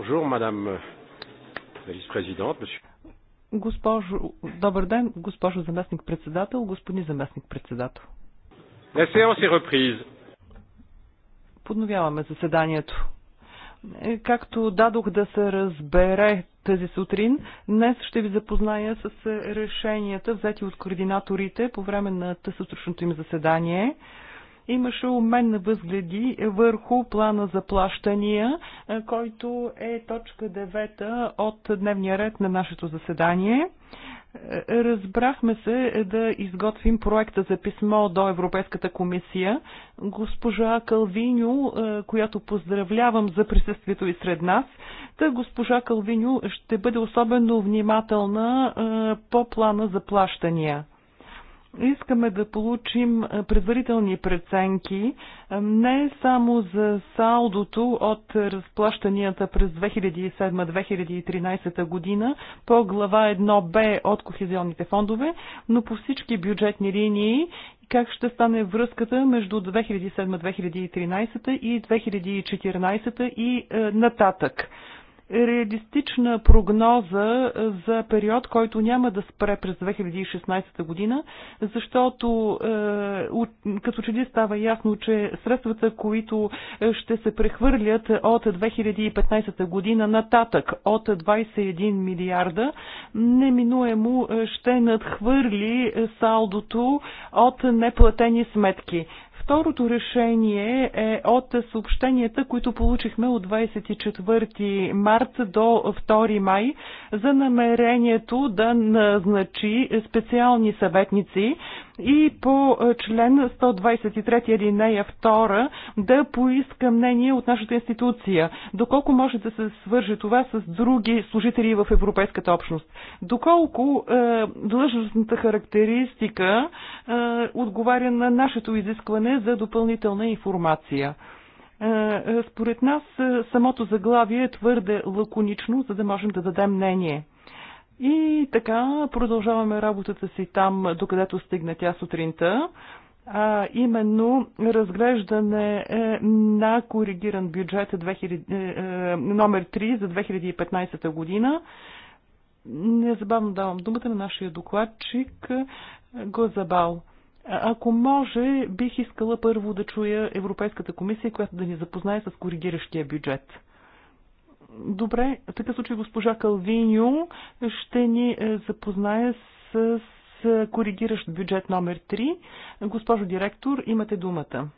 Bonjour, madame la vice-présidente, monsieur. Госпожо, добър ден, госпожо заместник-председател, господин заместник-председател. La séance est reprise. Подновяваме заседанието. Е, както дадох да се разбере тази сутрин, днес ще ви запозная с решенията, взети от координаторите по време на тъсутрешното им заседание. Имаше умен на възгледи върху плана за плащания, е, който е точка 9 от дневния ред на нашето заседание. Е, разбрахме се да изготвим проекта за писмо до Европейската комисия. Госпожа Калвиню, е, която поздравлявам за присъствието и сред нас, та госпожа Калвиню ще бъде особено внимателна по плана за плащания. Искаме да получим предварителни преценки не само за салдото от разплащанията през 2007-2013 година по глава 1Б от кохезионните фондове, но по всички бюджетни линии как ще стане връзката между 2007-2013 и 2014 и е, нататък реалистична прогноза е, за период, който няма да спре през 2016 година, защото е, като че ли става ясно, че средствата, които е, ще се прехвърлят от 2015 година нататък от 21 милиарда, неминуемо ще надхвърли салдото от неплатени сметки. Второто решение е от съобщенията, които получихме от 24 март до 2 май за намерението да назначи специални съветници и по е, член 123 алинея 2 да поиска мнение от нашата институция. Доколко може да се свърже това с други служители в Европейската общност? Доколко е, длъжностната характеристика е, отговаря на нашето изискване за допълнителна информация? Е, според нас е, самото заглавие е твърде лаконично, за да можем да дадем мнение. И така продължаваме работата си там, докъдето стигна тя сутринта а, именно разглеждане е, на коригиран бюджет 2000, е, е, номер 3 за 2015 година. Незабавно давам думата на нашия докладчик Гозабал. Ако може, бих искала първо да чуя Европейската комисия, която да ни запознае с коригиращия бюджет. Добре, в такъв случай госпожа Калвиньо ще ни е, запознае с коригиращ бюджет номер 3. Госпожо директор, имате думата.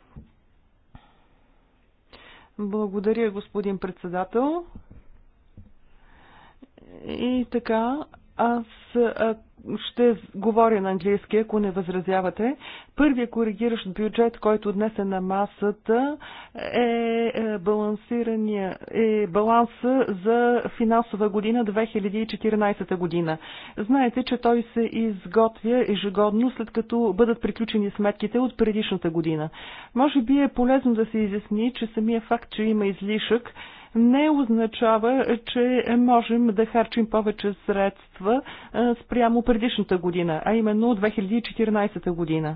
Благодаря, господин председател. И така, аз ще говоря на английски, ако не възразявате. Първият коригиращ бюджет, който днес е на масата, е, е балансирания, е баланса за финансова година 2014 година. Знаете, че той се изготвя ежегодно, след като бъдат приключени сметките от предишната година. Може би е полезно да се изясни, че самия факт, че има излишък, не означава, че можем да харчим повече средства спрямо предишната година, а именно 2014 година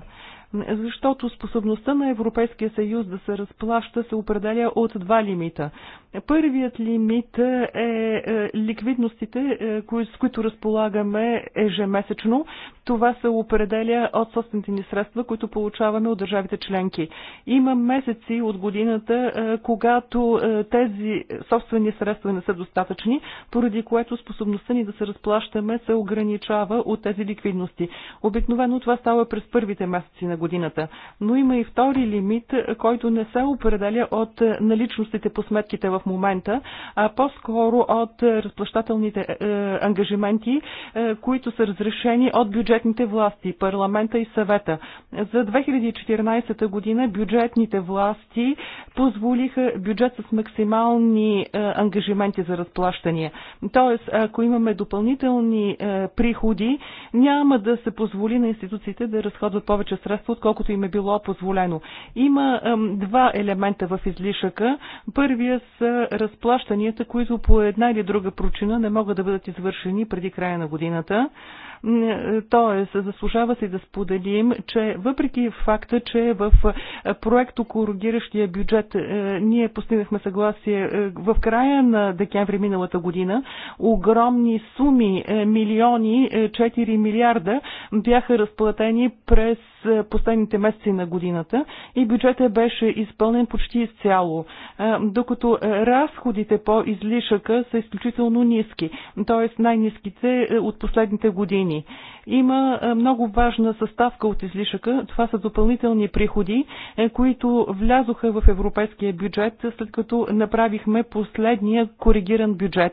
защото способността на Европейския съюз да се разплаща се определя от два лимита. Първият лимит е, е, е ликвидностите, е, с които разполагаме ежемесечно. Това се определя от собствените ни средства, които получаваме от държавите членки. Има месеци от годината, когато тези собствени средства не са достатъчни, поради което способността ни да се разплащаме се ограничава от тези ликвидности. Обикновено това става през първите месеци на годината. Но има и втори лимит, който не се определя от е, наличностите по сметките в момента, а по-скоро от е, разплащателните е, ангажименти, които са разрешени от бюджетните власти, парламента и съвета. За 2014 година бюджетните власти позволиха бюджет с максимални ангажименти за разплащания. Тоест, ако имаме допълнителни приходи, няма да се позволи на институциите да разходват повече средства средства, отколкото им е било позволено. Има два елемента в излишъка. Първия са разплащанията, които по една или друга причина не могат да бъдат извършени преди края на годината. Тоест, заслужава се да споделим, че въпреки факта, че в е, проекто коригиращия бюджет е, ние постигнахме съгласие е, в края на декември миналата година, огромни суми, милиони, 4 милиарда бяха разплатени през последните месеци на годината и бюджетът беше изпълнен почти изцяло, докато разходите по излишъка са изключително ниски, т.е. най-ниските от последните години години. Има е, много важна съставка от излишъка. Това са допълнителни приходи, е, които влязоха в европейския бюджет, след като направихме последния коригиран бюджет.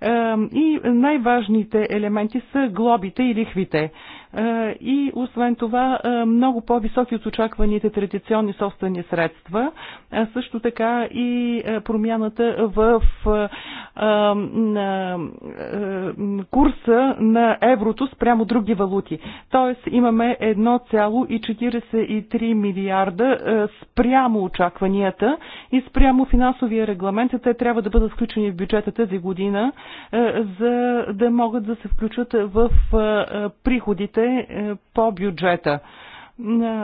Е, и най-важните елементи са глобите и лихвите. Е, и освен това е, много по-високи от очакваните традиционни собствени средства, а също така и е, промяната в курса на еврото спрямо други валути. Тоест имаме 1,43 милиарда спрямо очакванията и спрямо финансовия регламент. Те трябва да бъдат включени в бюджета тази година, за да могат да се включат в приходите разходите е, по бюджета.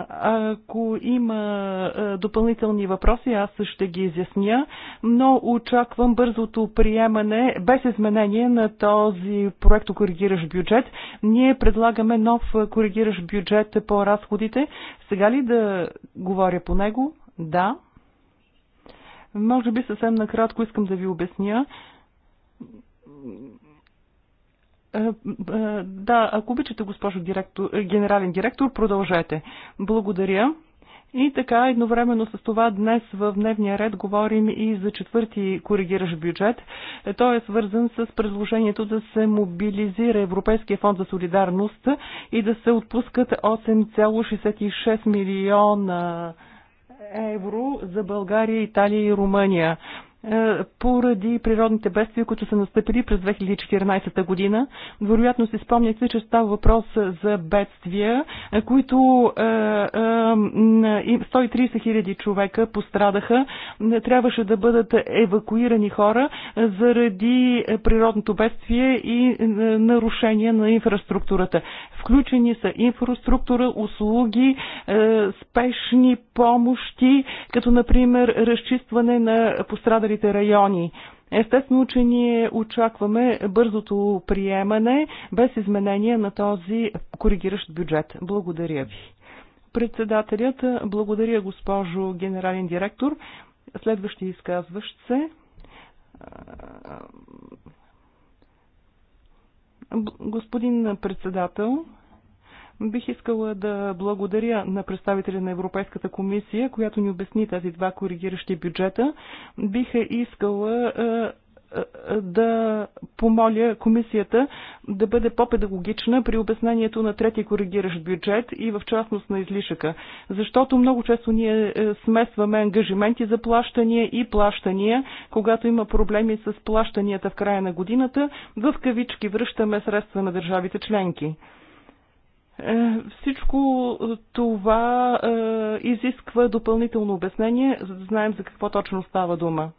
Ако има е, допълнителни въпроси, аз ще ги изясня, но очаквам бързото приемане без изменение на този проект коригиращ бюджет. Ние предлагаме нов коригиращ бюджет по разходите. Сега ли да говоря по него? Да. Може би съвсем накратко искам да ви обясня е, е, да, ако обичате, госпожо директор, е, генерален директор, продължете. Благодаря. И така, едновременно с това днес в дневния ред говорим и за четвърти коригиращ бюджет. Той е свързан с предложението да се мобилизира Европейския фонд за солидарност и да се отпускат 8,66 милиона евро за България, Италия и Румъния. Е, поради природните бедствия, които са настъпили през 2014 година. Вероятно се спомняте, че става въпрос за бедствия, е, които 130 е, хиляди човека пострадаха. Трябваше да бъдат евакуирани хора заради природното бедствие и нарушение на инфраструктурата. Включени са инфраструктура, услуги, спешни помощи, като например разчистване на пострадали останалите райони. Естествено, че ние очакваме бързото приемане без изменение на този коригиращ бюджет. Благодаря ви. Председателят, благодаря госпожо генерален директор. Следващия изказващ се. Господин председател, Бих искала да благодаря на представителя на Европейската комисия, която ни обясни тези два коригиращи бюджета. Бих искала е, е, да помоля комисията да бъде по-педагогична при обяснението на трети коригиращ бюджет и в частност на излишъка. Защото много често ние е, смесваме ангажименти за плащания и плащания. Когато има проблеми с плащанията в края на годината, в кавички връщаме средства на държавите членки. Е, всичко това е, изисква допълнително обяснение, за да знаем за какво точно става дума.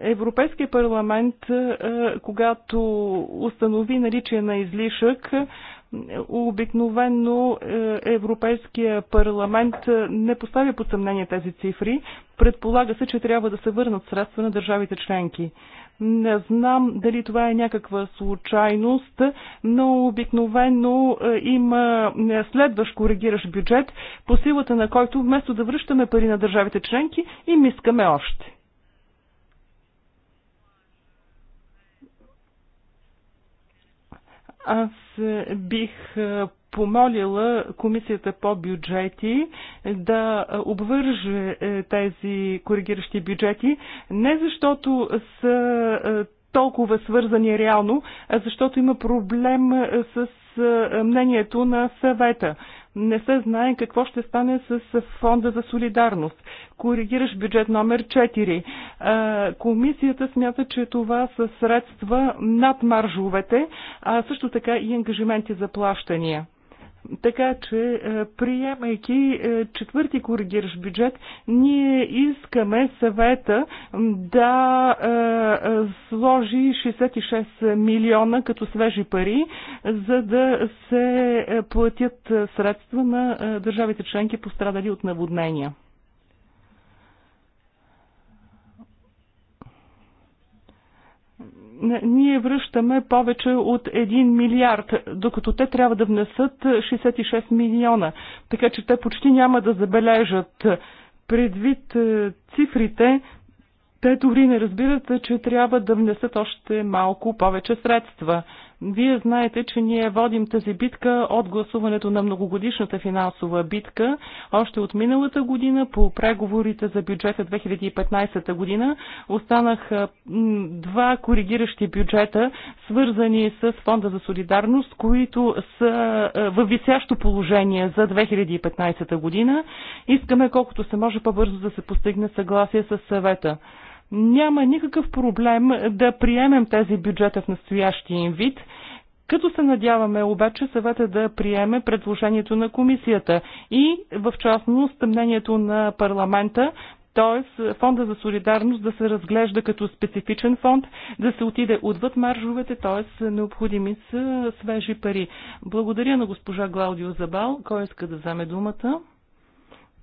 Европейския парламент, е, когато установи наличие на излишък, обикновенно Европейския парламент не поставя под съмнение тези цифри. Предполага се, че трябва да се върнат средства на държавите членки. Не знам дали това е някаква случайност, но обикновено е, има следващ коригиращ бюджет, по силата на който вместо да връщаме пари на държавите членки, им искаме още. Аз бих е, помолила Комисията по бюджети да обвърже е, тези коригиращи бюджети, не защото са е, толкова свързани реално, а защото има проблем е, с мнението на съвета. Не се знае какво ще стане с фонда за солидарност. Коригираш бюджет номер 4. Комисията смята, че това са средства над маржовете, а също така и ангажименти за плащания. Така че, е, приемайки е, четвърти коригиращ бюджет, ние искаме съвета да е, сложи 66 милиона като свежи пари, за да се платят средства на държавите членки пострадали от наводнения. ние връщаме повече от 1 милиард, докато те трябва да внесат 66 милиона. Така че те почти няма да забележат предвид е, цифрите. Те дори не разбират, че трябва да внесат още малко повече средства. Вие знаете, че ние водим тази битка от гласуването на многогодишната финансова битка, още от миналата година по преговорите за бюджета 2015 година. останах два коригиращи бюджета, свързани с Фонда за солидарност, които са в висящо положение за 2015 година. Искаме колкото се може по-бързо да се постигне съгласие с съвета. Няма никакъв проблем да приемем тези бюджета в настоящия им вид, като се надяваме обаче съвета да приеме предложението на комисията и в частност мнението на парламента, т.е. фонда за солидарност да се разглежда като специфичен фонд, да се отиде отвъд маржовете, т.е. необходими са свежи пари. Благодаря на госпожа Глаудио Забал, кой иска да вземе думата.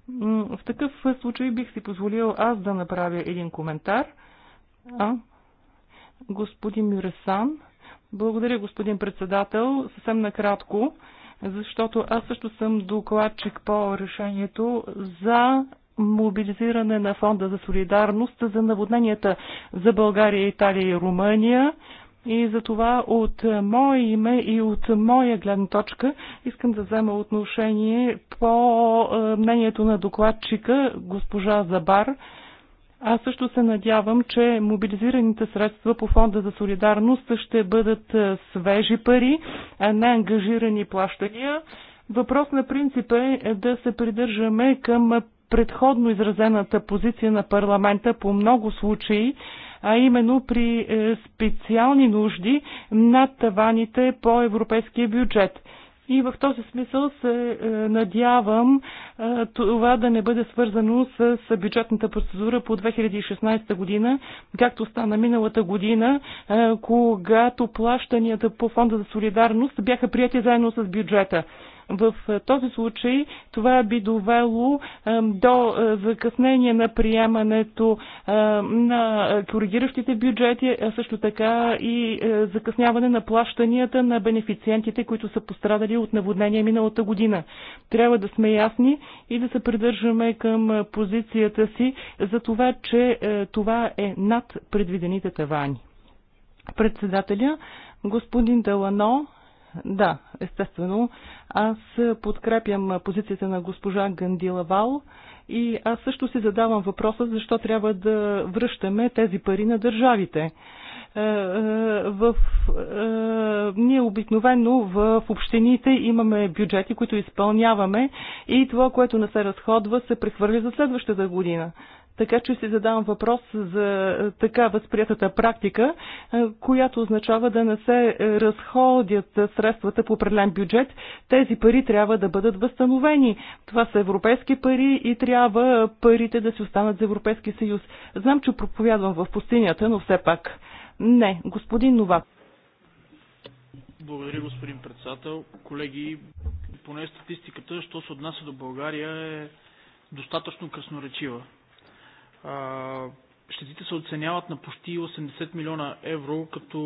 В такъв случай бих си позволил аз да направя един коментар. А? Господин Мюресан. Благодаря, господин председател. Съвсем накратко, защото аз също съм докладчик по решението за мобилизиране на фонда за солидарност за наводненията за България, Италия и Румъния. И за това от мое име и от моя гледна точка искам да взема отношение по е, мнението на докладчика госпожа Забар. Аз също се надявам, че мобилизираните средства по Фонда за солидарност ще бъдат е, свежи пари, а не ангажирани плащания. Въпрос на принцип е да се придържаме към предходно изразената позиция на парламента по много случаи, а именно при е, специални нужди над таваните по европейския бюджет. И в този смисъл се е, надявам е, това да не бъде свързано с бюджетната процедура по 2016 година, както стана миналата година, когато плащанията по Фонда за солидарност бяха прияти заедно с бюджета. В този случай това би довело до е, закъснение на приемането е, на коригиращите бюджети, а също така и е, закъсняване на плащанията на бенефициентите, които са пострадали от наводнение миналата година. Трябва да сме ясни и да се придържаме към позицията си за това, че това е над предвидените тавани. Председателя господин Делано да, естествено. Аз подкрепям позицията на госпожа Гандила Вал и аз също си задавам въпроса защо трябва да връщаме тези пари на държавите. Е, е, в, е, ние обикновено в общините имаме бюджети, които изпълняваме и това, което не се разходва, се прехвърля за следващата година. Така че си задавам въпрос за така възприятата практика, която означава да не се разходят средствата по определен бюджет. Тези пари трябва да бъдат възстановени. Това са европейски пари и трябва парите да си останат за Европейски съюз. Знам, че проповядвам в пустинята, но все пак. Не, господин Новак. Благодаря, господин председател. Колеги, поне статистиката, що се отнася до България, е достатъчно красноречива. Щетите се оценяват на почти 80 милиона евро, като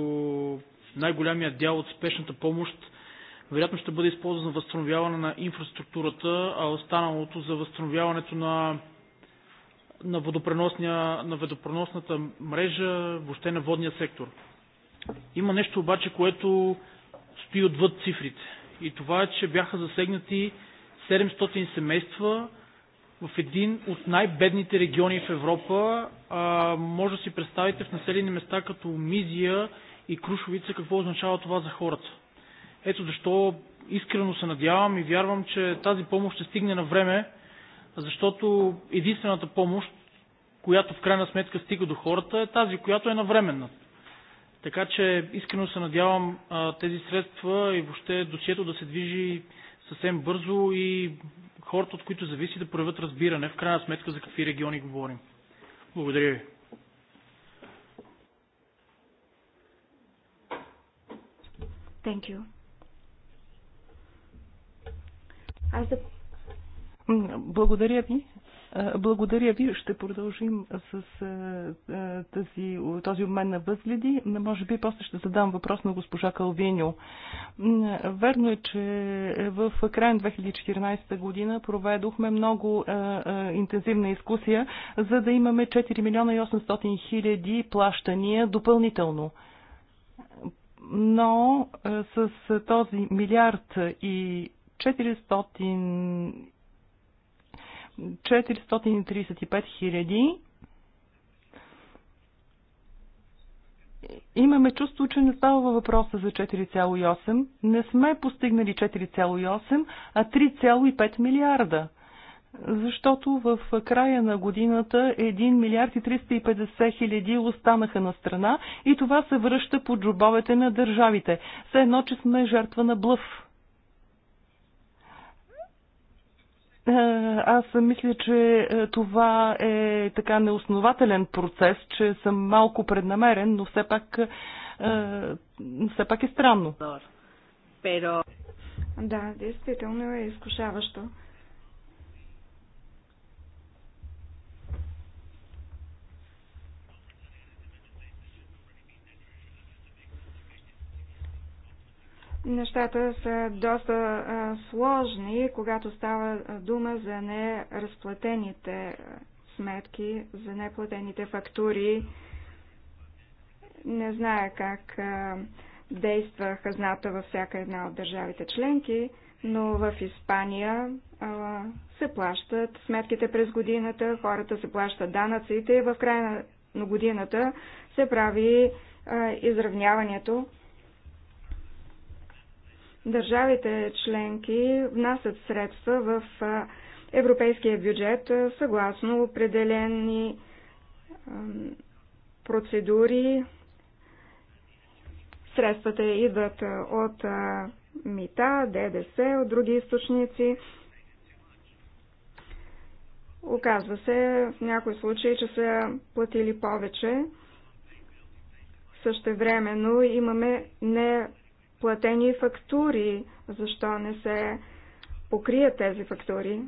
най-голямия дял от спешната помощ вероятно ще бъде използван за възстановяване на инфраструктурата, а останалото за възстановяването на на, водопреносния, на водопреносната мрежа, въобще на водния сектор. Има нещо обаче, което стои отвъд цифрите. И това е, че бяха засегнати 700 семейства в един от най-бедните региони в Европа. А, може да си представите в населени места като Мизия и Крушовица какво означава това за хората. Ето защо искрено се надявам и вярвам, че тази помощ ще стигне на време, защото единствената помощ, която в крайна сметка стига до хората, е тази, която е навременна. Така че искрено се надявам тези средства и въобще досието да се движи съвсем бързо и хората, от които зависи, да проявят разбиране в крайна сметка за какви региони говорим. Благодаря ви. Thank you. Аз да благодаря ви. Благодаря ви. Ще продължим с тази, този обмен на възгледи. Може би после ще задам въпрос на госпожа Калвиньо. Верно е, че в края на 2014 година проведохме много интензивна изкусия, за да имаме 4 милиона и 800 хиляди плащания допълнително но с този милиард и 400 435 хиляди. Имаме чувство, че не става въпроса за 4,8. Не сме постигнали 4,8, а 3,5 милиарда. Защото в края на годината 1 милиард и 350 хиляди останаха на страна и това се връща по джобовете на държавите. Все едно, че сме жертва на блъв. Е, аз мисля, че е, това е така неоснователен процес, че съм малко преднамерен, но все пак, е, все пак е странно. Да, действително е изкушаващо. Нещата са доста сложни, когато става дума за неразплатените сметки, за неплатените фактури. Не зная как действа хазната във всяка една от държавите членки, но в Испания а, се плащат сметките през годината, хората се плащат данъците и в края на годината се прави а, изравняването държавите членки внасят средства в европейския бюджет съгласно определени процедури. Средствата идват от мита, ДДС, от други източници. Оказва се в някои случаи, че са платили повече. Същевременно имаме не платени фактури, защо не се покрият тези фактури.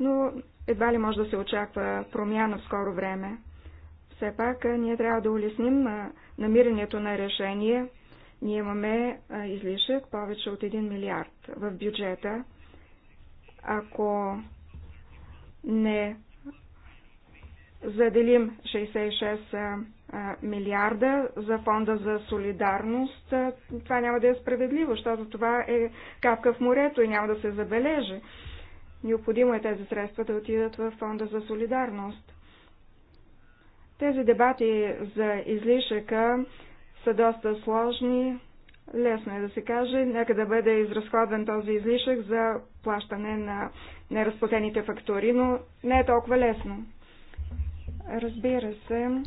Но едва ли може да се очаква промяна в скоро време. Все пак ние трябва да улесним намирането на решение. Ние имаме излишък повече от 1 милиард в бюджета. Ако не заделим 66 милиарда за фонда за солидарност, това няма да е справедливо, защото това е капка в морето и няма да се забележи. Необходимо е тези средства да отидат в фонда за солидарност. Тези дебати за излишъка са доста сложни. Лесно е да се каже, нека да бъде изразходен този излишък за плащане на неразплатените фактури, но не е толкова лесно. Разбира се,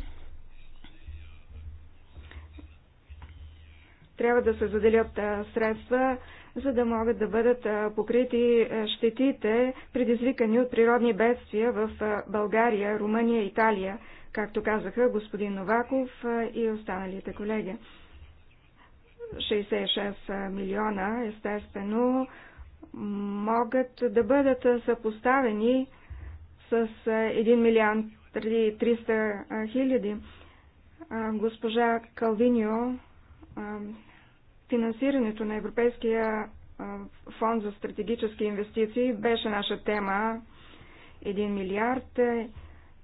трябва да се заделят средства, за да могат да бъдат покрити щетите, предизвикани от природни бедствия в България, Румъния, Италия, както казаха господин Новаков и останалите колеги. 66 милиона, естествено, могат да бъдат съпоставени с 1 милиард преди 300 хиляди. Госпожа Калвинио, финансирането на Европейския фонд за стратегически инвестиции беше наша тема 1 милиард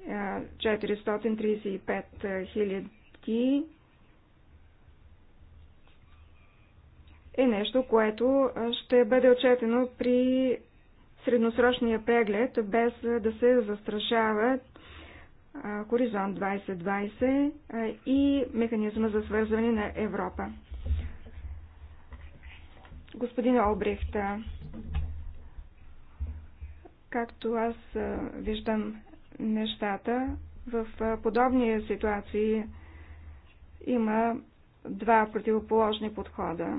435 е, хиляди е нещо, което ще бъде отчетено при средносрочния преглед, без да се застрашават Хоризонт 2020 и механизма за свързване на Европа. Господин Обрехта, както аз виждам нещата, в подобни ситуации има два противоположни подхода.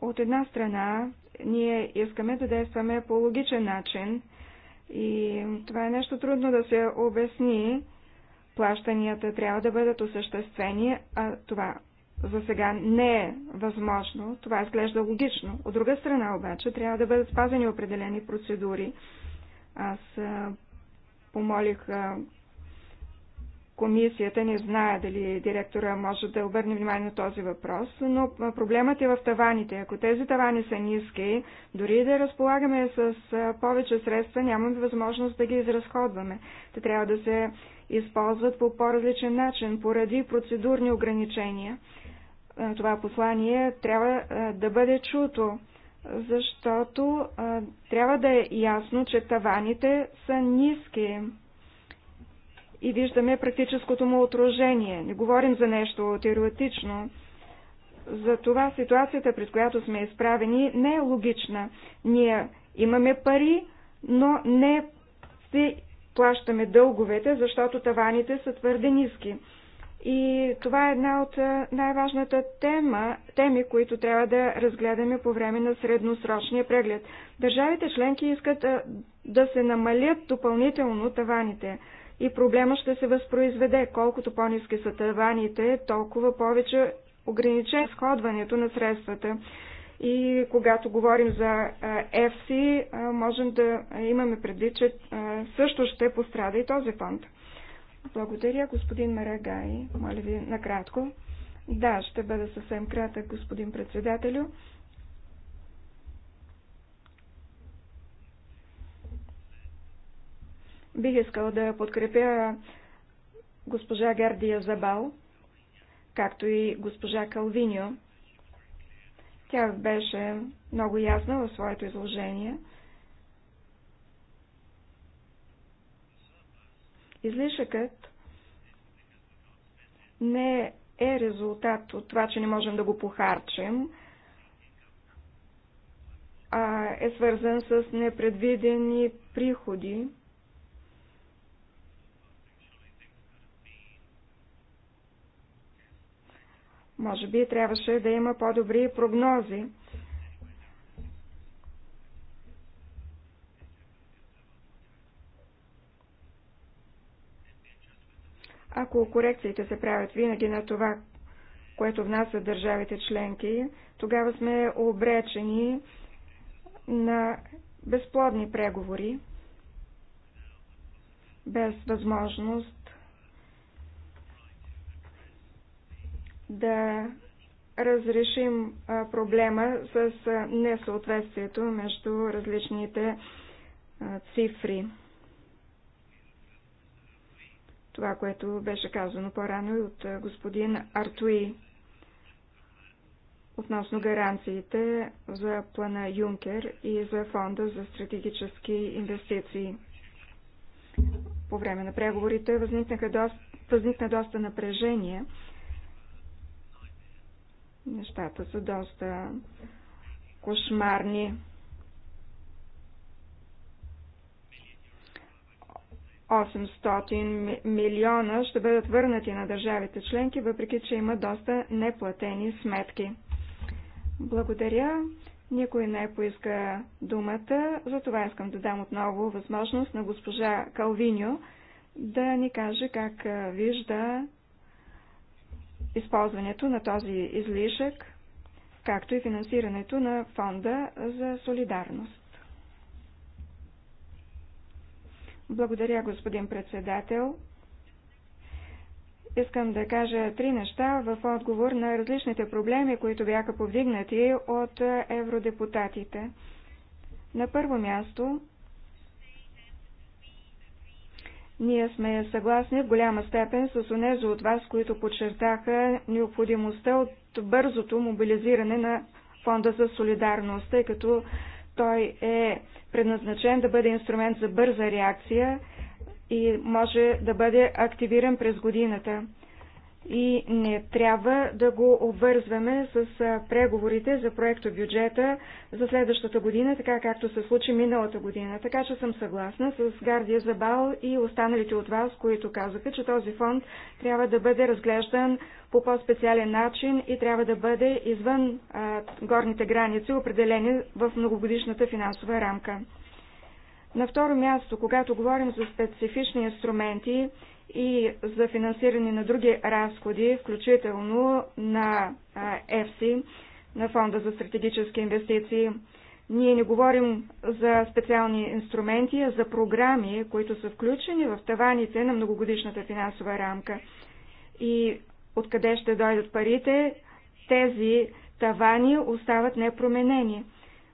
От една страна, ние искаме да действаме по логичен начин – и това е нещо трудно да се обясни. Плащанията трябва да бъдат осъществени, а това за сега не е възможно. Това изглежда логично. От друга страна обаче трябва да бъдат спазени определени процедури. Аз помолих Комисията не знае дали директора може да обърне внимание на този въпрос, но проблемът е в таваните. Ако тези тавани са ниски, дори да разполагаме с повече средства, нямаме възможност да ги изразходваме. Те трябва да се използват по по-различен начин, поради процедурни ограничения. Това послание трябва да бъде чуто, защото трябва да е ясно, че таваните са ниски и виждаме практическото му отражение. Не говорим за нещо теоретично. Затова ситуацията, пред която сме изправени, не е логична. Ние имаме пари, но не си плащаме дълговете, защото таваните са твърде ниски. И това е една от най-важната тема, теми, които трябва да разгледаме по време на средносрочния преглед. Държавите членки искат да се намалят допълнително таваните и проблема ще се възпроизведе. Колкото по-низки са таваните, толкова повече ограничен сходването е на средствата. И когато говорим за FC, можем да имаме предвид, че също ще пострада и този фонд. Благодаря, господин Марагай. Моля ви, накратко. Да, ще бъда съвсем кратък, господин председателю. Бих искал да подкрепя госпожа Гардия Забал, както и госпожа Калвиньо. Тя беше много ясна в своето изложение. Излишъкът не е резултат от това, че не можем да го похарчим, а е свързан с непредвидени приходи, Може би трябваше да има по-добри прогнози. Ако корекциите се правят винаги на това, което внасят държавите членки, тогава сме обречени на безплодни преговори, без възможност да разрешим проблема с несъответствието между различните цифри. Това, което беше казано по-рано и от господин Артуи относно гаранциите за плана Юнкер и за фонда за стратегически инвестиции. По време на преговорите доста, възникна доста напрежение Нещата са доста кошмарни. 800 милиона ще бъдат върнати на държавите членки, въпреки че има доста неплатени сметки. Благодаря. Никой не поиска думата, затова искам да дам отново възможност на госпожа Калвиньо да ни каже как вижда използването на този излишък, както и финансирането на фонда за солидарност. Благодаря, господин председател. Искам да кажа три неща в отговор на различните проблеми, които бяха повдигнати от евродепутатите. На първо място, ние сме съгласни в голяма степен с онези от вас, които подчертаха необходимостта от бързото мобилизиране на Фонда за солидарност, тъй като той е предназначен да бъде инструмент за бърза реакция и може да бъде активиран през годината и не трябва да го обвързваме с преговорите за проекто бюджета за следващата година, така както се случи миналата година. Така че съм съгласна с Гардия Забал и останалите от вас, които казаха, че този фонд трябва да бъде разглеждан по по-специален начин и трябва да бъде извън а, горните граници, определени в многогодишната финансова рамка. На второ място, когато говорим за специфични инструменти, и за финансиране на други разходи, включително на ЕФСИ, на Фонда за стратегически инвестиции. Ние не говорим за специални инструменти, а за програми, които са включени в таваните на многогодишната финансова рамка. И откъде ще дойдат парите, тези тавани остават непроменени.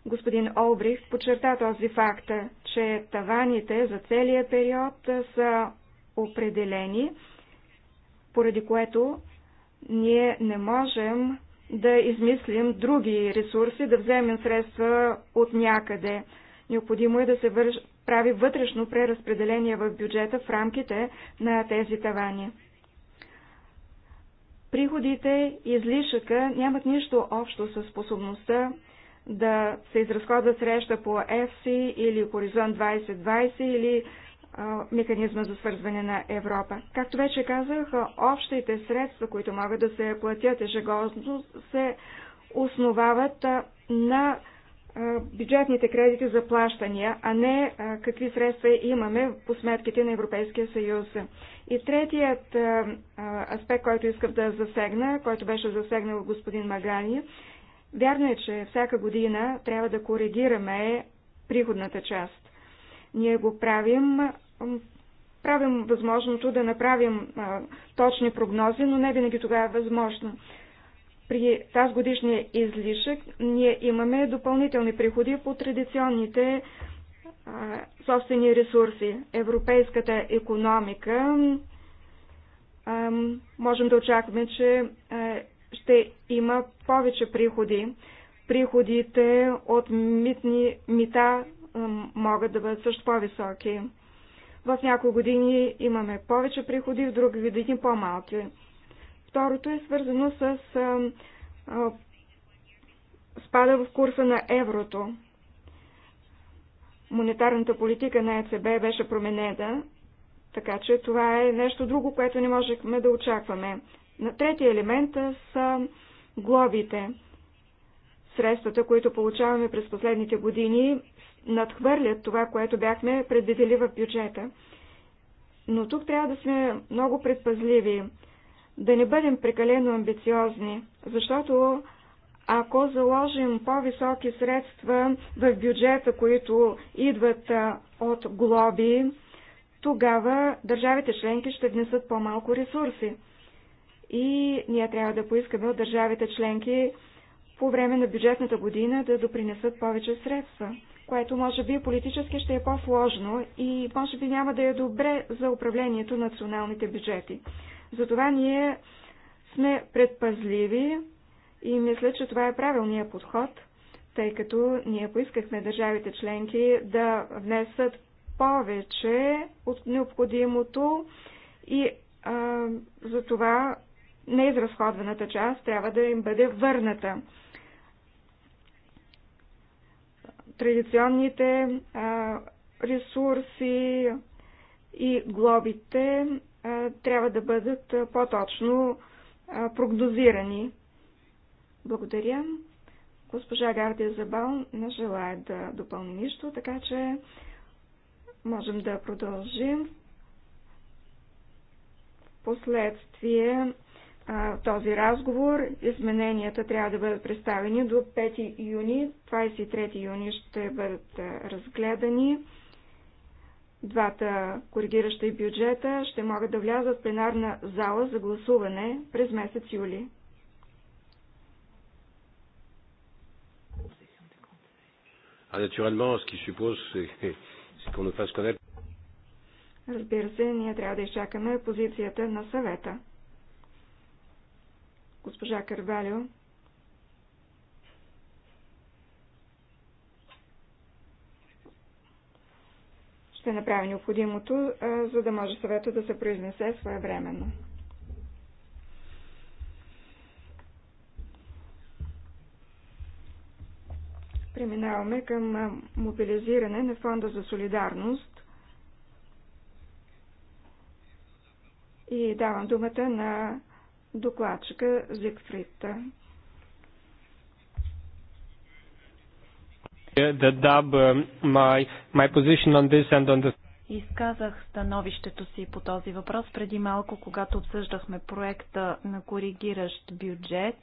Господин Олбрих, подчерта този факт, че таваните за целия период са определени, поради което ние не можем да измислим други ресурси, да вземем средства от някъде. Необходимо е да се върж... прави вътрешно преразпределение в бюджета в рамките на тези тавани. Приходите и излишъка нямат нищо общо с способността да се изразходва среща по FC или Хоризонт 2020 или механизма за свързване на Европа. Както вече казах, общите средства, които могат да се платят ежегодно, се основават на бюджетните кредити за плащания, а не какви средства имаме по сметките на Европейския съюз. И третият аспект, който искам да засегна, който беше засегнал господин Магани, вярно е, че всяка година трябва да коригираме приходната част. Ние го правим, правим възможното да направим точни прогнози, но не винаги тогава е възможно. При тази годишния излишък ние имаме допълнителни приходи по традиционните а, собствени ресурси. Европейската економика а, можем да очакваме, че а, ще има повече приходи. Приходите от митни, мита могат да бъдат също по-високи. В няколко години имаме повече приходи, в други години по-малки. Второто е свързано с а, а, спада в курса на еврото. Монетарната политика на ЕЦБ беше променена, така че това е нещо друго, което не можехме да очакваме. На третия елемент са глобите. Средствата, които получаваме през последните години, надхвърлят това, което бяхме предвидели в бюджета. Но тук трябва да сме много предпазливи, да не бъдем прекалено амбициозни, защото ако заложим по-високи средства в бюджета, които идват от глоби, тогава държавите членки ще внесат по-малко ресурси. И ние трябва да поискаме от държавите членки по време на бюджетната година да допринесат повече средства което може би политически ще е по-сложно и може би няма да е добре за управлението на националните бюджети. Затова ние сме предпазливи и мисля, че това е правилният подход, тъй като ние поискахме държавите членки да внесат повече от необходимото и а, за това неизразходваната част трябва да им бъде върната. традиционните ресурси и глобите трябва да бъдат по-точно прогнозирани. Благодаря. Госпожа Гардия Забал не желая да допълни нищо, така че можем да продължим. Последствие този разговор. Измененията трябва да бъдат представени до 5 юни. 23 юни ще бъдат разгледани. Двата коригиращи бюджета ще могат да влязат в пленарна зала за гласуване през месец юли. Е, е, Разбира се, ние трябва да изчакаме позицията на съвета госпожа Карвалио. Ще направя необходимото, за да може съвета да се произнесе своевременно. Преминаваме към мобилизиране на Фонда за солидарност и давам думата на докладчика Зигфрид. Um, Изказах становището си по този въпрос преди малко, когато обсъждахме проекта на коригиращ бюджет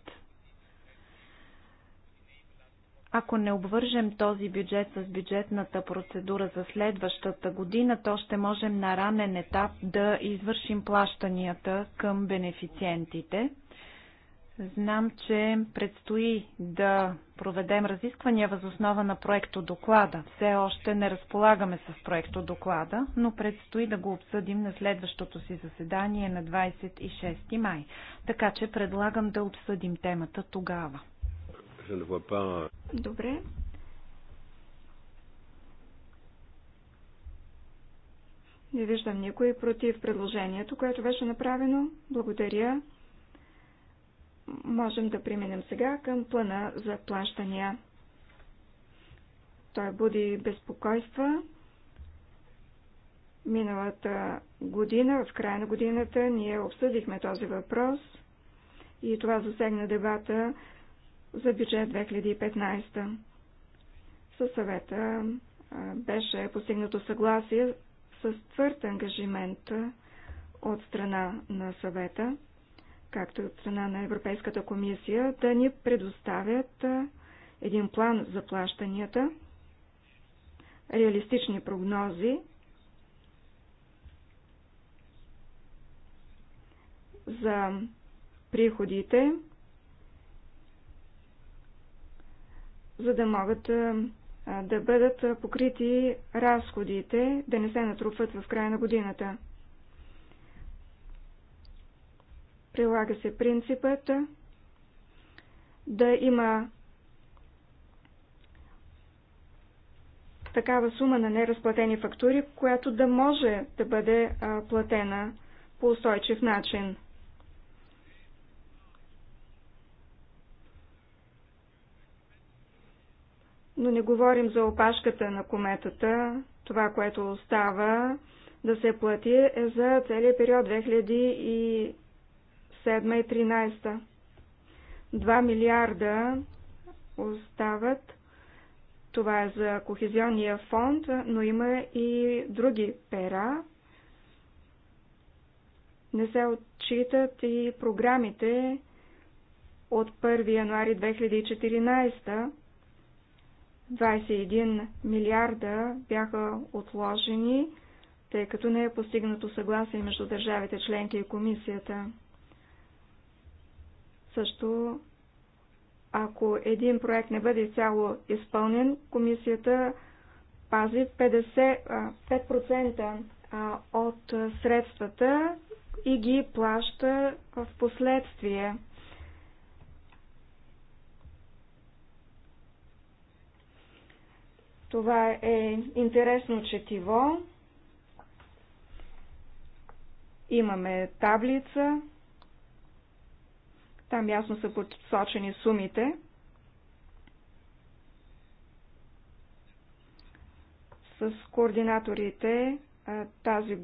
ако не обвържем този бюджет с бюджетната процедура за следващата година, то ще можем на ранен етап да извършим плащанията към бенефициентите. Знам, че предстои да проведем разисквания въз основа на проекто доклада. Все още не разполагаме с проекто доклада, но предстои да го обсъдим на следващото си заседание на 26 май. Така че предлагам да обсъдим темата тогава je ne vois pas. Euh, Добре. Не виждам никой против предложението, което беше направено. Благодаря. Можем да преминем сега към плана за плащания. Той буди безпокойства. Миналата година, в края на годината, ние обсъдихме този въпрос и това засегна дебата за бюджет 2015. Със съвета беше постигнато съгласие с твърд ангажимент от страна на съвета, както и от страна на Европейската комисия, да ни предоставят един план за плащанията, реалистични прогнози за приходите за да могат да бъдат покрити разходите, да не се натрупват в края на годината. Прилага се принципът да има такава сума на неразплатени фактури, която да може да бъде платена по устойчив начин. но не говорим за опашката на кометата. Това, което остава да се плати е за целият период 2007 и 2013. 2 милиарда остават. Това е за Кохезионния фонд, но има и други пера. Не се отчитат и програмите от 1 януари 2014 21 милиарда бяха отложени, тъй като не е постигнато съгласие между държавите членки и комисията. Също, ако един проект не бъде цяло изпълнен, комисията пази 50, 5% от средствата и ги плаща в последствие. Това е интересно четиво. Имаме таблица. Там ясно са подсочени сумите. С координаторите тази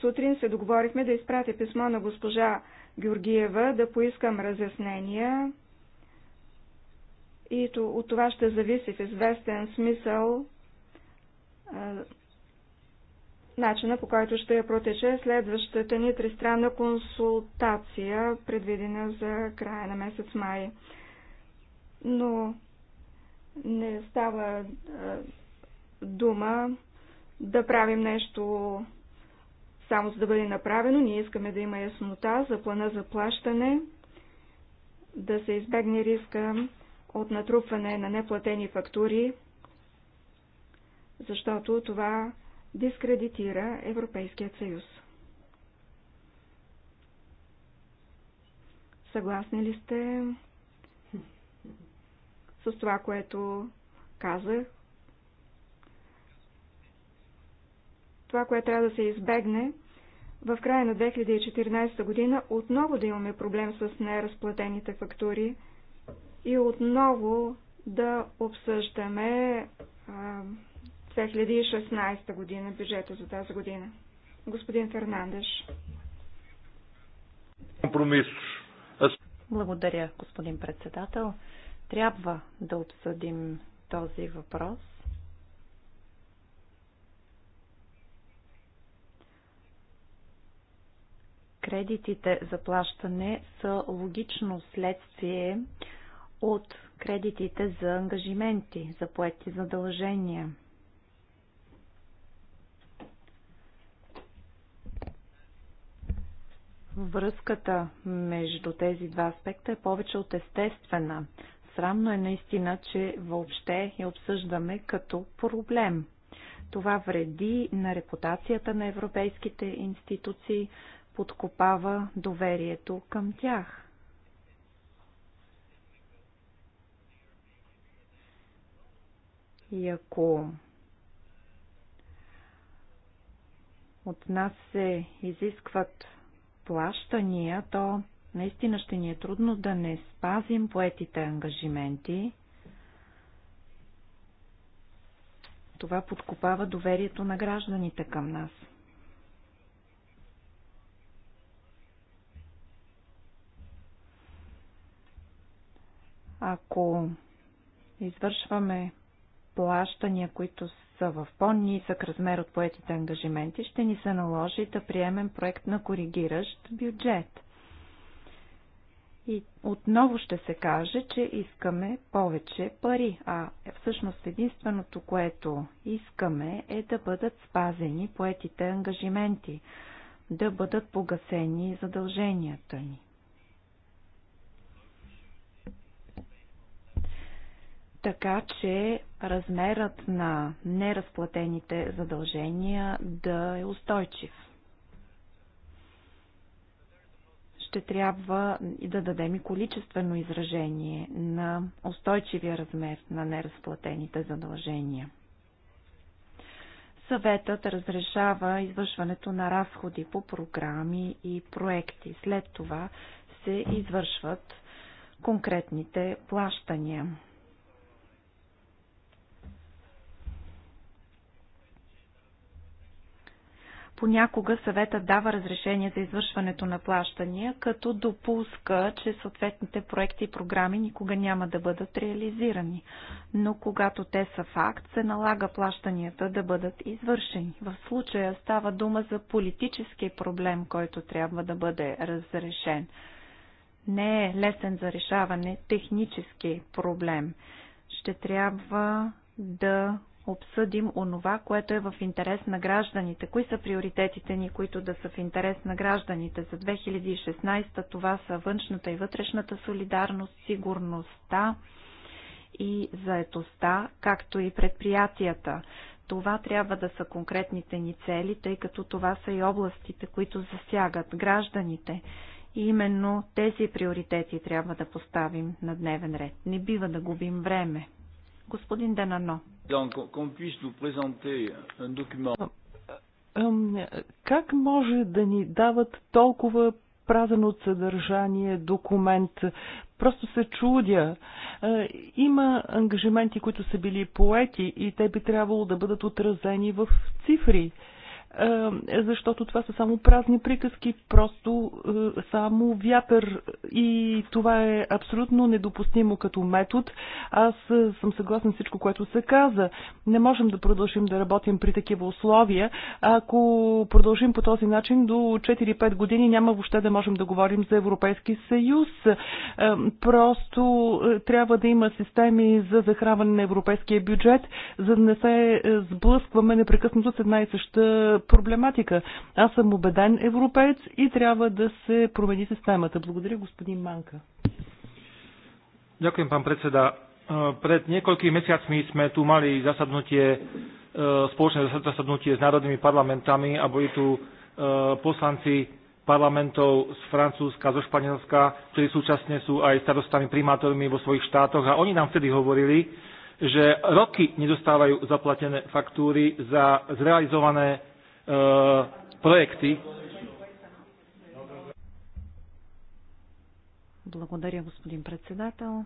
сутрин се договорихме да изпратя писмо на госпожа Георгиева да поискам разяснения и от това ще зависи в известен смисъл начина по който ще я протече следващата ни тристранна консултация, предвидена за края на месец май. Но не става дума да правим нещо само за да бъде направено. Ние искаме да има яснота за плана за плащане, да се избегне риска от натрупване на неплатени фактури, защото това дискредитира Европейският съюз. Съгласни ли сте с това, което казах? Това, което трябва да се избегне, в края на 2014 година отново да имаме проблем с неразплатените фактури – и отново да обсъждаме 2016 година, бюджета за тази година. Господин Фернандеш. Компромис. Благодаря, господин председател. Трябва да обсъдим този въпрос. Кредитите за плащане са логично следствие от кредитите за ангажименти, за поети задължения. Връзката между тези два аспекта е повече от естествена. Срамно е наистина, че въобще я обсъждаме като проблем. Това вреди на репутацията на европейските институции, подкопава доверието към тях. И ако от нас се изискват плащания, то наистина ще ни е трудно да не спазим поетите ангажименти. Това подкопава доверието на гражданите към нас. Ако извършваме плащания, които са в по-нисък размер от поетите ангажименти, ще ни се наложи да приемем проект на коригиращ бюджет. И отново ще се каже, че искаме повече пари, а всъщност единственото, което искаме е да бъдат спазени поетите ангажименти, да бъдат погасени задълженията ни. така че размерът на неразплатените задължения да е устойчив. Ще трябва и да дадем и количествено изражение на устойчивия размер на неразплатените задължения. Съветът разрешава извършването на разходи по програми и проекти. След това се извършват конкретните плащания. Понякога съветът дава разрешение за извършването на плащания, като допуска, че съответните проекти и програми никога няма да бъдат реализирани. Но когато те са факт, се налага плащанията да бъдат извършени. В случая става дума за политически проблем, който трябва да бъде разрешен. Не е лесен за решаване технически проблем. Ще трябва да обсъдим онова, което е в интерес на гражданите. Кои са приоритетите ни, които да са в интерес на гражданите за 2016? Това са външната и вътрешната солидарност, сигурността и заетостта, както и предприятията. Това трябва да са конкретните ни цели, тъй като това са и областите, които засягат гражданите. И именно тези приоритети трябва да поставим на дневен ред. Не бива да губим време. Господин Денано. Как може да ни дават толкова празен от съдържание документ? Просто се чудя. Е, има ангажименти, които са били поети и те би трябвало да бъдат отразени в цифри. Е, защото това са само празни приказки, просто е, само вятър и това е абсолютно недопустимо като метод. Аз е, съм съгласна с всичко, което се каза. Не можем да продължим да работим при такива условия. Ако продължим по този начин до 4-5 години няма въобще да можем да говорим за Европейски съюз. Просто трябва да има системи за захранване на европейския бюджет, за да не се сблъскваме непрекъснато с една и съща проблематика. Аз съм убеден европеец и трябва да се промени системата. Благодаря, господин Манка. Ďakujem, pán predseda. Pred niekoľkými mesiacmi sme tu mali zasadnutie, spoločné zasadnutie s národnými parlamentami a boli tu poslanci parlamentov z Francúzska, zo Španielska, ktorí súčasne sú aj starostami, primátormi vo svojich štátoch a oni nám vtedy hovorili, že roky nedostávajú zaplatené faktúry za zrealizované е, проекти. Благодаря, господин председател.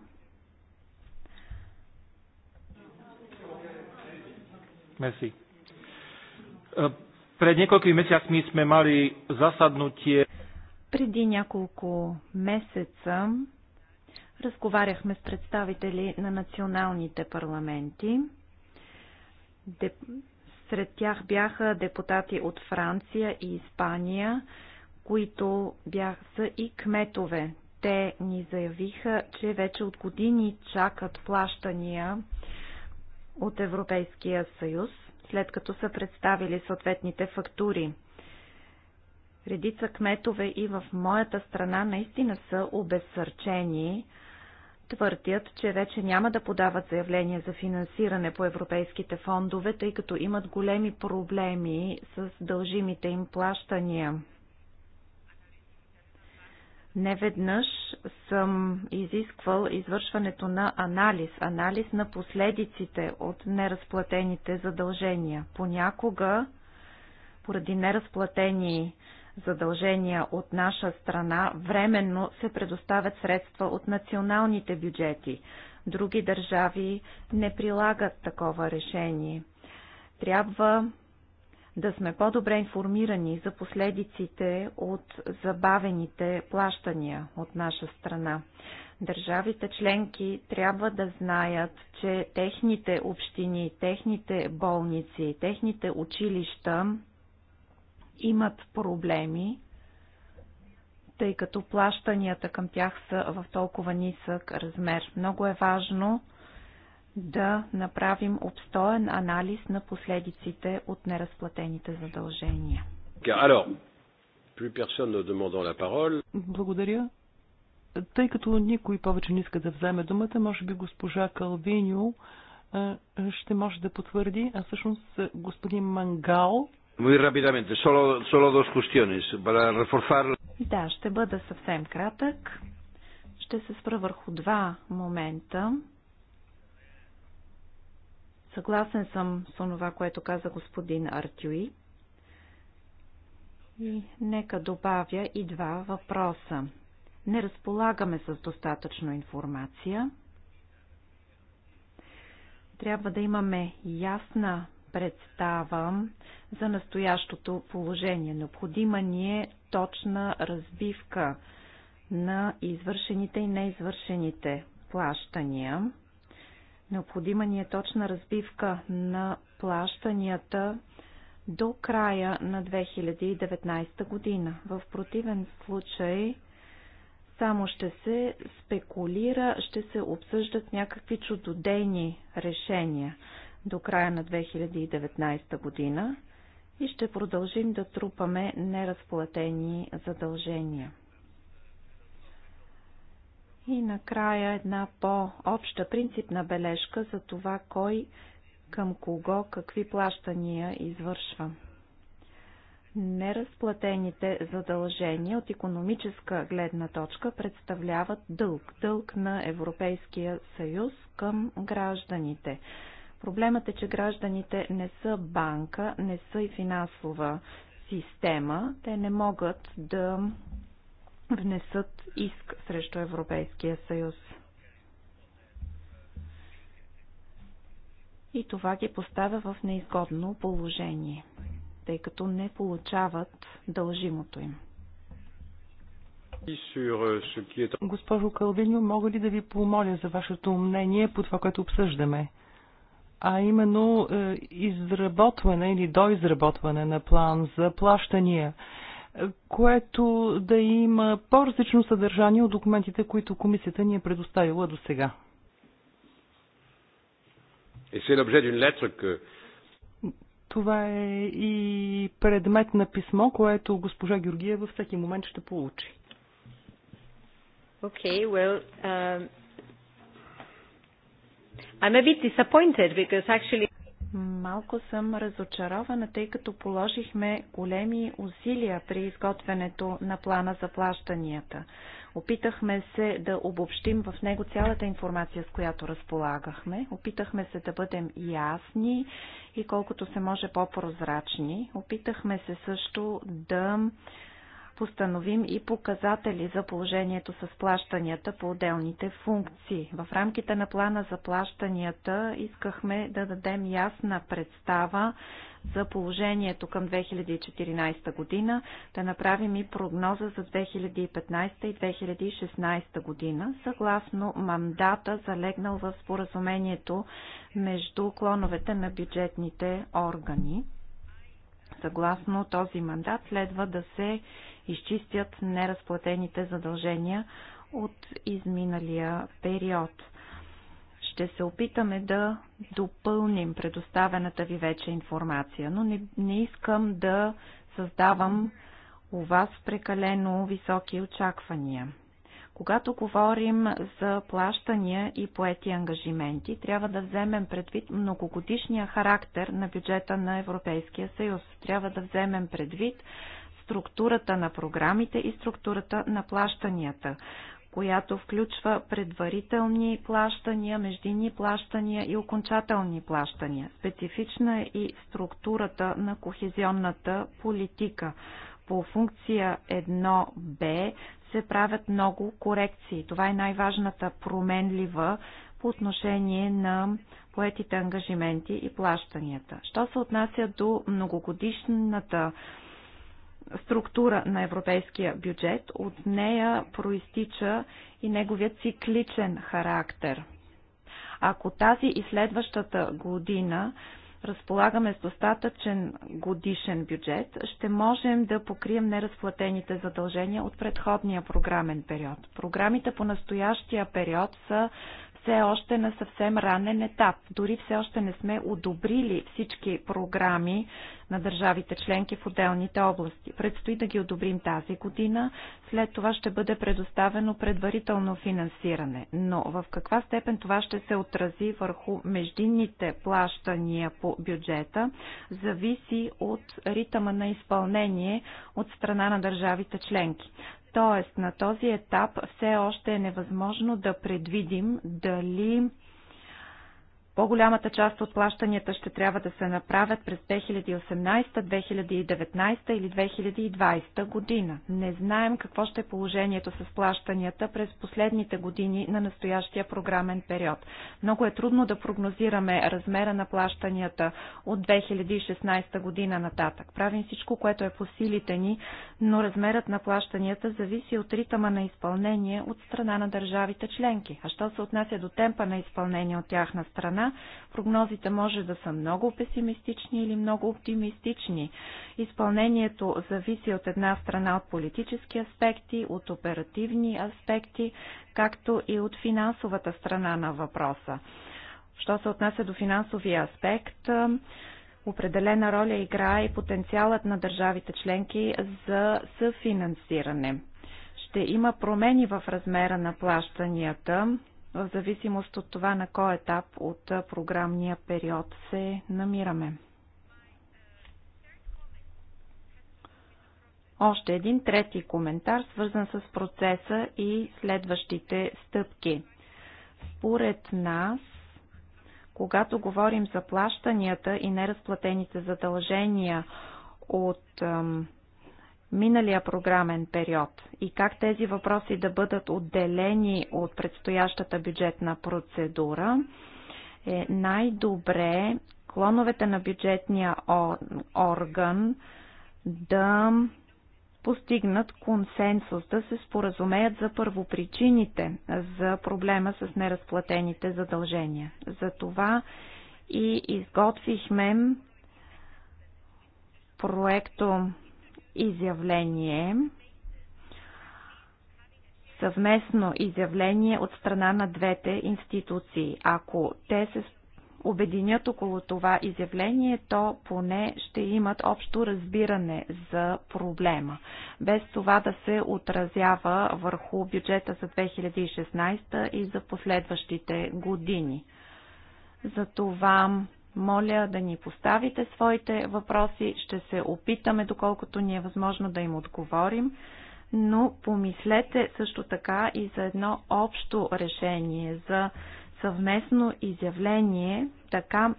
Меси. Е, пред няколко месеца ми сме мали засаднутие. Преди няколко месеца разговаряхме с представители на националните парламенти. Сред тях бяха депутати от Франция и Испания, които бяха са и кметове. Те ни заявиха, че вече от години чакат плащания от Европейския съюз, след като са представили съответните фактури. Редица кметове и в моята страна наистина са обезсърчени, твърдят, че вече няма да подават заявления за финансиране по европейските фондове, тъй като имат големи проблеми с дължимите им плащания. Неведнъж съм изисквал извършването на анализ, анализ на последиците от неразплатените задължения. Понякога, поради неразплатени задължения от наша страна, временно се предоставят средства от националните бюджети. Други държави не прилагат такова решение. Трябва да сме по-добре информирани за последиците от забавените плащания от наша страна. Държавите членки трябва да знаят, че техните общини, техните болници, техните училища имат проблеми, тъй като плащанията към тях са в толкова нисък размер. Много е важно да направим обстоен анализ на последиците от неразплатените задължения. Благодаря. Тъй като никой повече не иска да вземе думата, може би госпожа Калвиньо ще може да потвърди, а всъщност господин Мангал Muy rápidamente, solo, solo dos cuestiones para reforzar. Да, ще бъда съвсем кратък. Ще се спра върху два момента. Съгласен съм с това, което каза господин Артюи. И нека добавя и два въпроса. Не разполагаме с достатъчно информация. Трябва да имаме ясна представа за настоящото положение. Необходима ни е точна разбивка на извършените и неизвършените плащания. Необходима ни е точна разбивка на плащанията до края на 2019 година. В противен случай само ще се спекулира, ще се обсъждат някакви чудодейни решения до края на 2019 година и ще продължим да трупаме неразплатени задължения. И накрая една по-обща принципна бележка за това кой към кого какви плащания извършва. Неразплатените задължения от економическа гледна точка представляват дълг, дълг на Европейския съюз към гражданите. Проблемът е, че гражданите не са банка, не са и финансова система. Те не могат да внесат иск срещу Европейския съюз. И това ги поставя в неизгодно положение, тъй като не получават дължимото им. Госпожо Калвиньо, мога ли да ви помоля за вашето мнение по това, което обсъждаме? а именно е, изработване или доизработване на план за плащания, е, което да има по-различно съдържание от документите, които комисията ни е предоставила до сега. Това е и предмет на писмо, което госпожа Георгия във всеки момент ще получи. Okay, well, uh, I'm a bit disappointed because actually Малко съм разочарована, тъй като положихме големи усилия при изготвянето на плана за плащанията. Опитахме се да обобщим в него цялата информация, с която разполагахме. Опитахме се да бъдем ясни и колкото се може по-прозрачни. Опитахме се също да постановим и показатели за положението с плащанията по отделните функции. В рамките на плана за плащанията искахме да дадем ясна представа за положението към 2014 година, да направим и прогноза за 2015 и 2016 година, съгласно мандата залегнал в споразумението между клоновете на бюджетните органи съгласно този мандат следва да се изчистят неразплатените задължения от изминалия период. Ще се опитаме да допълним предоставената ви вече информация, но не, не искам да създавам у вас прекалено високи очаквания. Когато говорим за плащания и поети ангажименти, трябва да вземем предвид многогодишния характер на бюджета на Европейския съюз. Трябва да вземем предвид структурата на програмите и структурата на плащанията, която включва предварителни плащания, междинни плащания и окончателни плащания. Специфична е и структурата на кохезионната политика. По функция 1Б се правят много корекции. Това е най-важната променлива по отношение на поетите ангажименти и плащанията. Що се отнася до многогодишната структура на европейския бюджет. От нея проистича и неговия цикличен характер. Ако тази и следващата година разполагаме с достатъчен годишен бюджет, ще можем да покрием неразплатените задължения от предходния програмен период. Програмите по настоящия период са все още на съвсем ранен етап. Дори все още не сме одобрили всички програми на държавите членки в отделните области. Предстои да ги одобрим тази година, след това ще бъде предоставено предварително финансиране. Но в каква степен това ще се отрази върху междинните плащания по бюджета, зависи от ритъма на изпълнение от страна на държавите членки. Тоест, на този етап все още е невъзможно да предвидим дали по-голямата част от плащанията ще трябва да се направят през 2018, 2019 или 2020 година. Не знаем какво ще е положението с плащанията през последните години на настоящия програмен период. Много е трудно да прогнозираме размера на плащанията от 2016 година нататък. Правим всичко, което е по силите ни, но размерът на плащанията зависи от ритъма на изпълнение от страна на държавите членки. А що се отнася до темпа на изпълнение от тяхна страна, прогнозите може да са много песимистични или много оптимистични. Изпълнението зависи от една страна от политически аспекти, от оперативни аспекти, както и от финансовата страна на въпроса. Що се отнася до финансовия аспект, определена роля играе и потенциалът на държавите членки за съфинансиране. Ще има промени в размера на плащанията в зависимост от това на кой етап от програмния период се намираме. Още един трети коментар, свързан с процеса и следващите стъпки. Според нас, когато говорим за плащанията и неразплатените задължения от миналия програмен период и как тези въпроси да бъдат отделени от предстоящата бюджетна процедура, е най-добре клоновете на бюджетния орган да постигнат консенсус, да се споразумеят за първопричините за проблема с неразплатените задължения. Затова и изготвихме проекто изявление, съвместно изявление от страна на двете институции. Ако те се обединят около това изявление, то поне ще имат общо разбиране за проблема, без това да се отразява върху бюджета за 2016 и за последващите години. Затова моля да ни поставите своите въпроси. Ще се опитаме, доколкото ни е възможно да им отговорим. Но помислете също така и за едно общо решение, за съвместно изявление, така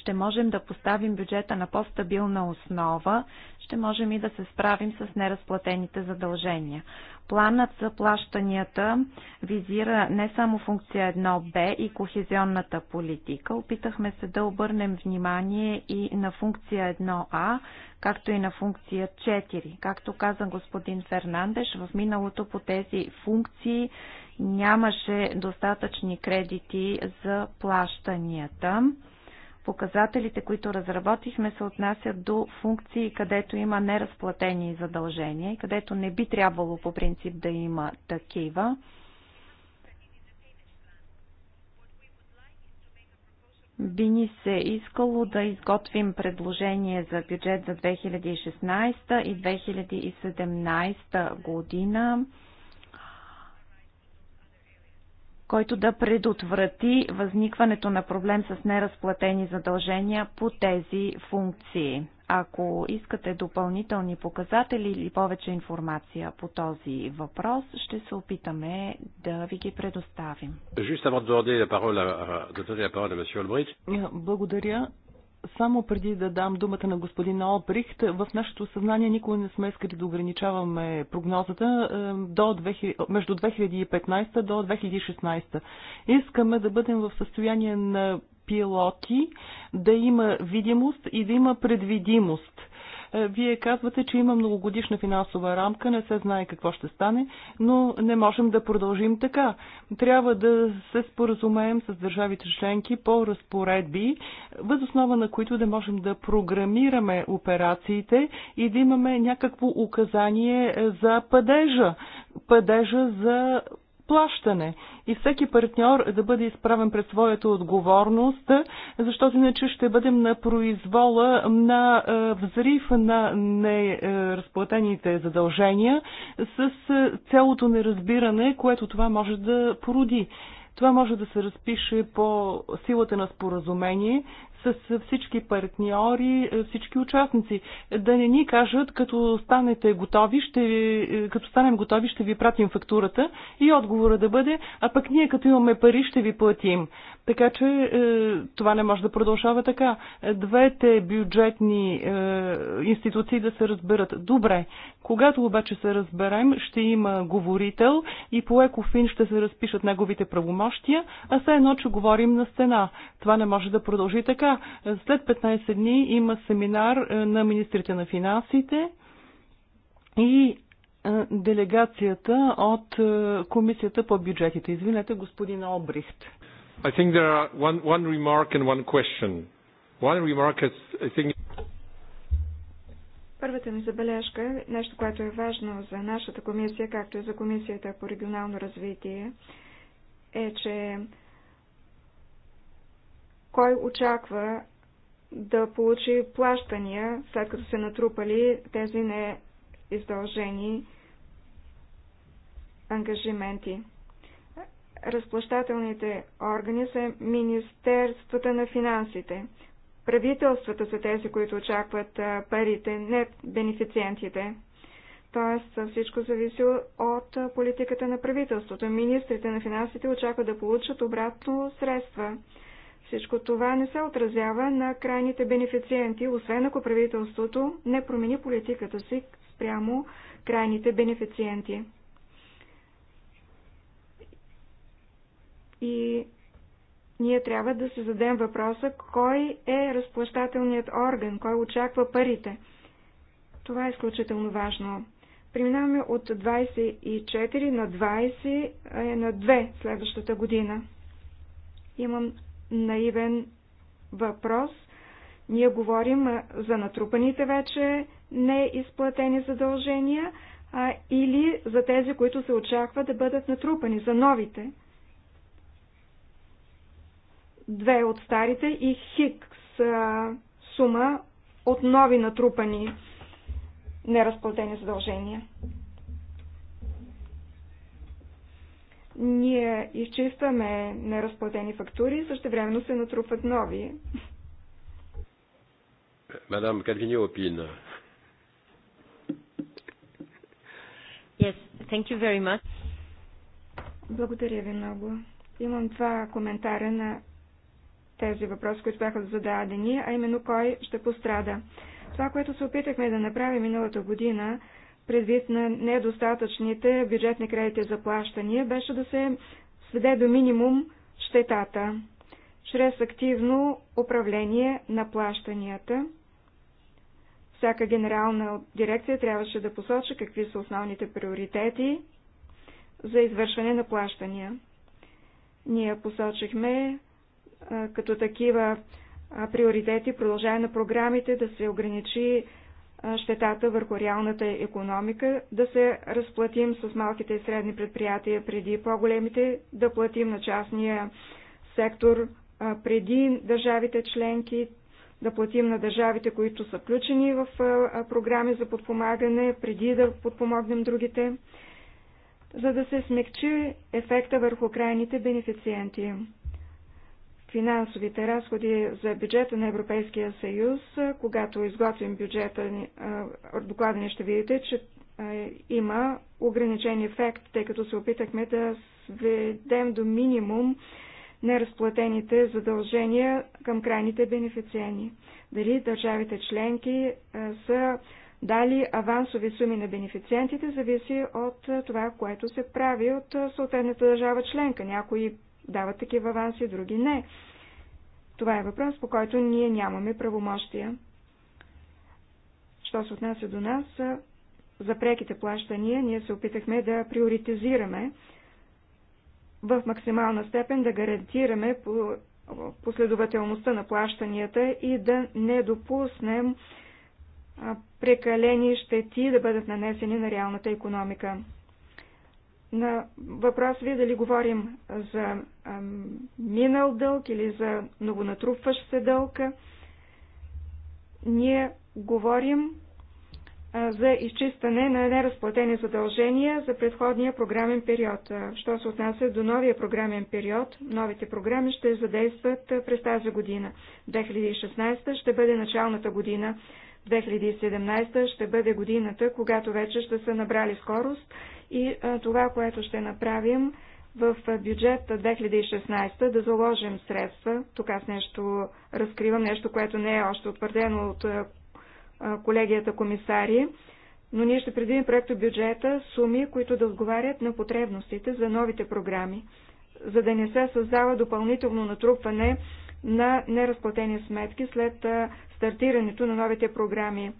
ще можем да поставим бюджета на по-стабилна основа, ще можем и да се справим с неразплатените задължения. Планът за плащанията визира не само функция 1Б и кохезионната политика. Опитахме се да обърнем внимание и на функция 1А, както и на функция 4. Както каза господин Фернандеш, в миналото по тези функции нямаше достатъчни кредити за плащанията. Показателите, които разработихме, се отнасят до функции, където има неразплатени задължения и където не би трябвало по принцип да има такива. би ни се искало да изготвим предложение за бюджет за 2016 и 2017 година който да предотврати възникването на проблем с неразплатени задължения по тези функции. Ако искате допълнителни показатели или повече информация по този въпрос, ще се опитаме да ви ги предоставим. Благодаря. Само преди да дам думата на господин Олбрихт, в нашето съзнание никога не сме искали да ограничаваме прогнозата е, до 2000, между 2015 до 2016. Искаме да бъдем в състояние на пилоти, да има видимост и да има предвидимост е, вие казвате, че има многогодишна финансова рамка, не се знае какво ще стане, но не можем да продължим така. Трябва да се споразумеем с държавите членки по разпоредби, възоснова на които да можем да програмираме операциите и да имаме някакво указание за падежа. Падежа за плащане и всеки партньор да бъде изправен пред своята отговорност, защото иначе ще бъдем на произвола на е, взрив на неразплатените задължения с е, цялото неразбиране, което това може да породи. Това може да се разпише по силата на споразумение, с всички партньори, всички участници. Да не ни кажат, като станете готови, ще, ви като станем готови, ще ви пратим фактурата и отговора да бъде, а пък ние като имаме пари, ще ви платим. Така че е, това не може да продължава така. Двете бюджетни е, институции да се разберат. Добре, когато обаче се разберем, ще има говорител и по Екофин ще се разпишат неговите правомощия, а все едно, че говорим на стена. Това не може да продължи така. След 15 дни има семинар е, на министрите на финансите и е, делегацията от е, Комисията по бюджетите. Извинете, господин Обрихт. I think there are one, remark and one question. One remark is, I think... Първата ми забележка е нещо, което е важно за нашата комисия, както и за комисията по регионално развитие, е, че кой очаква да получи плащания, след като се натрупали тези неиздължени ангажименти разплащателните органи са Министерствата на финансите. Правителствата са тези, които очакват парите, не бенефициентите. Тоест всичко зависи от политиката на правителството. Министрите на финансите очакват да получат обратно средства. Всичко това не се отразява на крайните бенефициенти, освен ако правителството не промени политиката си спрямо крайните бенефициенти. И ние трябва да се зададем въпроса, кой е разплащателният орган, кой очаква парите. Това е изключително важно. Преминаваме от 24 на 20 е, на 2 следващата година. Имам наивен въпрос. Ние говорим за натрупаните вече неизплатени задължения а, или за тези, които се очаква да бъдат натрупани, за новите две от старите и хикс а, сума от нови натрупани неразплатени задължения. Ние изчистваме неразплатени фактури, също времено се натрупват нови. Мадам Кадвини Опин. Yes, thank you very much. Благодаря ви много. Имам два коментара на тези въпроси, които бяха зададени, а именно кой ще пострада. Това, което се опитахме да направим миналата година, предвид на недостатъчните бюджетни кредити за плащания, беше да се сведе до минимум щетата, чрез активно управление на плащанията. Всяка генерална дирекция трябваше да посочи какви са основните приоритети за извършване на плащания. Ние посочихме като такива приоритети, продължаване на програмите, да се ограничи щетата върху реалната економика, да се разплатим с малките и средни предприятия преди по-големите, да платим на частния сектор преди държавите членки, да платим на държавите, които са включени в програми за подпомагане, преди да подпомогнем другите, за да се смекчи ефекта върху крайните бенефициенти финансовите разходи за бюджета на Европейския съюз. Когато изготвим бюджета, доклада ни ще видите, че има ограничен ефект, тъй като се опитахме да сведем до минимум неразплатените задължения към крайните бенефициени. Дали държавите членки са дали авансови суми на бенефициентите, зависи от това, което се прави от съответната държава членка. Някои дават такива аванси, други не. Това е въпрос, по който ние нямаме правомощия. Що се отнася до нас, за преките плащания, ние се опитахме да приоритизираме в максимална степен да гарантираме последователността на плащанията и да не допуснем прекалени щети да бъдат нанесени на реалната економика на въпрос ви дали говорим за минал дълг или за новонатрупващ се дълга. Ние говорим за изчистване на неразплатени задължения за предходния програмен период. Що се отнася до новия програмен период, новите програми ще задействат през тази година. 2016 ще бъде началната година, 2017 ще бъде годината, когато вече ще са набрали скорост и това, което ще направим в бюджет 2016 да заложим средства. Тук аз нещо разкривам, нещо, което не е още утвърдено от колегията комисари, но ние ще предвидим проекто бюджета суми, които да отговарят на потребностите за новите програми, за да не се създава допълнително натрупване на неразплатени сметки след стартирането на новите програми.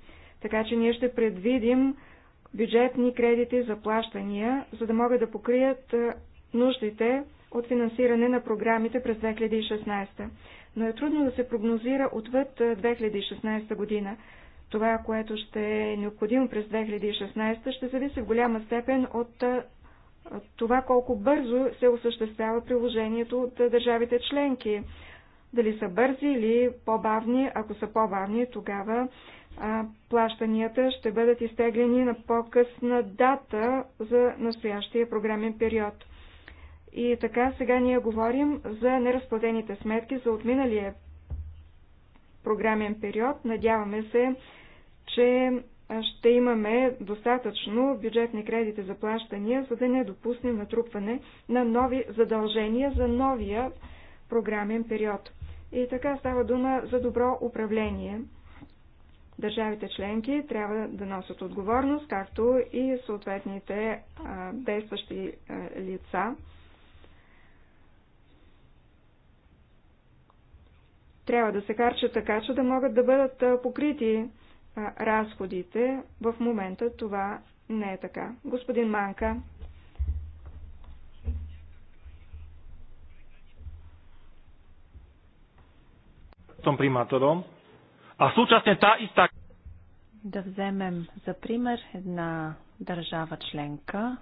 Така че ние ще предвидим бюджетни кредити за плащания, за да могат да покрият нуждите от финансиране на програмите през 2016. Но е трудно да се прогнозира отвъд 2016 година. Това, което ще е необходимо през 2016, ще зависи в голяма степен от това колко бързо се осъществява приложението от държавите членки. Дали са бързи или по-бавни, ако са по-бавни, тогава плащанията ще бъдат изтеглени на по-късна дата за настоящия програмен период. И така сега ние говорим за неразплатените сметки за отминалия програмен период. Надяваме се, че ще имаме достатъчно бюджетни кредити за плащания, за да не допуснем натрупване на нови задължения за новия програмен период. И така става дума за добро управление Държавите членки трябва да носят отговорност, както и съответните действащи лица. Трябва да се харчат така, че да могат да бъдат покрити разходите. В момента това не е така. Господин Манка. Tom primátorom а súčasne tá istá... Да вземем за пример една държава членка,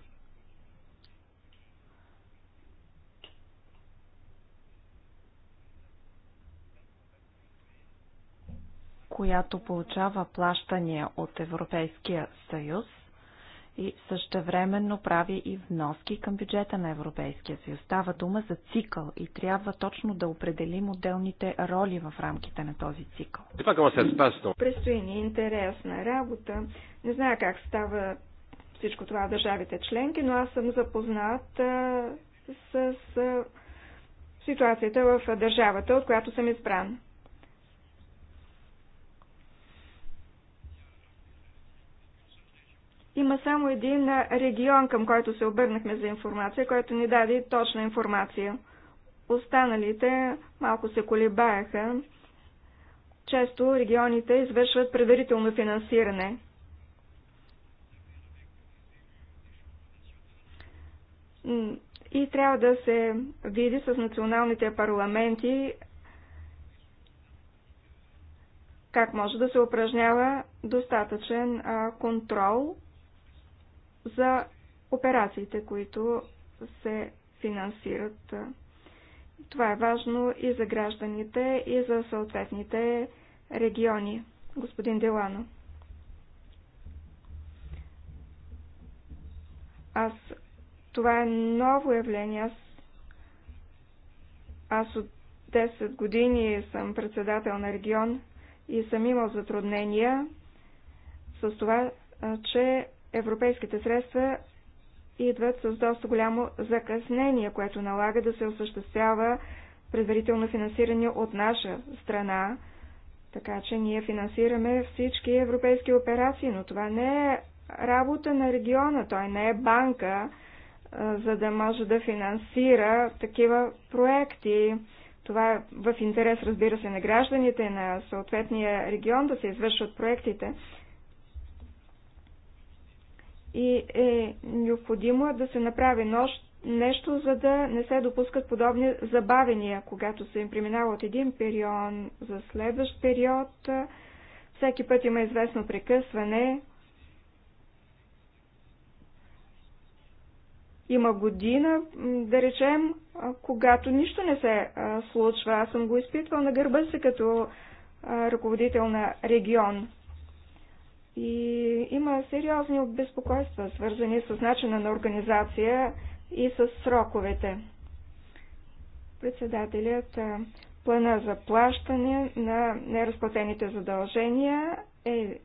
която получава плащания от Европейския съюз – и същевременно прави и вноски към бюджета на Европейския съюз. Става дума за цикъл и трябва точно да определим отделните роли в рамките на този цикъл. Предстои ни интересна работа. Не знам как става всичко това в държавите членки, но аз съм запознат с ситуацията в държавата, от която съм избран. Има само един регион, към който се обърнахме за информация, който ни даде точна информация. Останалите малко се колебаеха. Често регионите извършват предварително финансиране. И трябва да се види с националните парламенти как може да се упражнява достатъчен контрол за операциите, които се финансират. Това е важно и за гражданите, и за съответните региони. Господин Делано. Аз... Това е ново явление. Аз, аз от 10 години съм председател на регион и съм имал затруднения с това, че европейските средства идват с доста голямо закъснение, което налага да се осъществява предварително финансиране от наша страна. Така че ние финансираме всички европейски операции, но това не е работа на региона, той не е банка, за да може да финансира такива проекти. Това е в интерес, разбира се, на гражданите на съответния регион да се извършват проектите, и е необходимо да се направи нощ, нещо, за да не се допускат подобни забавения, когато се им преминава от един период за следващ период. Всеки път има известно прекъсване. Има година, да речем, когато нищо не се случва. Аз съм го изпитвал на гърба си като ръководител на регион. И има сериозни обезпокойства, свързани с начина на организация и с сроковете. Председателят плана за плащане на неразплатените задължения е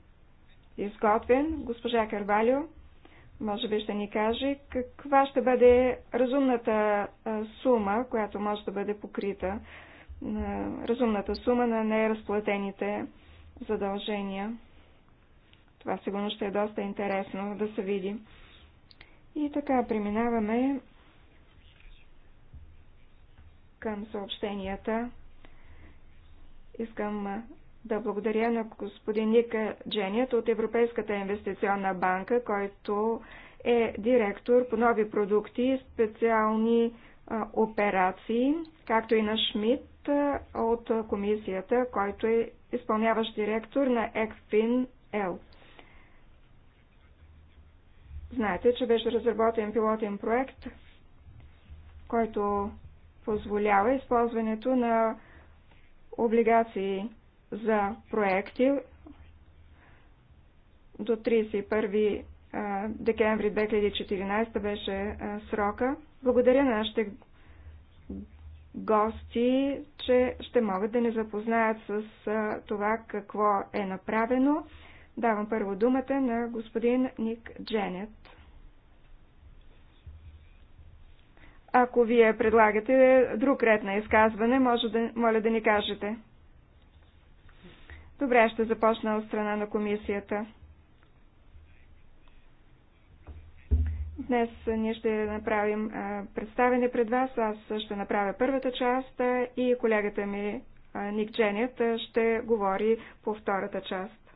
изготвен. Госпожа Карвалю. може би ще ни каже каква ще бъде разумната сума, която може да бъде покрита, разумната сума на неразплатените задължения. Това сигурно ще е доста интересно да се види. И така, преминаваме към съобщенията. Искам да благодаря на господин Ника Дженият от Европейската инвестиционна банка, който е директор по нови продукти и специални а, операции, както и на Шмидт от комисията, който е изпълняващ директор на ЕКФИН L. Знаете, че беше разработен пилотен проект, който позволява използването на облигации за проекти до 31 декември 2014 беше срока. Благодаря на нашите гости, че ще могат да ни запознаят с това какво е направено. Давам първо думата на господин Ник Дженет. Ако вие предлагате друг ред на изказване, може да, моля да ни кажете. Добре, ще започна от страна на комисията. Днес ние ще направим представене пред вас. Аз ще направя първата част и колегата ми Ник Дженет ще говори по втората част.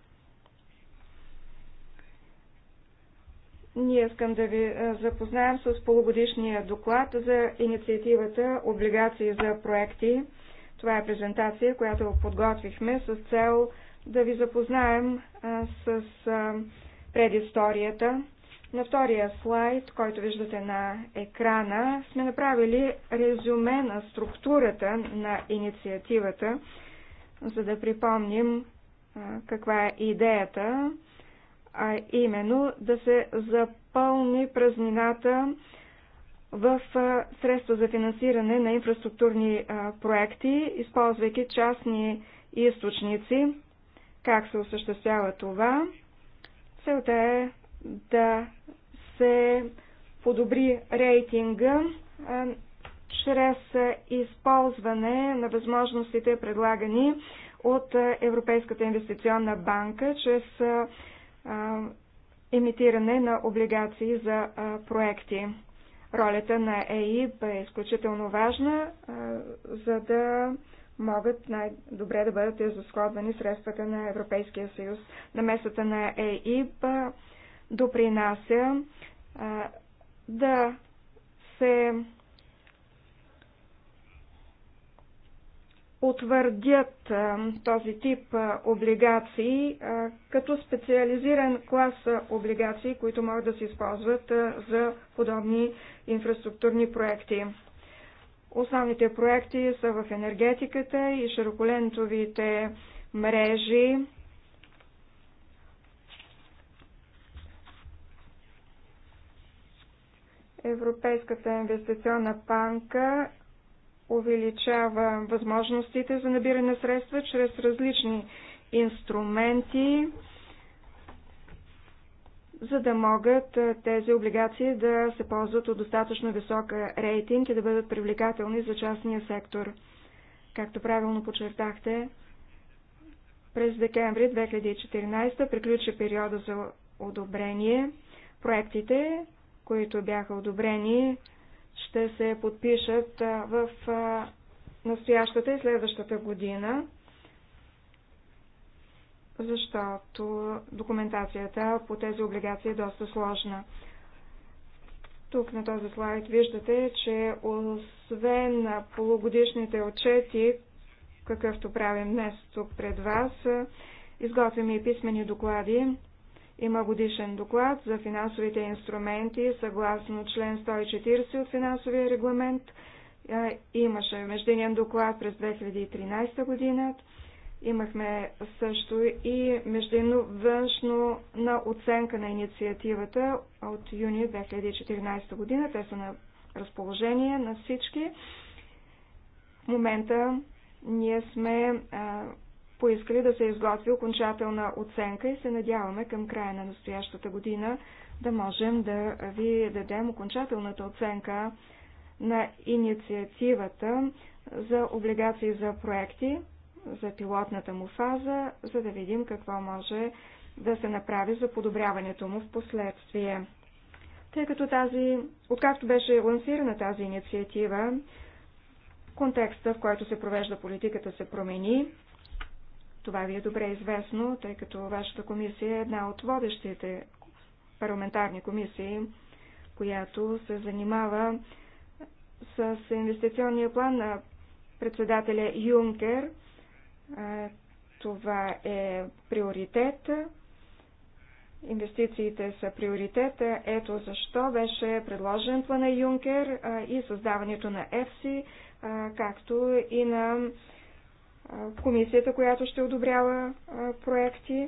Ние искам да ви е, запознаем с полугодишния доклад за инициативата Облигации за проекти. Това е презентация, която подготвихме с цел да ви запознаем е, с е, предисторията. На втория слайд, който виждате на екрана, сме направили резюме на структурата на инициативата, за да припомним каква е идеята а именно да се запълни празнината в средства за финансиране на инфраструктурни проекти, използвайки частни източници. Как се осъществява това? Целта е да се подобри рейтинга чрез използване на възможностите предлагани от Европейската инвестиционна банка, чрез имитиране на облигации за проекти. Ролята на ЕИБ е изключително важна, за да могат най-добре да бъдат изразходвани средствата на Европейския съюз. Намесата на ЕИБ допринася да се утвърдят този тип облигации като специализиран клас облигации, които могат да се използват за подобни инфраструктурни проекти. Основните проекти са в енергетиката и широколентовите мрежи. Европейската инвестиционна банка увеличава възможностите за набиране на средства чрез различни инструменти, за да могат тези облигации да се ползват от достатъчно висока рейтинг и да бъдат привлекателни за частния сектор. Както правилно подчертахте, през декември 2014 приключи периода за одобрение. Проектите, които бяха одобрени, ще се подпишат в настоящата и следващата година, защото документацията по тези облигации е доста сложна. Тук на този слайд виждате, че освен на полугодишните отчети, какъвто правим днес тук пред вас, изготвяме и писмени доклади има годишен доклад за финансовите инструменти съгласно член 140 от финансовия регламент. Е, имаше междинен доклад през 2013 година. Имахме също и междинно външно на оценка на инициативата от юни 2014 година. Те са на разположение на всички. В момента ние сме е, поискали да се изготви окончателна оценка и се надяваме към края на настоящата година да можем да ви дадем окончателната оценка на инициативата за облигации за проекти, за пилотната му фаза, за да видим какво може да се направи за подобряването му в последствие. Тъй като тази, откакто беше лансирана тази инициатива, контекста, в който се провежда политиката, се промени. Това ви е добре известно, тъй като вашата комисия е една от водещите парламентарни комисии, която се занимава с инвестиционния план на председателя Юнкер. Това е приоритет. Инвестициите са приоритет. Ето защо беше предложен плана Юнкер и създаването на ЕФСИ, както и на комисията, която ще одобрява проекти.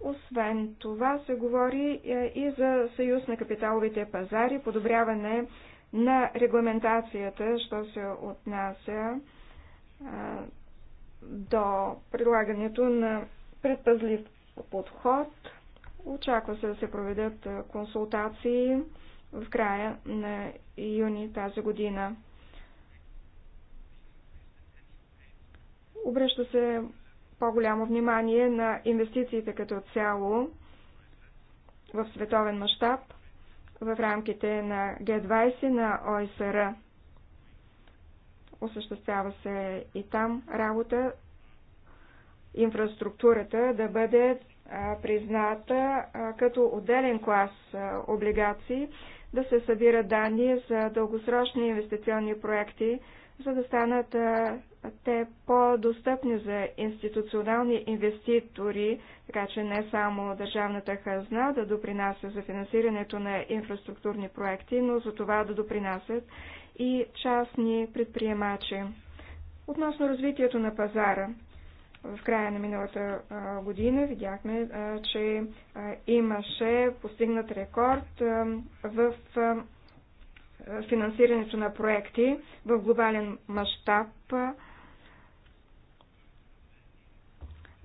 Освен това се говори и за съюз на капиталовите пазари, подобряване на регламентацията, що се отнася до предлагането на предпазлив подход. Очаква се да се проведат консултации в края на юни тази година. Обръща се по-голямо внимание на инвестициите като цяло в световен мащаб в рамките на Г-20 на ОСР. Осъществява се и там работа инфраструктурата да бъде призната като отделен клас облигации, да се събират данни за дългосрочни инвестиционни проекти, за да станат те по-достъпни за институционални инвеститори, така че не само държавната хазна да допринася за финансирането на инфраструктурни проекти, но за това да допринасят и частни предприемачи. Относно развитието на пазара, в края на миналата година видяхме, че имаше постигнат рекорд в финансирането на проекти в глобален мащаб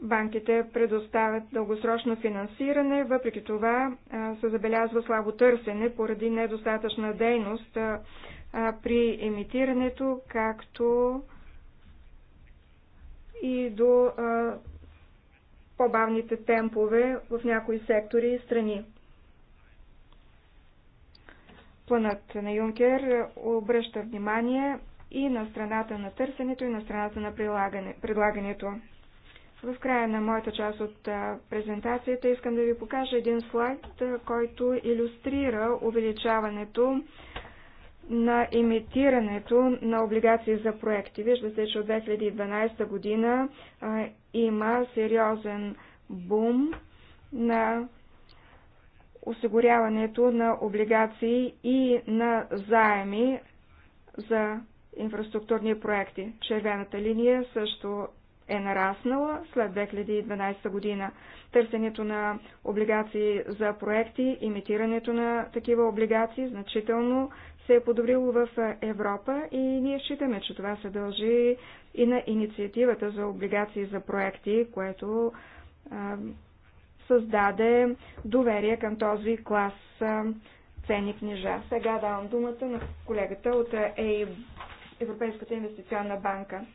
Банките предоставят дългосрочно финансиране, въпреки това се забелязва слабо търсене поради недостатъчна дейност при емитирането, както и до по-бавните темпове в някои сектори и страни. Планът на Юнкер обръща внимание и на страната на търсенето, и на страната на предлагането. В края на моята част от презентацията искам да ви покажа един слайд, който иллюстрира увеличаването на имитирането на облигации за проекти. Вижда се, че от 2012 година а, има сериозен бум на осигуряването на облигации и на заеми за инфраструктурни проекти. Червената линия също е нараснала след 2012 година. Търсенето на облигации за проекти, имитирането на такива облигации значително се е подобрило в Европа и ние считаме, че това се дължи и на инициативата за облигации за проекти, което а, създаде доверие към този клас а, цени книжа. Сега давам думата на колегата от Европейската инвестиционна банка.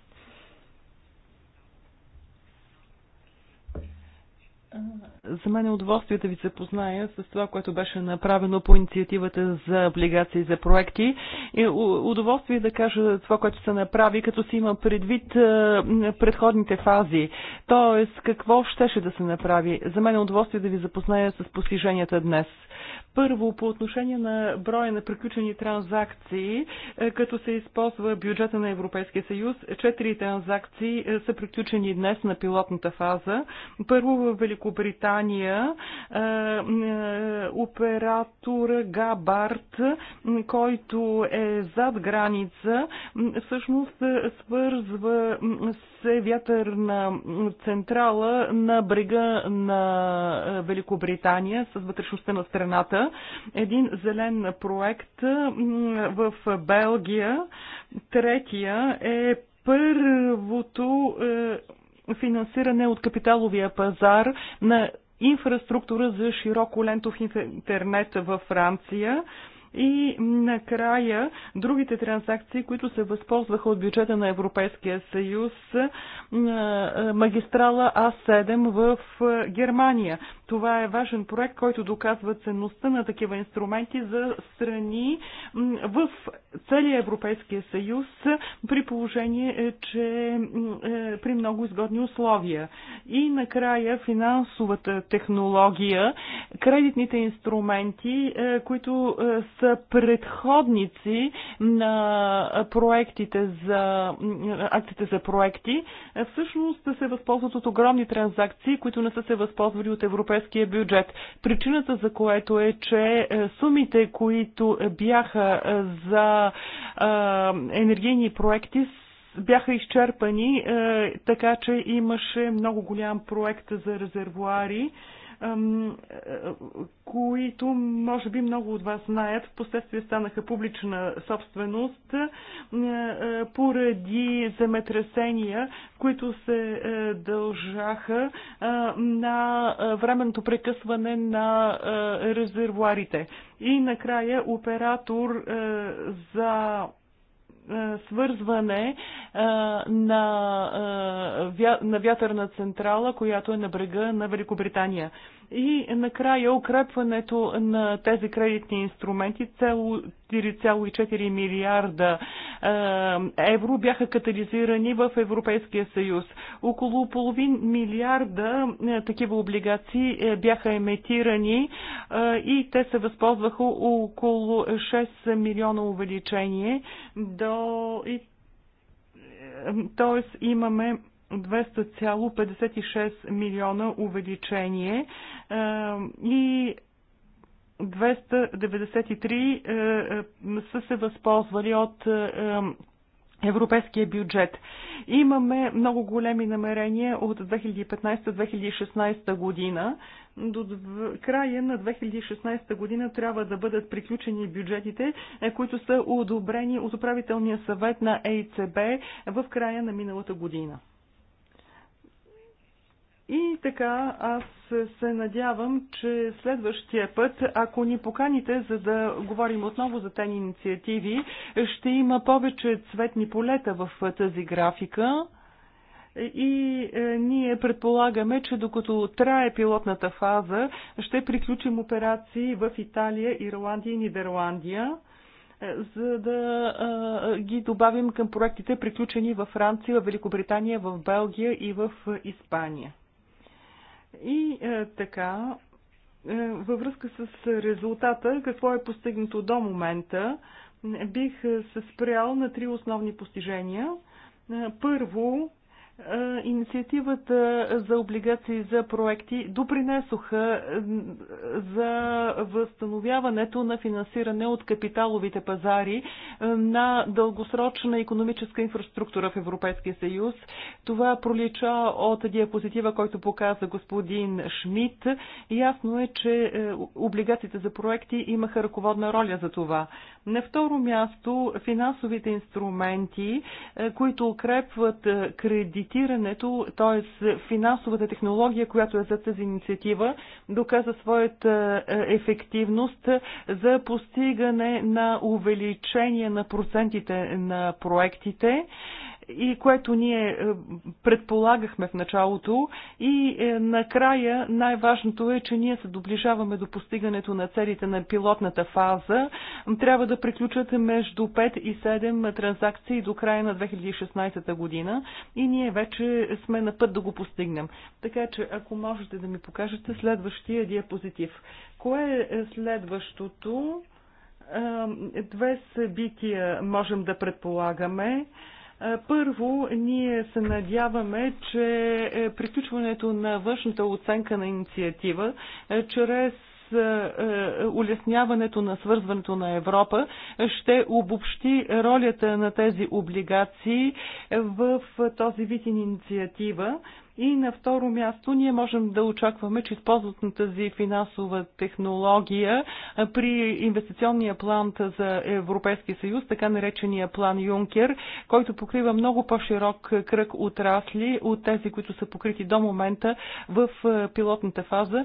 За мен е удоволствие да ви запозная с това, което беше направено по инициативата за облигации за проекти. И удоволствие да кажа това, което се направи, като се има предвид е, предходните фази. Тоест, какво щеше да се направи. За мен е удоволствие да ви запозная с постиженията днес. Първо, по отношение на броя на приключени транзакции, е, като се използва бюджета на Европейския съюз, четири транзакции е, са приключени днес на пилотната фаза. Първо в Великобритания Великобритания е, е, оператор Габарт, който е зад граница, всъщност свързва се вятърна централа на брега на Великобритания с вътрешността на страната. Един зелен проект в Белгия. Третия е първото е, финансиране от капиталовия пазар на инфраструктура за широко лентов интернет във Франция. И накрая другите транзакции, които се възползваха от бюджета на Европейския съюз, магистрала А7 в Германия. Това е важен проект, който доказва ценността на такива инструменти за страни в целия Европейския съюз при положение, е, че е, при много изгодни условия. И накрая финансовата технология, кредитните инструменти, е, които са предходници на проектите за акциите за проекти, всъщност се възползват от огромни транзакции, които не са се възползвали от европейския бюджет. Причината за което е, че е, сумите, които бяха е, за е, енергийни проекти, бяха изчерпани, така че имаше много голям проект за резервуари е, е, които може би много от вас знаят, в последствие станаха публична собственост е, поради земетресения, които се дължаха на временното прекъсване на резервуарите. И накрая оператор за е, свързване е, на, е, на вятърна централа, която е на брега на Великобритания. И накрая укрепването на тези кредитни инструменти, 4,4 милиарда е, евро бяха катализирани в Европейския съюз. Около половин милиарда е, такива облигации е, бяха емитирани и те се възползваха около 6 милиона увеличение до т.е. имаме 200,56 милиона увеличение е, и 293 е, са се възползвали от е, европейския бюджет. Имаме много големи намерения от 2015-2016 година. До края на 2016 година трябва да бъдат приключени бюджетите, които са одобрени от управителния съвет на ЕЦБ в края на миналата година. И така, аз се надявам, че следващия път, ако ни поканите, за да говорим отново за тези инициативи, ще има повече цветни полета в тази графика. И е, ние предполагаме, че докато трае пилотната фаза, ще приключим операции в Италия, Ирландия и Нидерландия е, за да е, ги добавим към проектите, приключени във Франция, в Великобритания, в Белгия и в Испания. И е, така, е, във връзка с резултата, какво е постигнато до момента, бих е, се спрял на три основни постижения. Е, първо, инициативата за облигации за проекти допринесоха за възстановяването на финансиране от капиталовите пазари на дългосрочна економическа инфраструктура в Европейския съюз. Това пролича от диапозитива, който показа господин Шмидт. Ясно е, че е, облигациите за проекти имаха ръководна роля за това. На второ място финансовите инструменти, е, които укрепват е, кредитирането, т.е. финансовата технология, която е за тази инициатива, доказа своята е, ефективност за постигане на увеличение на процентите на проектите и което ние е, предполагахме в началото и е, накрая най-важното е, че ние се доближаваме до постигането на целите на пилотната фаза. Трябва да приключат между 5 и 7 транзакции до края на 2016 година и ние вече сме на път да го постигнем. Така че ако можете да ми покажете следващия диапозитив. Кое е следващото? Е, две събития можем да предполагаме. Е, първо, ние се надяваме, че е, приключването на външната оценка на инициатива е, чрез улесняването на свързването на Европа ще обобщи ролята на тези облигации в този вид инициатива и на второ място ние можем да очакваме, че използват на тази финансова технология при инвестиционния план за Европейския съюз, така наречения план Юнкер, който покрива много по-широк кръг отрасли от тези, които са покрити до момента в пилотната фаза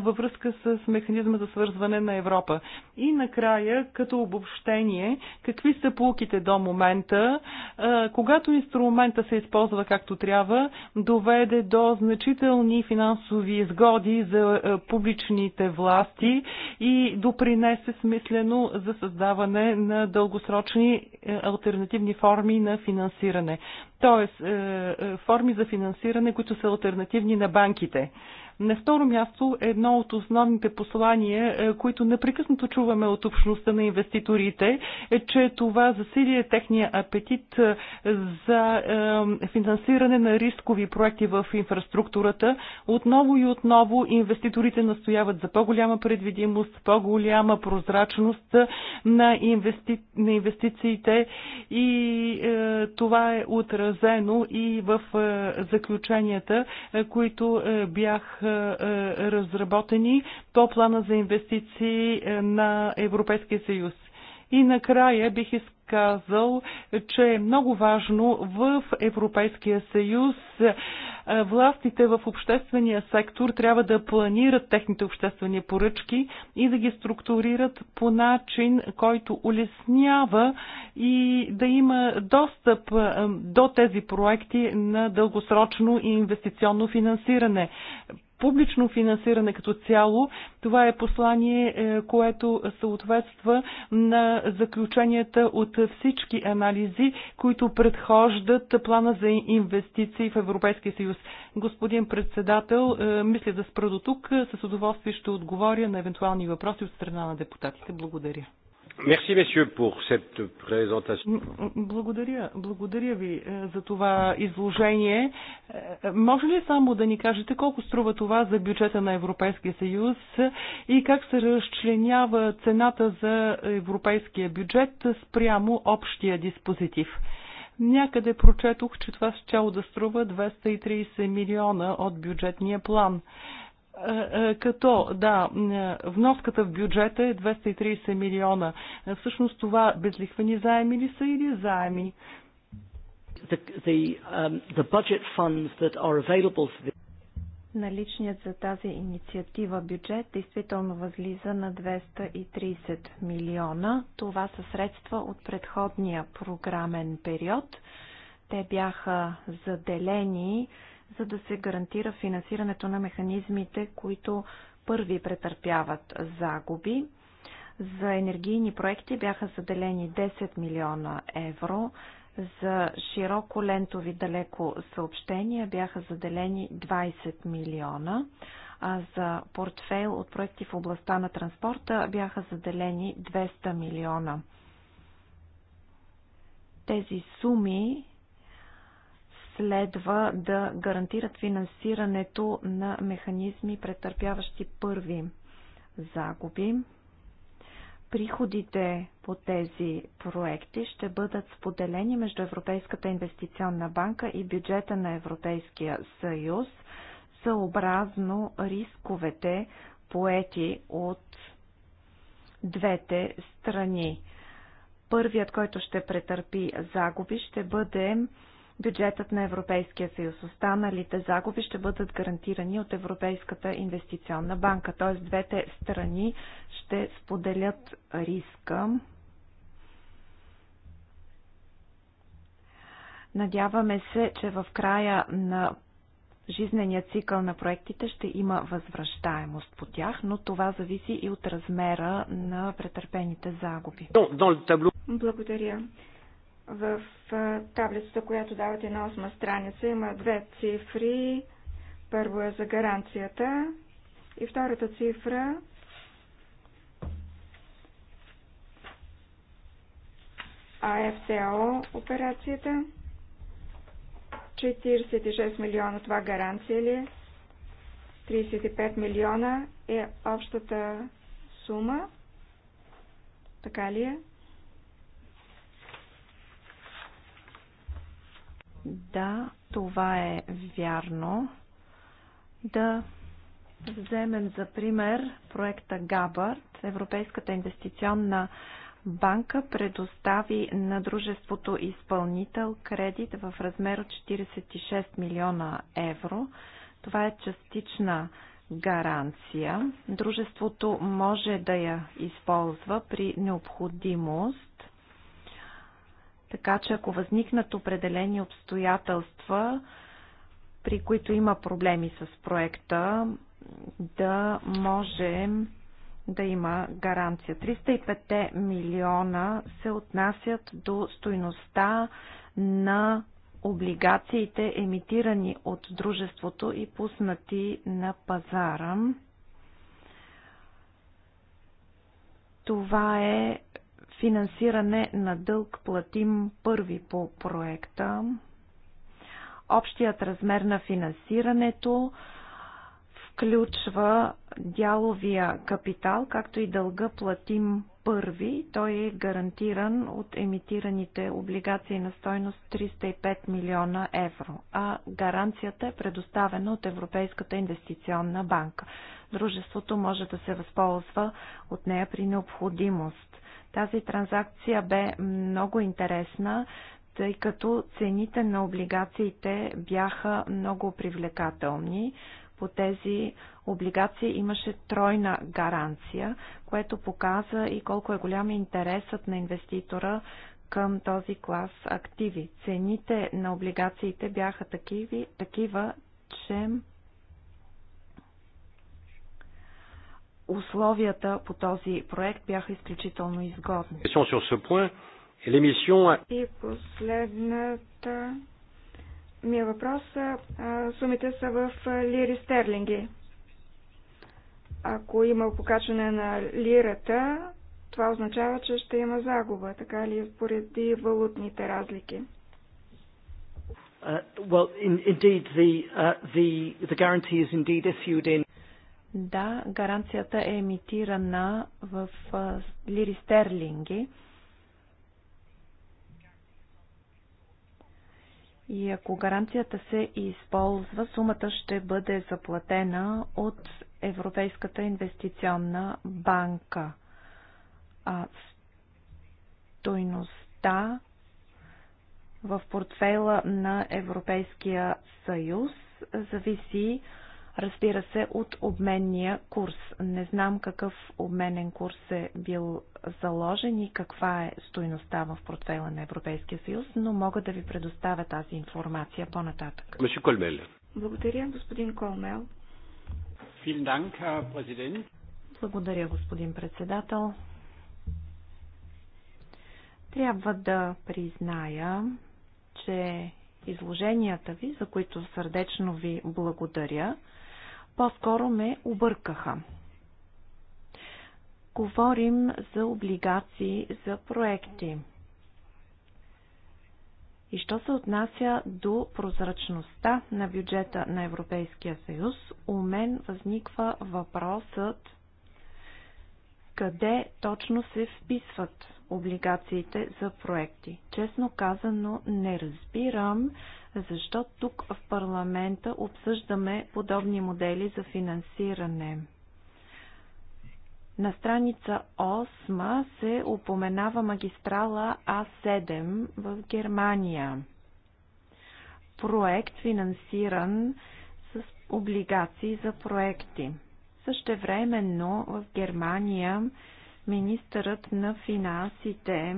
във връзка с механизма за свързване на Европа. И накрая, като обобщение, какви са полуките до момента, когато инструмента се използва както трябва, доведе доведе до значителни финансови изгоди за е, публичните власти и допринесе смислено за създаване на дългосрочни е, альтернативни форми на финансиране. Тоест, е, форми за финансиране, които са альтернативни на банките. На второ място, едно от основните послания, е, които непрекъснато чуваме от общността на инвеститорите, е, че това засилие техния апетит е, за е, финансиране на рискови проекти в инфраструктурата. Отново и отново инвеститорите настояват за по-голяма предвидимост, по-голяма прозрачност на, инвести... на инвестициите и това е отразено и в заключенията, които бях бяха е, е, разработени по плана за инвестиции е, на Европейския съюз. И накрая бих изказал, че е много важно в Европейския съюз властите в обществения сектор трябва да планират техните обществени поръчки и да ги структурират по начин, който улеснява и да има достъп до тези проекти на дългосрочно и инвестиционно финансиране публично финансиране като цяло. Това е послание, е, което съответства на заключенията от всички анализи, които предхождат плана за инвестиции в Европейския съюз. Господин председател, е, мисля да спра до тук. С удоволствие ще отговоря на евентуални въпроси от страна на депутатите. Благодаря. Merci, messieurs, pour cette présentation. Благодаря, благодаря ви е, за това изложение. Е, може ли само да ни кажете колко струва това за бюджета на Европейския съюз и как се разчленява цената за европейския бюджет спрямо общия диспозитив? Някъде прочетох, че това щяло да струва 230 милиона от бюджетния план. Е, е, като да, е, вноската в бюджета е 230 милиона. Всъщност това безлихвени заеми ли са или заеми? The, the, um, the Наличният за тази инициатива бюджет действително възлиза на 230 милиона. Това са средства от предходния програмен период. Те бяха заделени за да се гарантира финансирането на механизмите, които първи претърпяват загуби. За енергийни проекти бяха заделени 10 милиона евро, за широко лентови далеко съобщения бяха заделени 20 милиона, а за портфейл от проекти в областта на транспорта бяха заделени 200 милиона. Тези суми следва да гарантират финансирането на механизми, претърпяващи първи загуби. Приходите по тези проекти ще бъдат споделени между Европейската инвестиционна банка и бюджета на Европейския съюз, съобразно рисковете поети от двете страни. Първият, който ще претърпи загуби, ще бъде бюджетът на Европейския съюз. Останалите загуби ще бъдат гарантирани от Европейската инвестиционна банка, т.е. двете страни ще споделят риска. Надяваме се, че в края на жизнения цикъл на проектите ще има възвръщаемост по тях, но това зависи и от размера на претърпените загуби. Благодаря. В таблицата, която давате на 8 страница, има две цифри. Първо е за гаранцията и втората цифра АФТО операцията. 46 милиона това гаранция ли 35 е? милиона е общата сума. Така ли е? Да, това е вярно. Да вземем за пример проекта Габърт. Европейската инвестиционна банка предостави на дружеството изпълнител кредит в размер от 46 милиона евро. Това е частична гаранция. Дружеството може да я използва при необходимост. Така че ако възникнат определени обстоятелства, при които има проблеми с проекта, да може да има гаранция. 305 милиона се отнасят до стойността на облигациите, емитирани от дружеството и пуснати на пазара. Това е финансиране на дълг платим първи по проекта, общият размер на финансирането включва дяловия капитал, както и дълга платим първи. Той е гарантиран от емитираните облигации на стойност 305 милиона евро, а гаранцията е предоставена от Европейската инвестиционна банка. Дружеството може да се възползва от нея при необходимост. Тази транзакция бе много интересна, тъй като цените на облигациите бяха много привлекателни. По тези облигации имаше тройна гаранция, което показа и колко е голям интересът на инвеститора към този клас активи. Цените на облигациите бяха такива, че условията по този проект бяха изключително изгодни. И последната ми е въпрос. Сумите са в лири стерлинги. Ако има покачване на лирата, това означава, че ще има загуба, така ли, поради валутните разлики? Uh, well, in, indeed, the, uh, the, the guarantee is indeed issued in да, гаранцията е емитирана в лири стерлинги. И ако гаранцията се използва, сумата ще бъде заплатена от Европейската инвестиционна банка. А стойността в портфела на Европейския съюз зависи от разбира се, от обменния курс. Не знам какъв обменен курс е бил заложен и каква е стоиността в портфела на Европейския съюз, но мога да ви предоставя тази информация по-нататък. Благодаря, господин Колмел. Благодаря, господин председател. Трябва да призная, че изложенията ви, за които сърдечно ви благодаря, по-скоро ме объркаха. Говорим за облигации за проекти. И що се отнася до прозрачността на бюджета на Европейския съюз, у мен възниква въпросът къде точно се вписват облигациите за проекти. Честно казано, не разбирам защо тук в парламента обсъждаме подобни модели за финансиране? На страница 8 се упоменава магистрала А7 в Германия. Проект финансиран с облигации за проекти. Същевременно в Германия министърът на финансите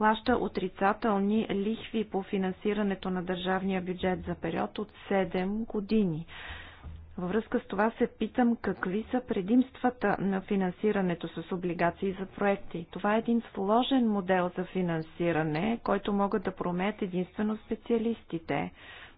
плаща отрицателни лихви по финансирането на държавния бюджет за период от 7 години. Във връзка с това се питам какви са предимствата на финансирането с облигации за проекти. Това е един сложен модел за финансиране, който могат да променят единствено специалистите.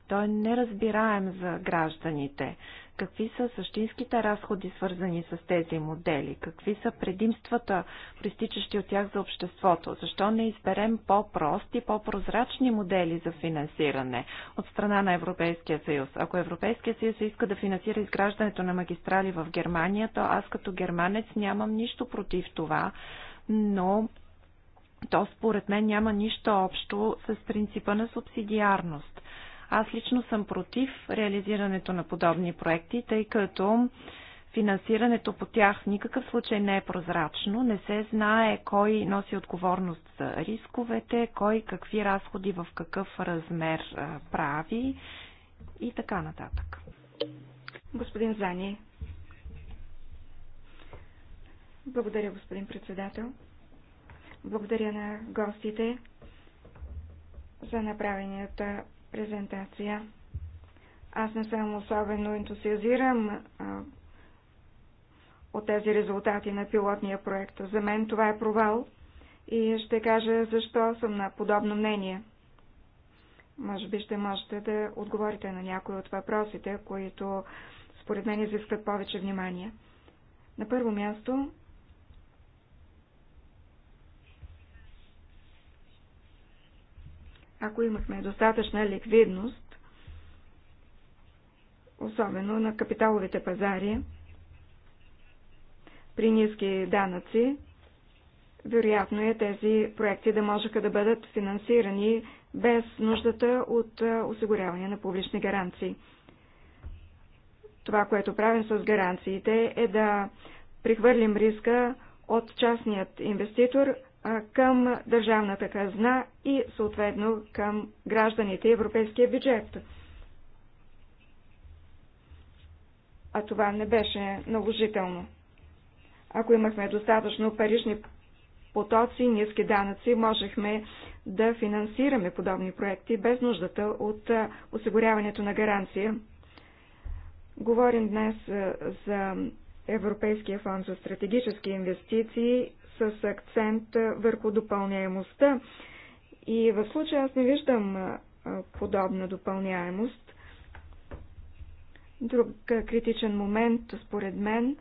Той е неразбираем за гражданите. Какви са същинските разходи, свързани с тези модели? Какви са предимствата, пристичащи от тях за обществото? Защо не изберем по-прости, по-прозрачни модели за финансиране от страна на Европейския съюз? Ако Европейския съюз иска да финансира изграждането на магистрали в Германия, то аз като германец нямам нищо против това, но то според мен няма нищо общо с принципа на субсидиарност. Аз лично съм против реализирането на подобни проекти, тъй като финансирането по тях в никакъв случай не е прозрачно, не се знае кой носи отговорност за рисковете, кой какви разходи в какъв размер прави и така нататък. Господин Зани. Благодаря, господин председател. Благодаря на гостите за направенията презентация. Аз не съм особено ентусиазирам от тези резултати на пилотния проект. За мен това е провал и ще кажа защо съм на подобно мнение. Може би ще можете да отговорите на някои от въпросите, които според мен изискват повече внимание. На първо място, ако имахме достатъчна ликвидност, особено на капиталовите пазари, при ниски данъци, вероятно е тези проекти да можеха да бъдат финансирани без нуждата от осигуряване на публични гаранции. Това, което правим с гаранциите, е да прихвърлим риска от частният инвеститор към държавната казна и съответно към гражданите и европейския бюджет. А това не беше наложително. Ако имахме достатъчно парични потоци, ниски данъци, можехме да финансираме подобни проекти без нуждата от осигуряването на гаранция. Говорим днес за Европейския фонд за стратегически инвестиции с акцент върху допълняемостта. И в случая аз не виждам подобна допълняемост. Друг критичен момент, според мен,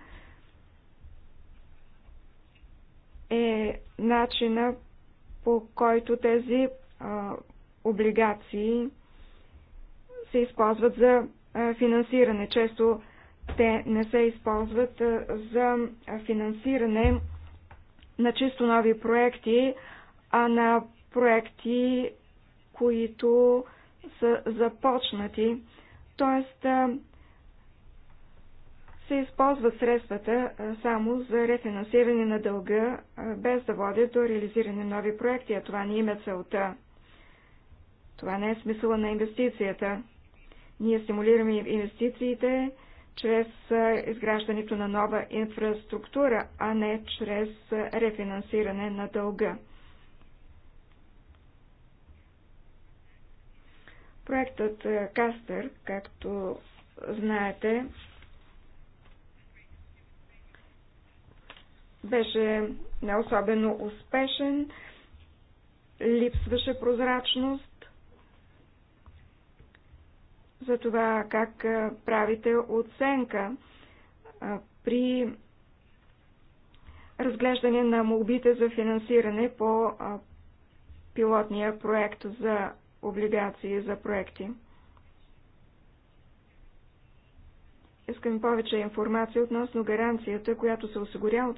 е начина по който тези а, облигации се използват за а, финансиране. Често те не се използват а, за финансиране на чисто нови проекти, а на проекти, които са започнати. Тоест, се използват средствата само за рефинансиране на дълга, без да водят до реализиране на нови проекти, а това не има е целта. Това не е смисъла на инвестицията. Ние стимулираме инвестициите чрез изграждането на нова инфраструктура, а не чрез рефинансиране на дълга. Проектът Кастер, както знаете, беше не особено успешен, липсваше прозрачност, за това как правите оценка при разглеждане на молбите за финансиране по пилотния проект за облигации за проекти. Искам повече информация относно гаранцията, която се осигурява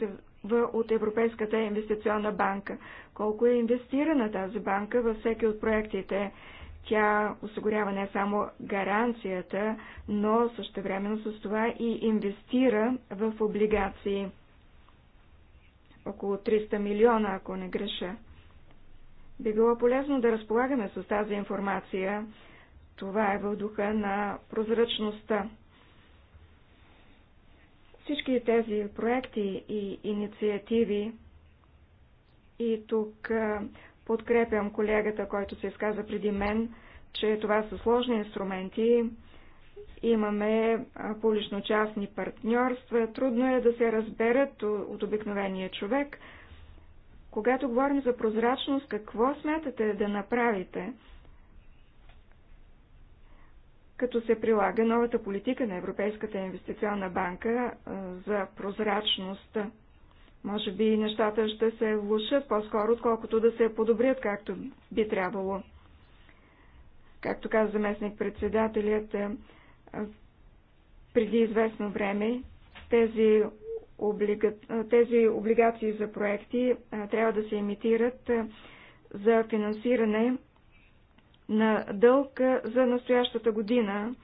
от Европейската инвестиционна банка. Колко е инвестирана тази банка във всеки от проектите? Тя осигурява не само гаранцията, но същевременно с това и инвестира в облигации. Около 300 милиона, ако не греша. Би било полезно да разполагаме с тази информация. Това е в духа на прозрачността. Всички тези проекти и инициативи и тук Подкрепям колегата, който се изказа преди мен, че това са сложни инструменти. Имаме публично-частни партньорства. Трудно е да се разберат от обикновения човек. Когато говорим за прозрачност, какво смятате да направите, като се прилага новата политика на Европейската инвестиционна банка за прозрачност? Може би нещата ще се влушат по-скоро, отколкото да се подобрят, както би трябвало. Както каза заместник председателят, е, преди известно време тези, облига... тези облигации за проекти е, трябва да се имитират е, за финансиране на дълг за настоящата година.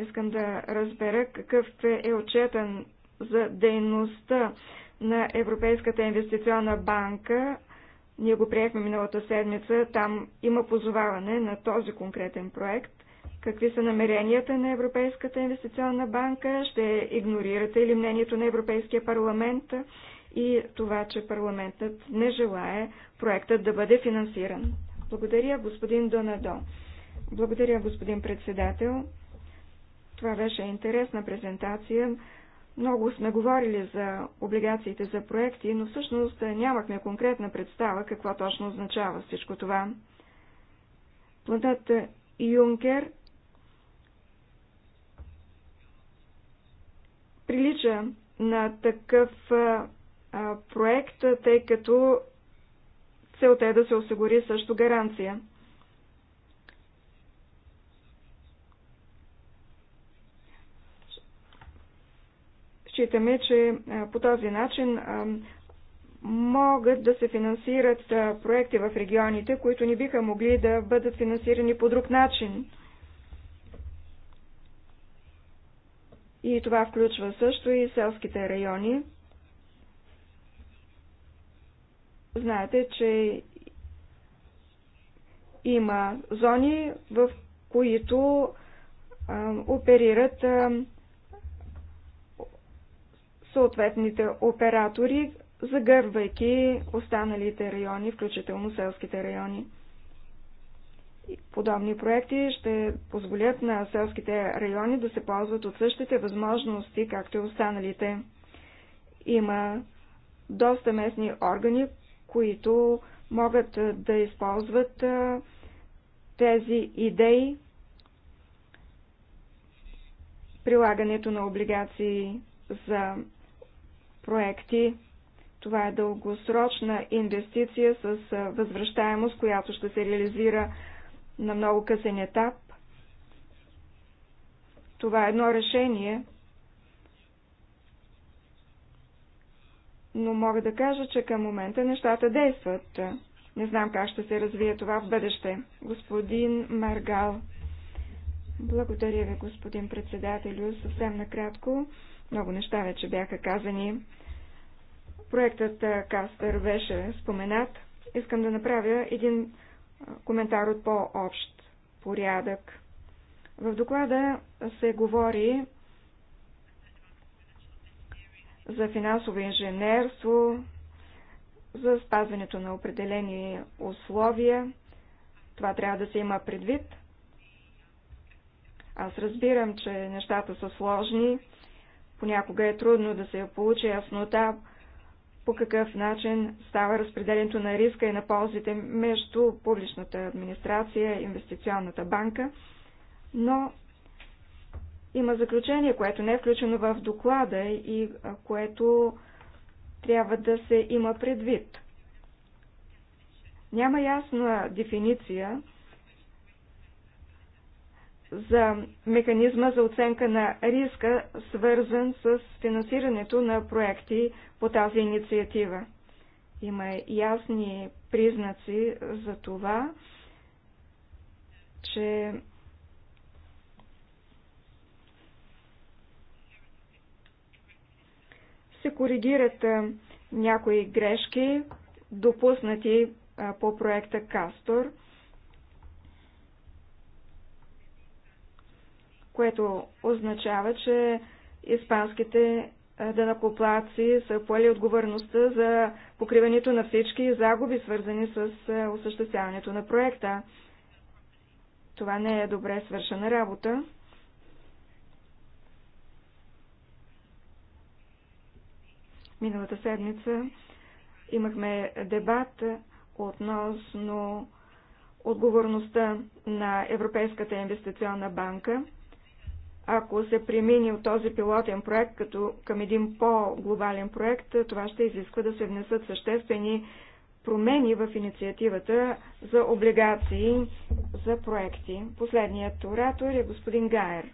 Искам да разбера какъв е отчетен за дейността на Европейската инвестиционна банка. Ние го приехме миналата седмица. Там има позоваване на този конкретен проект. Какви са намеренията на Европейската инвестиционна банка? Ще игнорирате ли мнението на Европейския парламент и това, че парламентът не желае проектът да бъде финансиран? Благодаря, господин Донадо. Благодаря, господин председател. Това беше интересна презентация. Много сме говорили за облигациите за проекти, но всъщност е, нямахме конкретна представа какво точно означава всичко това. Планът е, Юнкер прилича на такъв е, проект, тъй като целта е да се осигури също гаранция. Считаме, че е, по този начин е, могат да се финансират е, проекти в регионите, които не биха могли да бъдат финансирани по друг начин. И това включва също и селските райони. Знаете, че има зони, в които а, оперират а, съответните оператори, загърбвайки останалите райони, включително селските райони. Подобни проекти ще позволят на селските райони да се ползват от същите възможности, както и останалите. Има доста местни органи, които могат да използват тези идеи. Прилагането на облигации за проекти. Това е дългосрочна инвестиция с възвръщаемост, която ще се реализира на много късен етап. Това е едно решение, но мога да кажа, че към момента нещата действат. Не знам как ще се развие това в бъдеще. Господин Маргал. Благодаря ви, господин председателю. Съвсем накратко. Много неща вече бяха казани. Проектът Кастър беше споменат. Искам да направя един коментар от по-общ порядък. В доклада се говори за финансово инженерство, за спазването на определени условия. Това трябва да се има предвид. Аз разбирам, че нещата са сложни Понякога е трудно да се получи яснота по какъв начин става разпределението на риска и на ползите между публичната администрация и инвестиционната банка, но има заключение, което не е включено в доклада и което трябва да се има предвид. Няма ясна дефиниция за механизма за оценка на риска, свързан с финансирането на проекти по тази инициатива. Има ясни признаци за това, че се коригират някои грешки, допуснати по проекта Кастор. което означава, че испанските дънакоплаци са поели отговорността за покриването на всички загуби, свързани с осъществяването на проекта. Това не е добре свършена работа. Миналата седмица имахме дебат относно отговорността на Европейската инвестиционна банка. Ако се премини от този пилотен проект като към един по-глобален проект, това ще изисква да се внесат съществени промени в инициативата за облигации за проекти. Последният оратор е господин Гайер.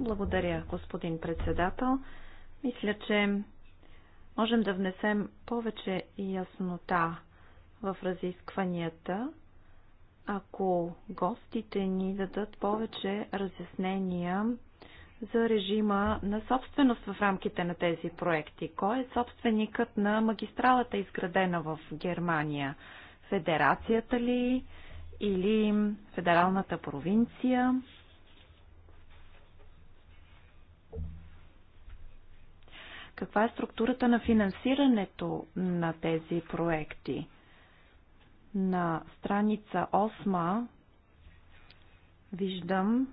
Благодаря, господин председател. Мисля, че можем да внесем повече яснота в разискванията ако гостите ни дадат повече разяснения за режима на собственост в рамките на тези проекти. Кой е собственикът на магистралата, изградена в Германия? Федерацията ли или федералната провинция? Каква е структурата на финансирането на тези проекти? На страница 8 виждам,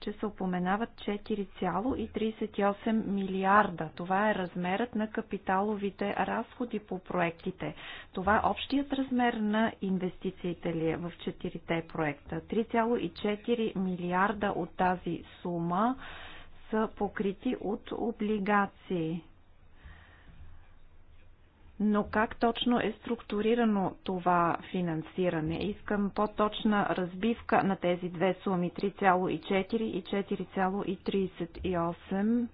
че се упоменават 4,38 милиарда. Това е размерът на капиталовите разходи по проектите. Това е общият размер на инвестициите ли е в 4 проекта. 3,4 милиарда от тази сума са покрити от облигации но как точно е структурирано това финансиране? Искам по-точна разбивка на тези две суми 3,4 и 4,38.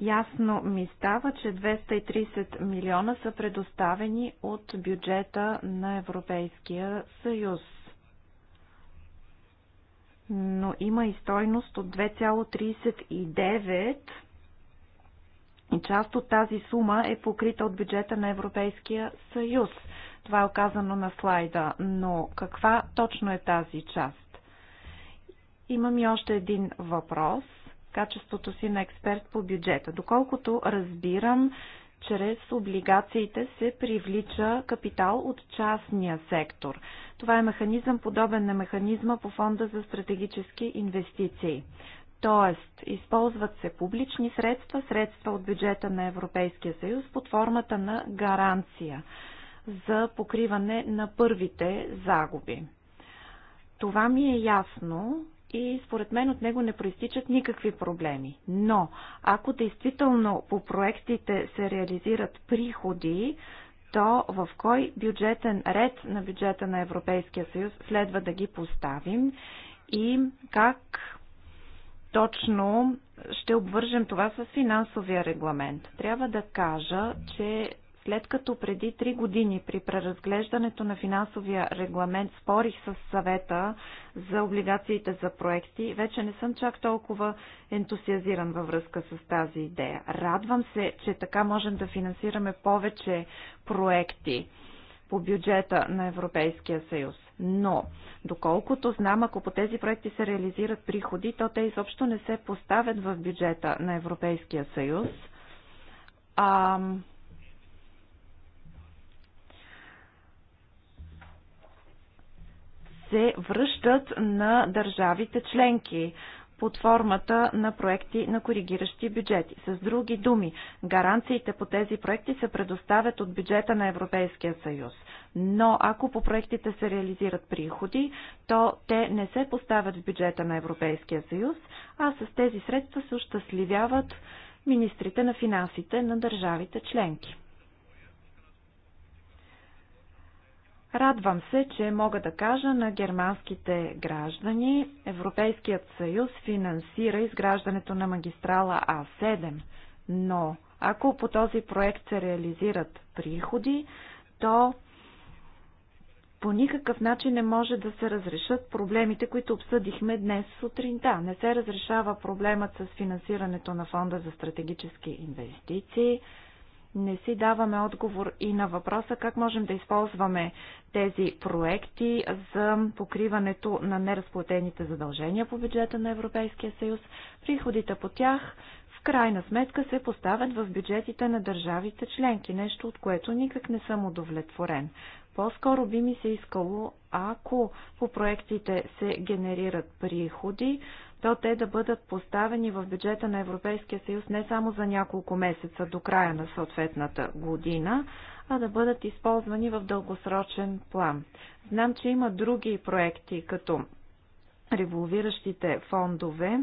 Ясно ми става, че 230 милиона са предоставени от бюджета на Европейския съюз но има и стойност от 2,39 и част от тази сума е покрита от бюджета на Европейския съюз. Това е оказано на слайда, но каква точно е тази част? Имам и още един въпрос качеството си на експерт по бюджета. Доколкото разбирам, чрез облигациите се привлича капитал от частния сектор. Това е механизъм подобен на механизма по фонда за стратегически инвестиции. Тоест, използват се публични средства, средства от бюджета на Европейския съюз под формата на гаранция за покриване на първите загуби. Това ми е ясно, и според мен от него не проистичат никакви проблеми. Но ако действително по проектите се реализират приходи, то в кой бюджетен ред на бюджета на Европейския съюз следва да ги поставим и как точно ще обвържем това с финансовия регламент. Трябва да кажа, че след като преди три години при преразглеждането на финансовия регламент спорих с съвета за облигациите за проекти, вече не съм чак толкова ентусиазиран във връзка с тази идея. Радвам се, че така можем да финансираме повече проекти по бюджета на Европейския съюз. Но, доколкото знам, ако по тези проекти се реализират приходи, то те изобщо не се поставят в бюджета на Европейския съюз. А, се връщат на държавите членки под формата на проекти на коригиращи бюджети. С други думи, гаранциите по тези проекти се предоставят от бюджета на Европейския съюз. Но ако по проектите се реализират приходи, то те не се поставят в бюджета на Европейския съюз, а с тези средства се ощастливяват министрите на финансите на държавите членки. Радвам се, че мога да кажа на германските граждани, Европейският съюз финансира изграждането на магистрала А7, но ако по този проект се реализират приходи, то по никакъв начин не може да се разрешат проблемите, които обсъдихме днес сутринта. Не се разрешава проблемът с финансирането на фонда за стратегически инвестиции, не си даваме отговор и на въпроса как можем да използваме тези проекти за покриването на неразплатените задължения по бюджета на Европейския съюз. Приходите по тях в крайна сметка се поставят в бюджетите на държавите членки, нещо от което никак не съм удовлетворен. По-скоро би ми се искало, ако по проектите се генерират приходи, то те да бъдат поставени в бюджета на Европейския съюз не само за няколко месеца до края на съответната година, а да бъдат използвани в дългосрочен план. Знам, че има други проекти, като револвиращите фондове,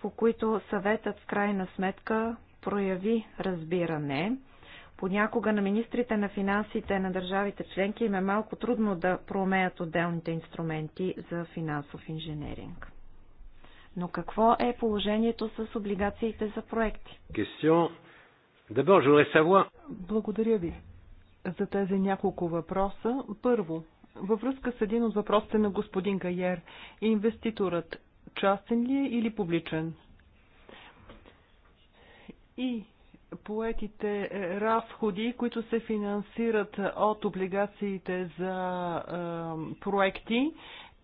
по които съветът в крайна сметка прояви разбиране. Понякога на министрите на финансите на държавите членки им е малко трудно да промеят отделните инструменти за финансов инженеринг. Но какво е положението с облигациите за проекти? Благодаря ви за тези няколко въпроса. Първо, във връзка с един от въпросите на господин Гайер, инвеститорът частен ли е или публичен? И поетите разходи, които се финансират от облигациите за е, проекти,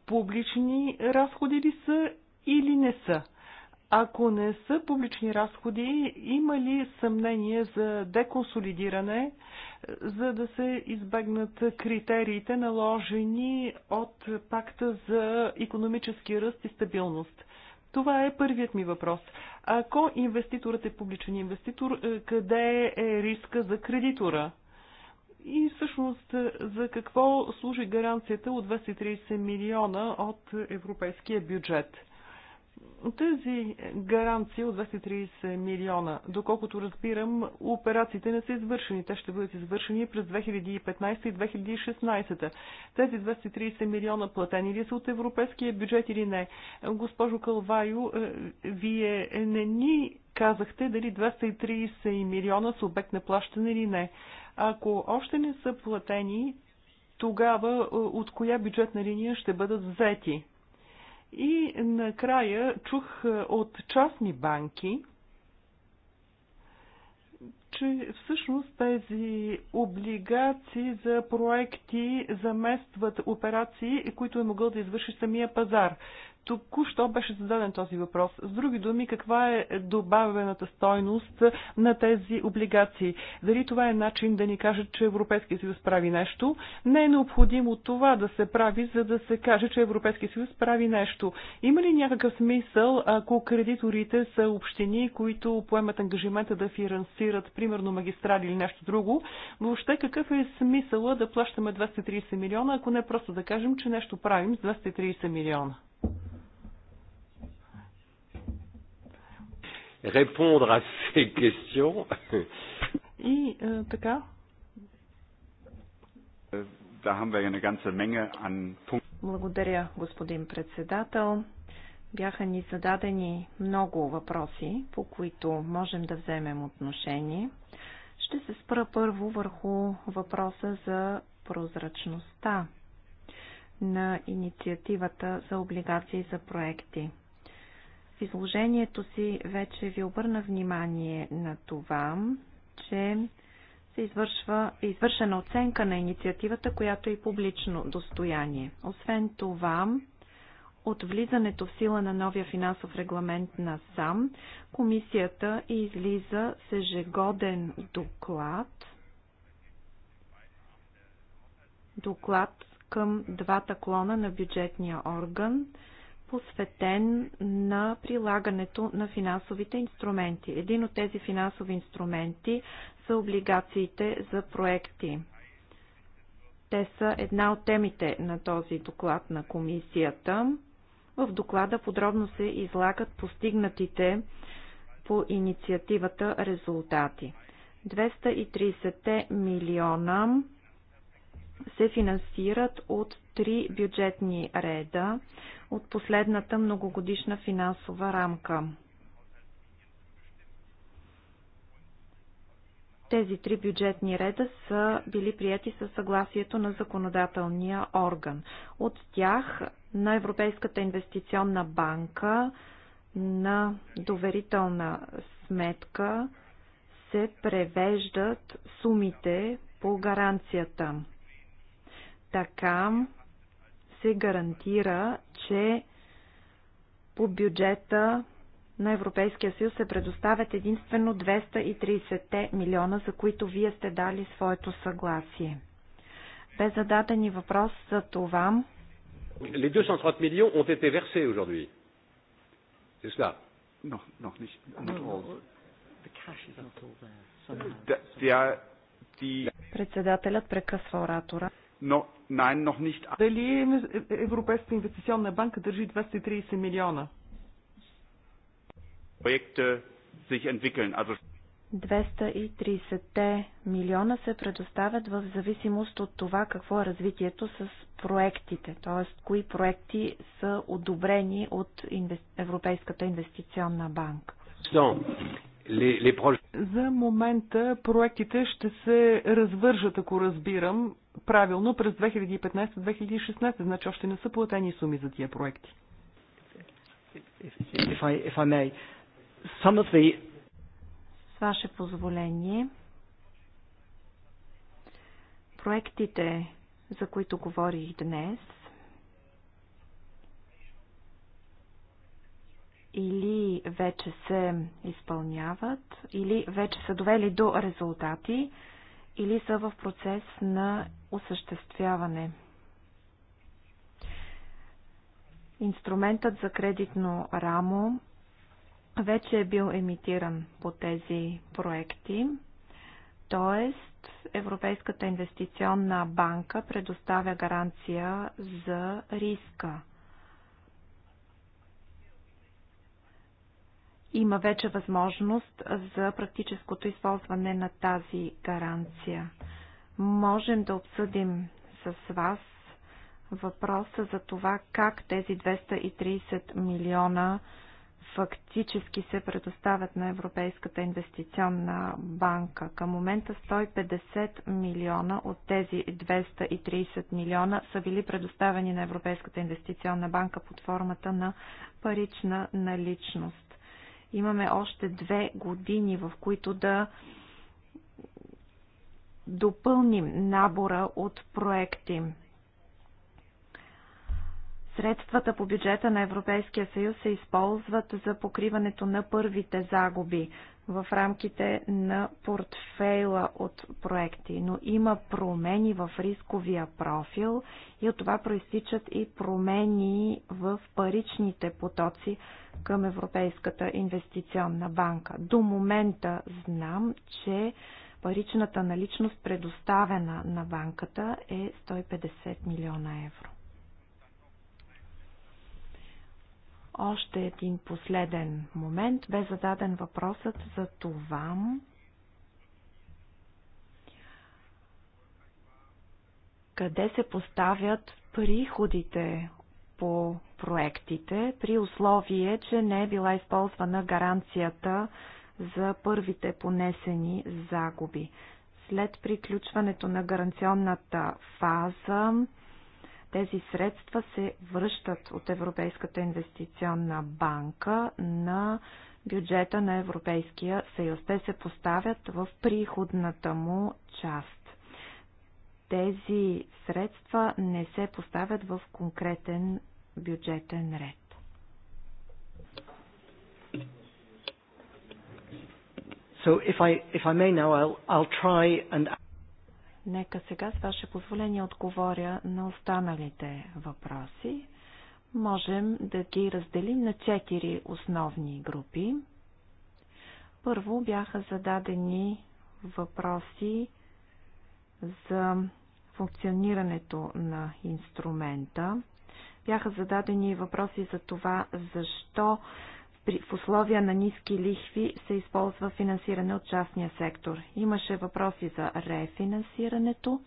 публични разходи ли са или не са? Ако не са публични разходи, има ли съмнение за деконсолидиране, за да се избегнат критериите, наложени от пакта за економически ръст и стабилност? Това е първият ми въпрос. Ако инвеститорът е публичен инвеститор, е, къде е риска за кредитора? И всъщност за какво служи гаранцията от 230 милиона от европейския бюджет? Тази гаранция от 230 милиона, доколкото разбирам, операциите не са извършени. Те ще бъдат извършени през 2015 и 2016. Тези 230 милиона платени ли са от европейския бюджет или не? Госпожо Калвайо, е, вие не ни казахте дали 230 милиона са обект на плащане или не. Ако още не са платени, тогава е, от коя бюджетна линия ще бъдат взети? И накрая чух е, от частни банки, че всъщност тези облигации за проекти заместват операции, които е могъл да извърши самия пазар. Току-що беше зададен този въпрос. С други думи, каква е добавената стойност на тези облигации? Дали това е начин да ни кажат, че Европейския съюз прави нещо? Не е необходимо това да се прави, за да се каже, че Европейския съюз прави нещо. Има ли някакъв смисъл, ако кредиторите са общини, които поемат ангажимента да финансират, примерно, магистрали или нещо друго? Въобще какъв е смисъла да плащаме 230 милиона, ако не просто да кажем, че нещо правим с 230 милиона? répondre à ces questions. И euh, така. Е, Благодаря, господин председател. Бяха ни зададени много въпроси, по които можем да вземем отношение. Ще се спра първо върху въпроса за прозрачността на инициативата за облигации за проекти. В изложението си вече ви обърна внимание на това, че се извършва, е извършена оценка на инициативата, която е публично достояние. Освен това, от влизането в сила на новия финансов регламент на САМ, комисията излиза с ежегоден доклад, доклад към двата клона на бюджетния орган – посветен на прилагането на финансовите инструменти. Един от тези финансови инструменти са облигациите за проекти. Те са една от темите на този доклад на комисията. В доклада подробно се излагат постигнатите по инициативата резултати. 230 милиона се финансират от три бюджетни реда от последната многогодишна финансова рамка. Тези три бюджетни реда са били прияти със съгласието на законодателния орган. От тях на Европейската инвестиционна банка на доверителна сметка се превеждат сумите по гаранцията. Така се гарантира, че по бюджета на Европейския съюз се предоставят единствено 230 милиона, за които вие сте дали своето съгласие. Бе зададени въпрос за това. Les 230 millions ont été versés aujourd'hui. C'est cela Non, non, not all. The cash is not all there. Председателят прекъсва оратора. Но Nein, noch nicht. Дали Европейска инвестиционна банка държи 230 милиона? 230 милиона се предоставят в зависимост от това какво е развитието с проектите, т.е. кои проекти са одобрени от Европейската инвестиционна банка. За момента проектите ще се развържат, ако разбирам, правилно през 2015-2016, значи още не са платени суми за тия проекти. If I, if I may, some of the... С ваше позволение, проектите, за които говорих днес, или вече се изпълняват, или вече са довели до резултати, или са в процес на осъществяване. Инструментът за кредитно рамо вече е бил емитиран по тези проекти, т.е. Европейската инвестиционна банка предоставя гаранция за риска Има вече възможност за практическото използване на тази гаранция. Можем да обсъдим с вас въпроса за това как тези 230 милиона фактически се предоставят на Европейската инвестиционна банка. Към момента 150 милиона от тези 230 милиона са били предоставени на Европейската инвестиционна банка под формата на парична наличност имаме още две години, в които да допълним набора от проекти. Средствата по бюджета на Европейския съюз се използват за покриването на първите загуби в рамките на портфейла от проекти, но има промени в рисковия профил и от това проистичат и промени в паричните потоци към Европейската инвестиционна банка. До момента знам, че паричната наличност, предоставена на банката, е 150 милиона евро. Още един последен момент. Бе зададен въпросът за това, къде се поставят приходите по проектите, при условие, че не е била използвана гаранцията за първите понесени загуби. След приключването на гаранционната фаза тези средства се връщат от Европейската инвестиционна банка на бюджета на Европейския съюз. Те се поставят в приходната му част. Тези средства не се поставят в конкретен бюджетен ред. So if I, if I may now, I'll, I'll try and Нека сега с ваше позволение отговоря на останалите въпроси. Можем да ги разделим на четири основни групи. Първо бяха зададени въпроси за функционирането на инструмента. Бяха зададени въпроси за това, защо при, в условия на ниски лихви се използва финансиране от частния сектор. Имаше въпроси за рефинансирането,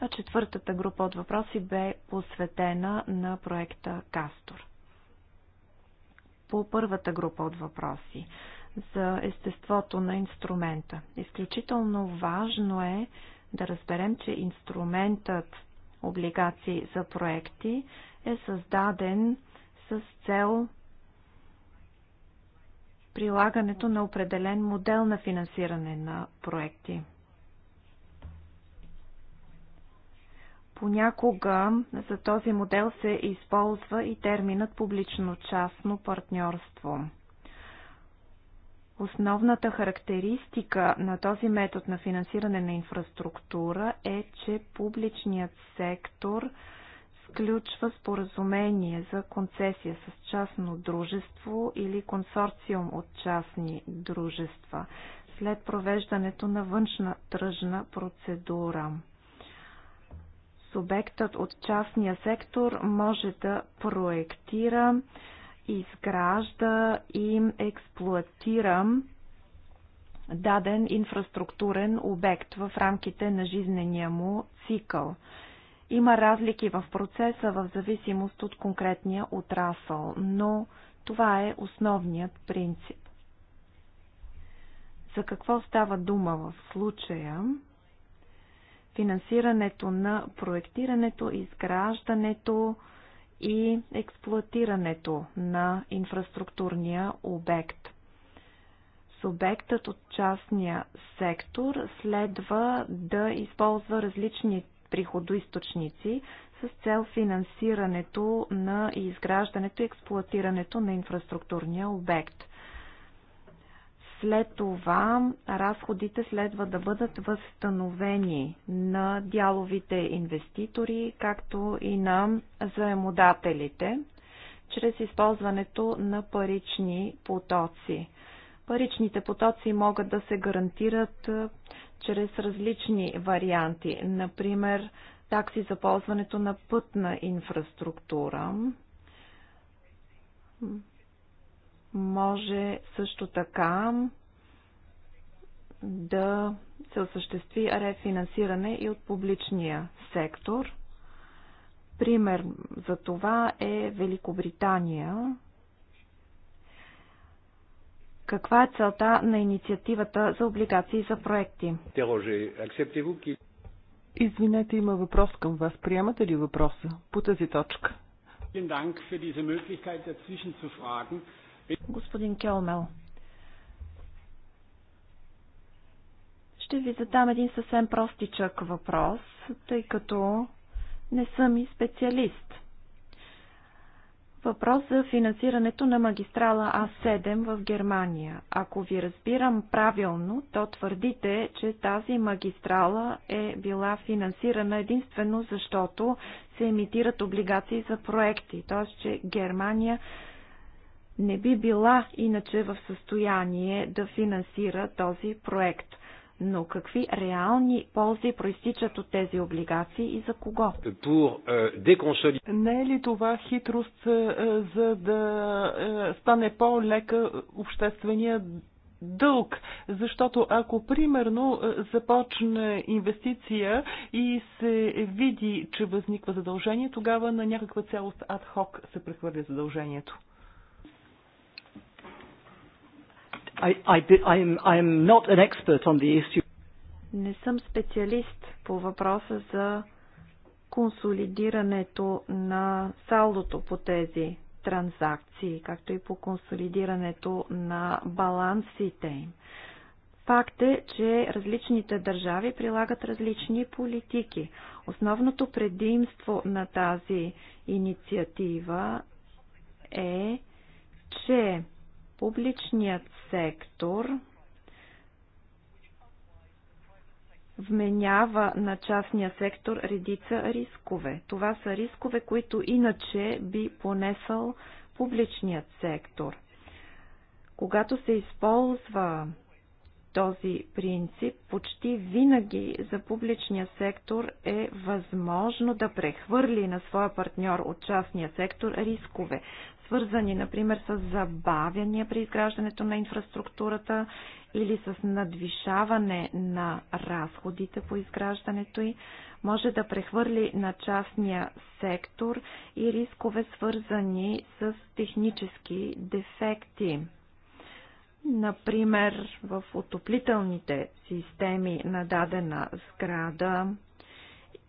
а четвъртата група от въпроси бе посветена на проекта Кастор. По първата група от въпроси за естеството на инструмента. Изключително важно е да разберем, че инструментът облигации за проекти е създаден с цел прилагането на определен модел на финансиране на проекти. Понякога за този модел се използва и терминът публично-частно партньорство. Основната характеристика на този метод на финансиране на инфраструктура е, че публичният сектор – сключва споразумение за концесия с частно дружество или консорциум от частни дружества след провеждането на външна тръжна процедура. Субектът от частния сектор може да проектира, изгражда и експлуатира даден инфраструктурен обект в рамките на жизнения му цикъл. Има разлики в процеса в зависимост от конкретния отрасъл, но това е основният принцип. За какво става дума в случая? Финансирането на проектирането, изграждането и експлуатирането на инфраструктурния обект. Субектът от частния сектор следва да използва различни приходоисточници с цел финансирането на изграждането и експлуатирането на инфраструктурния обект. След това разходите следва да бъдат възстановени на дяловите инвеститори, както и на заемодателите, чрез използването на парични потоци. Паричните потоци могат да се гарантират чрез различни варианти, например такси за ползването на пътна инфраструктура. Може също така да се осъществи рефинансиране и от публичния сектор. Пример за това е Великобритания, каква е целта на инициативата за облигации за проекти? Извинете, има въпрос към вас. Приемате ли въпроса по тази точка? Господин Келмел, ще ви задам един съвсем простичък въпрос, тъй като не съм и специалист. Въпрос за финансирането на магистрала А7 в Германия. Ако ви разбирам правилно, то твърдите, че тази магистрала е била финансирана единствено защото се емитират облигации за проекти, т.е. че Германия не би била иначе в състояние да финансира този проект но какви реални ползи проистичат от тези облигации и за кого? Э, Не е ли това хитрост, э, э, за да стане по-лека обществения дълг, защото ако примерно започне инвестиция и се види, че възниква задължение, тогава на някаква цялост адхок се прехвърля задължението. I, I, not an expert on the issue. Не съм специалист по въпроса за консолидирането на салдото по тези транзакции, както и по консолидирането на балансите им. Факт е, че различните държави прилагат различни политики. Основното предимство на тази инициатива е, че Публичният сектор вменява на частния сектор редица рискове. Това са рискове, които иначе би понесъл публичният сектор. Когато се използва този принцип, почти винаги за публичния сектор е възможно да прехвърли на своя партньор от частния сектор рискове свързани, например, с забавяния при изграждането на инфраструктурата или с надвишаване на разходите по изграждането й, може да прехвърли на частния сектор и рискове свързани с технически дефекти. Например, в отоплителните системи на дадена сграда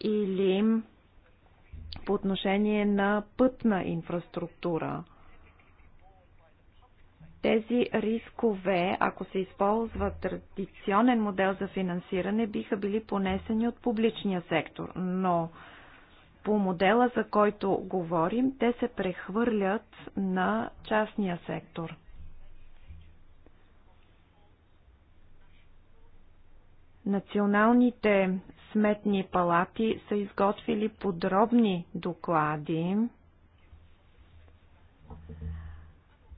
или по отношение на пътна инфраструктура. Тези рискове, ако се използва традиционен модел за финансиране, биха били понесени от публичния сектор, но по модела, за който говорим, те се прехвърлят на частния сектор. Националните сметни палати са изготвили подробни доклади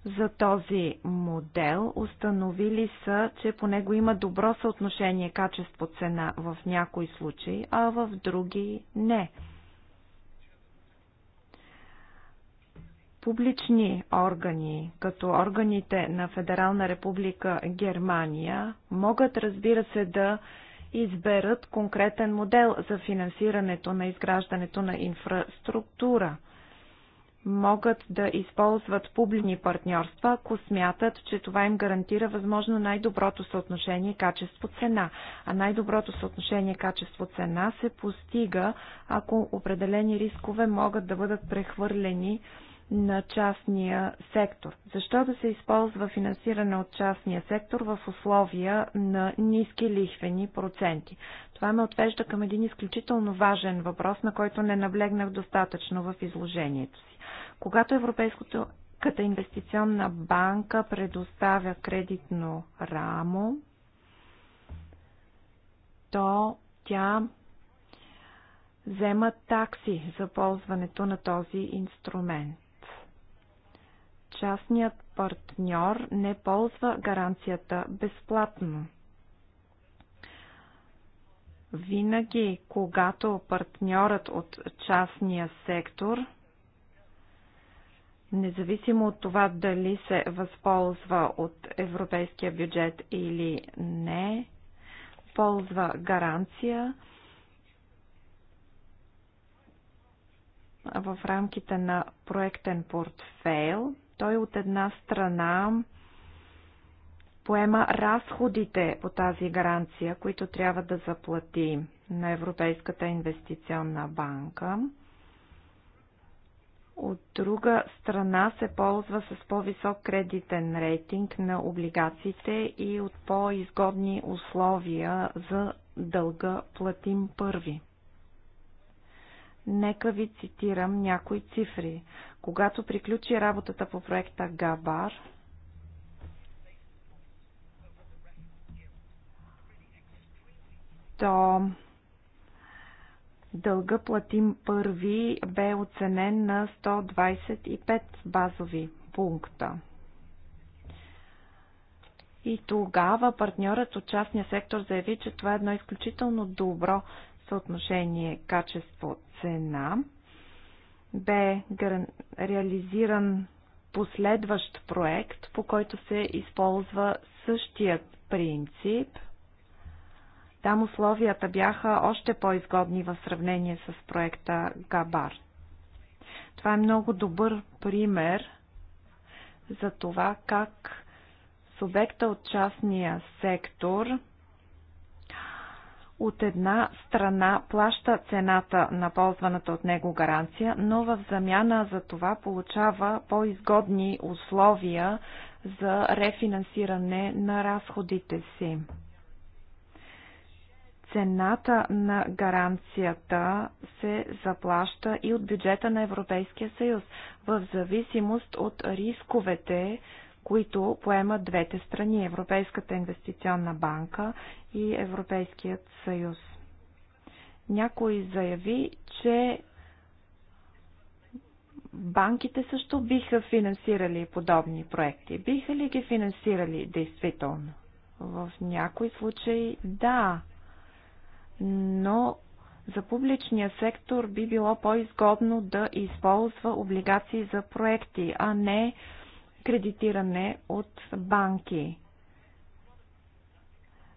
за този модел. Установили са, че по него има добро съотношение качество-цена в някои случаи, а в други не. публични органи, като органите на Федерална република Германия, могат, разбира се, да изберат конкретен модел за финансирането на изграждането на инфраструктура. Могат да използват публични партньорства, ако смятат, че това им гарантира възможно най-доброто съотношение качество-цена. А най-доброто съотношение качество-цена се постига, ако определени рискове могат да бъдат прехвърлени на частния сектор. Защо да се използва финансиране от частния сектор в условия на ниски лихвени проценти? Това ме отвежда към един изключително важен въпрос, на който не наблегнах достатъчно в изложението си. Когато Европейското като инвестиционна банка предоставя кредитно рамо, то тя взема такси за ползването на този инструмент частният партньор не ползва гаранцията безплатно. Винаги, когато партньорът от частния сектор независимо от това дали се възползва от европейския бюджет или не, ползва гаранция в рамките на проектен портфейл – той от една страна поема разходите по тази гаранция, които трябва да заплати на Европейската инвестиционна банка. От друга страна се ползва с по-висок кредитен рейтинг на облигациите и от по-изгодни условия за дълга платим първи. Нека ви цитирам някои цифри. Когато приключи работата по проекта Габар, то дълга платим първи бе оценен на 125 базови пункта. И тогава партньорът от частния сектор заяви, че това е едно изключително добро съотношение качество-цена. Бе реализиран последващ проект, по който се използва същият принцип. Там условията бяха още по-изгодни в сравнение с проекта Габар. Това е много добър пример за това как субекта от частния сектор от една страна плаща цената на ползваната от него гаранция, но в замяна за това получава по-изгодни условия за рефинансиране на разходите си. Цената на гаранцията се заплаща и от бюджета на Европейския съюз, в зависимост от рисковете, които поемат двете страни Европейската инвестиционна банка и Европейският съюз. Някой заяви, че банките също биха финансирали подобни проекти. Биха ли ги финансирали действително? В някои случаи да, но за публичния сектор би било по-изгодно да използва облигации за проекти, а не кредитиране от банки.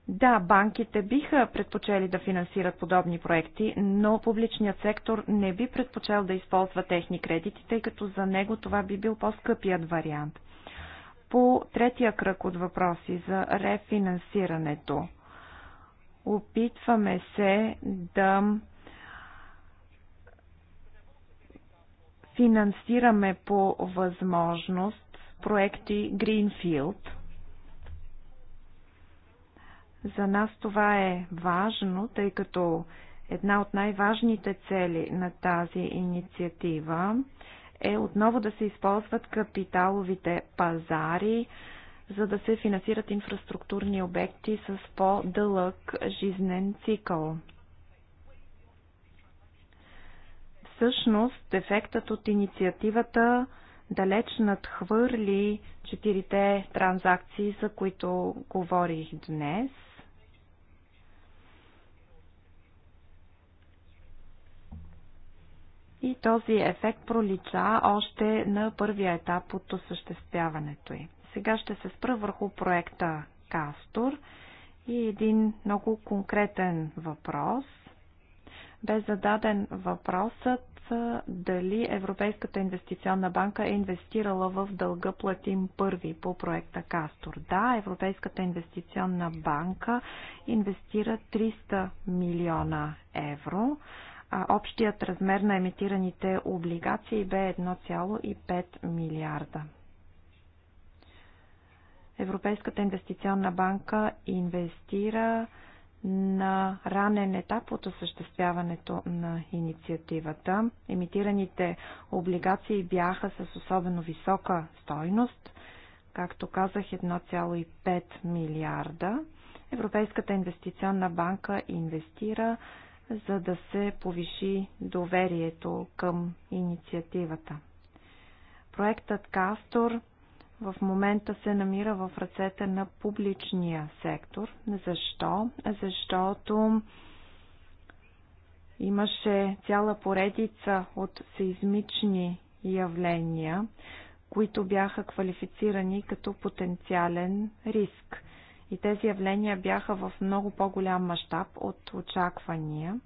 Да, банките биха предпочели да финансират подобни проекти, но публичният сектор не би предпочел да използва техни кредити, тъй като за него това би бил по-скъпият вариант. По третия кръг от въпроси за рефинансирането. Опитваме се да финансираме по възможност проекти Greenfield. За нас това е важно, тъй като една от най-важните цели на тази инициатива е отново да се използват капиталовите пазари, за да се финансират инфраструктурни обекти с по-дълъг жизнен цикъл. Всъщност, ефектът от инициативата далеч надхвърли четирите транзакции, за които говорих днес. И този ефект пролича още на първия етап от осъществяването й. Сега ще се спра върху проекта Кастор и един много конкретен въпрос. Бе зададен въпросът дали Европейската инвестиционна банка е инвестирала в дълга платим първи по проекта Кастор. Да, Европейската инвестиционна банка инвестира 300 милиона евро. Общият размер на емитираните облигации бе 1,5 милиарда. Европейската инвестиционна банка инвестира на ранен етап от осъществяването на инициативата. Емитираните облигации бяха с особено висока стойност, както казах 1,5 милиарда. Европейската инвестиционна банка инвестира за да се повиши доверието към инициативата. Проектът Кастор в момента се намира в ръцете на публичния сектор. Защо? Защото имаше цяла поредица от сейзмични явления, които бяха квалифицирани като потенциален риск. И тези явления бяха в много по-голям мащаб от очаквания.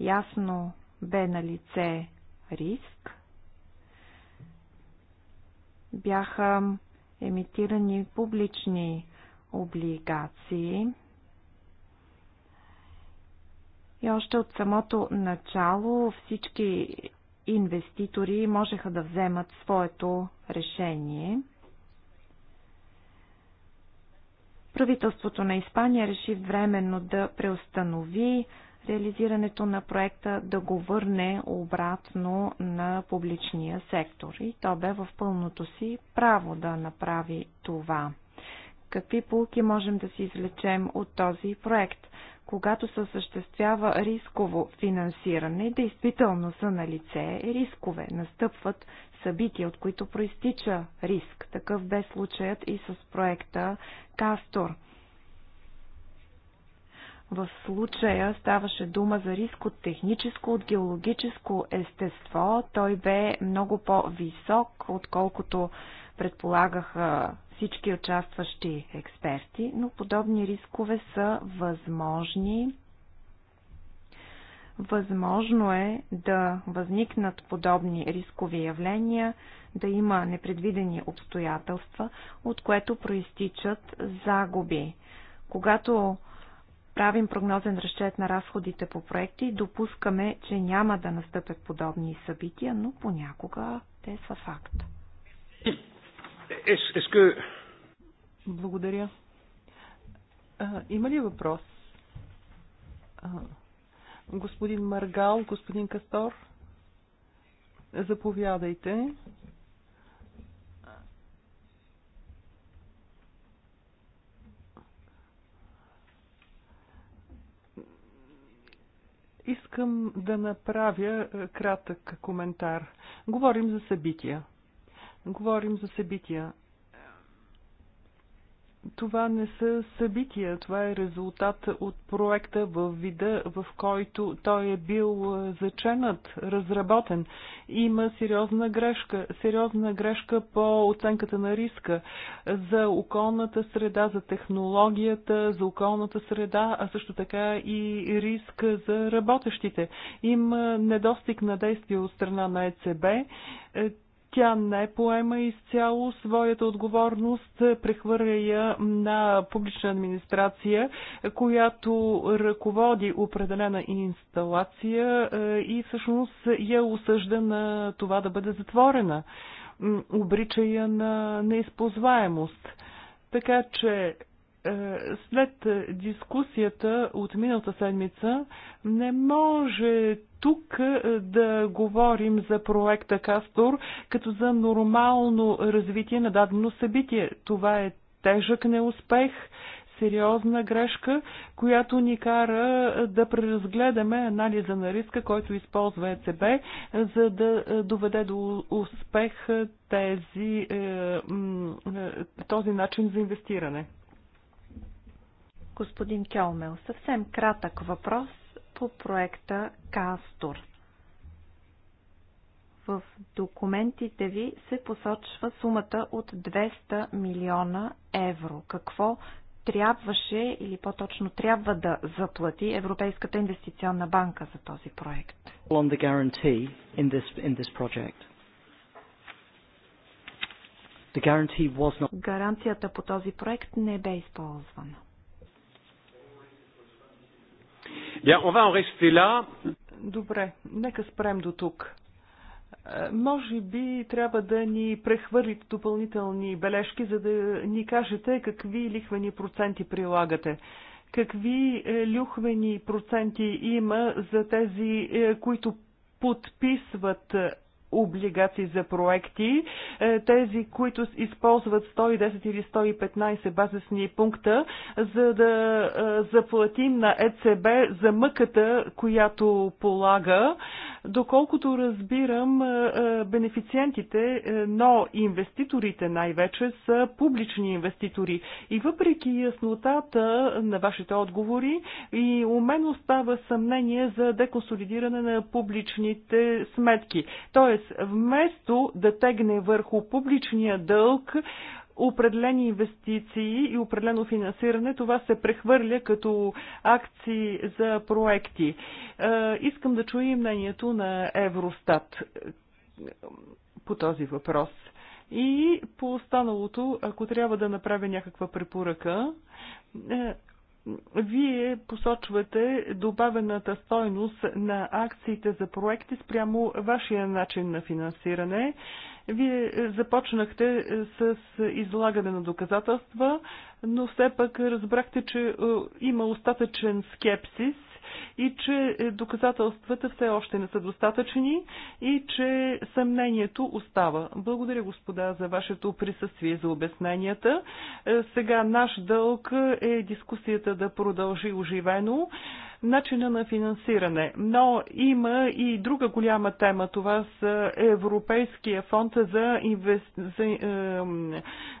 Ясно бе на лице риск. Бяха емитирани публични облигации. И още от самото начало всички инвеститори можеха да вземат своето решение. Правителството на Испания реши временно да преустанови реализирането на проекта да го върне обратно на публичния сектор. И то бе в пълното си право да направи това. Какви полки можем да си извлечем от този проект? Когато се осъществява рисково финансиране, действително са на лице рискове. Настъпват събития, от които проистича риск. Такъв бе случаят и с проекта Кастор – в случая ставаше дума за риск от техническо, от геологическо естество. Той бе много по-висок, отколкото предполагаха всички участващи експерти, но подобни рискове са възможни. Възможно е да възникнат подобни рискови явления, да има непредвидени обстоятелства, от което проистичат загуби. Когато правим прогнозен разчет на разходите по проекти допускаме, че няма да настъпят подобни събития, но понякога те са факт. Благодаря. А, има ли въпрос? А, господин Маргал, господин Кастор, заповядайте. Искам да направя е, кратък коментар. Говорим за събития. Говорим за събития това не са събития, това е резултат от проекта в вида, в който той е бил е, заченат, разработен. Има сериозна грешка, сериозна грешка по оценката на риска за околната среда, за технологията, за околната среда, а също така и риск за работещите. Има недостиг на действие от страна на ЕЦБ тя не поема изцяло своята отговорност, прехвърля я на публична администрация, която ръководи определена инсталация е, и всъщност я осъжда на това да бъде затворена. Обрича я на неизползваемост. Така че е, след дискусията от миналата седмица не може тук е, да говорим за проекта Кастор като за нормално развитие на дадено събитие. Това е тежък неуспех, сериозна грешка, която ни кара е, да преразгледаме анализа на риска, който използва ЕЦБ, за да доведе до успех тези, този начин за инвестиране. Господин Кьолмел, съвсем кратък въпрос по проекта Кастор. В документите ви се посочва сумата от 200 милиона евро. Какво трябваше или по-точно трябва да заплати Европейската инвестиционна банка за този проект? On the guarantee in this, in this project. The guarantee was not... Гаранцията по този проект не бе използвана. Bien, on va en rester là. Добре, нека спрем до тук. Е, може би трябва да ни прехвърлите допълнителни бележки, за да ни кажете какви лихвени проценти прилагате. Какви е, люхвени проценти има за тези, е, които подписват облигации за проекти. Е, тези, които използват 110 или 115 базисни пункта, за да е, заплатим на ЕЦБ за мъката, която полага. Доколкото разбирам, е, бенефициентите, но инвеститорите най-вече са публични инвеститори. И въпреки яснотата на вашите отговори, и у мен остава съмнение за деконсолидиране на публичните сметки. Тоест, Тоест, вместо да тегне върху публичния дълг, определени инвестиции и определено финансиране, това се прехвърля като акции за проекти. Е, искам да чуя мнението на Евростат по този въпрос. И по останалото, ако трябва да направя някаква препоръка, е, вие посочвате добавената стойност на акциите за проекти спрямо вашия начин на финансиране. Вие започнахте с излагане на доказателства, но все пък разбрахте, че е, има остатъчен скепсис и че е, доказателствата все още не са достатъчни и че съмнението остава. Благодаря, господа, за вашето присъствие, за обясненията. Е, сега наш дълг е дискусията да продължи оживено начина на финансиране. Но има и друга голяма тема. Това са Европейския фонд за, инвест... за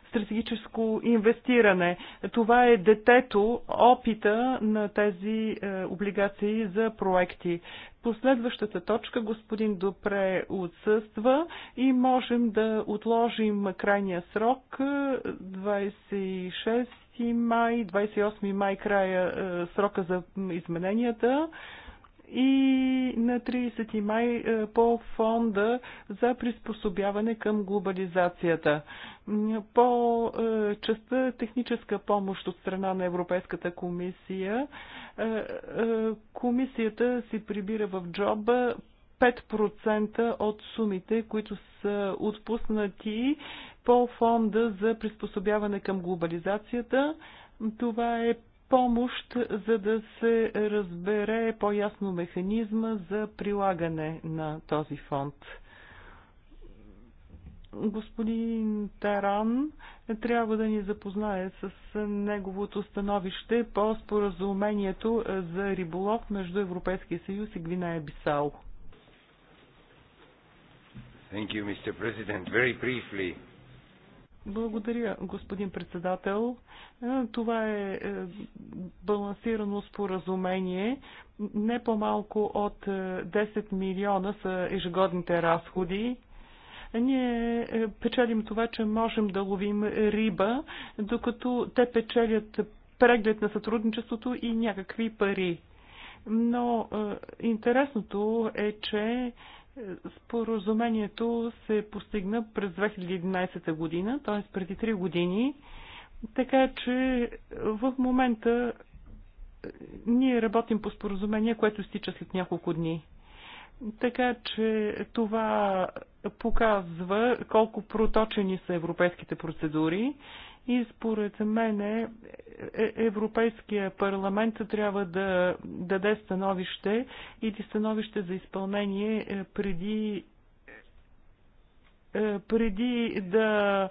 стратегическо инвестиране. Това е детето, опита на тези е, облигации за проекти. Последващата точка господин Допре отсъства и можем да отложим крайния срок 26 е, 20 май, 28 май края е, срока за измененията и на 30 май е, по фонда за приспособяване към глобализацията. По е, частта техническа помощ от страна на Европейската комисия, комисията си прибира в джоба 5% от сумите, които са отпуснати по фонда за приспособяване към глобализацията. Това е помощ, за да се разбере по-ясно механизма за прилагане на този фонд. Господин Таран трябва да ни запознае с неговото становище по споразумението за риболов между Европейския съюз и Гвинея Бисал. Thank you, Mr. President. Very briefly, благодаря, господин председател. Е, това е, е балансирано споразумение. Не по-малко от 10 е, милиона са ежегодните разходи. Ние печелим това, че можем да ловим риба, докато те печелят преглед на сътрудничеството и някакви пари. Но интересното е, че Споразумението се постигна през 2011 година, т.е. преди 3 години. Така че в момента е, ние работим по споразумение, което стича след няколко дни. Така че това показва колко проточени са европейските процедури и според мене е, Европейския парламент трябва да даде становище или становище за изпълнение е, преди, е, преди да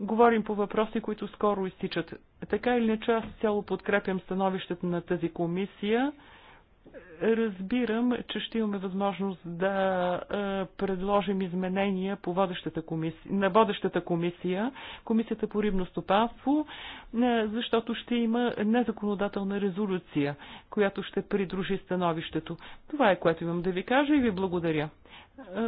говорим по въпроси, които скоро изтичат. Така или иначе, аз цяло подкрепям становището на тази комисия. Разбирам, че ще имаме възможност да е, предложим изменения по водещата комисия, на водещата комисия, комисията по рибно стопанство, е, защото ще има незаконодателна резолюция, която ще придружи становището. Това е което имам да ви кажа и ви благодаря.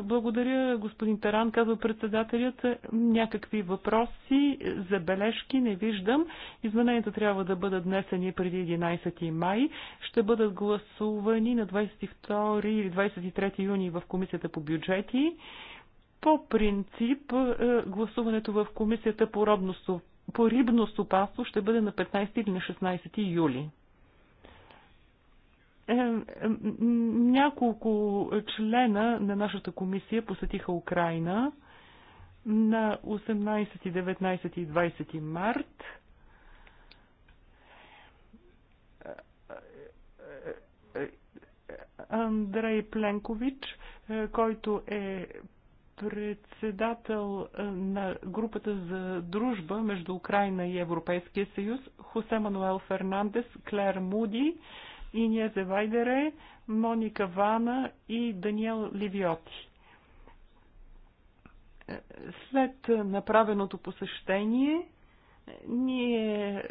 Благодаря, господин Таран, казва председателят. Някакви въпроси, забележки не виждам. Измененията трябва да бъдат днесени преди 11 май. Ще бъдат гласувани на 22 или 23 юни в Комисията по бюджети. По принцип, е, гласуването в Комисията по, робно, по рибно стопанство ще бъде на 15 или на 16 юли. Е, няколко члена на нашата комисия посетиха Украина на 18, 19 и 20 март. Андрей Пленкович, е, който е председател е, на групата за дружба между Украина и Европейския съюз, Хосе Мануел Фернандес, Клер Муди, Иния Зевайдере, Моника Вана и Даниел Ливиоти. След направеното посещение, ние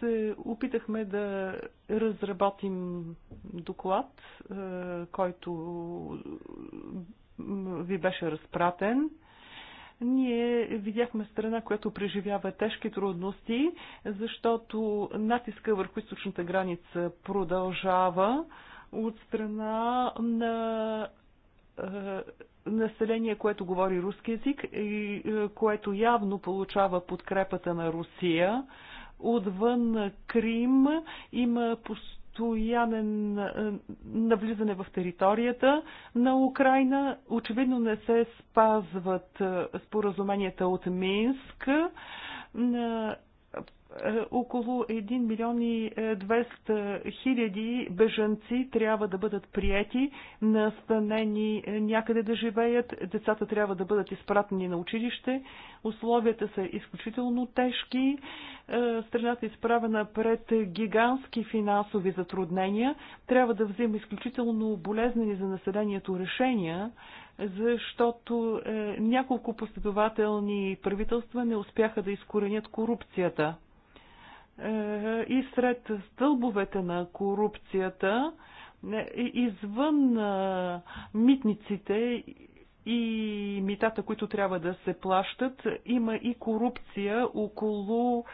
се опитахме да разработим доклад, е, който ви беше разпратен. Ние видяхме страна, която преживява тежки трудности, защото натиска върху източната граница продължава от страна на е, население, което говори руски язик и е, което явно получава подкрепата на Русия. Отвън Крим има постоянно постоянен е, навлизане в територията на Украина. Очевидно не се спазват е, споразуменията от Минск е, е, около 1 милион и 200 е, хиляди бежанци трябва да бъдат прияти, настанени е, някъде да живеят, децата трябва да бъдат изпратени на училище, условията са изключително тежки, страната е изправена пред гигантски финансови затруднения, трябва да взима изключително болезнени за населението решения, защото е, няколко последователни правителства не успяха да изкоренят корупцията. Е, и сред стълбовете на корупцията, е, извън е, митниците и митата, които трябва да се плащат, има и корупция около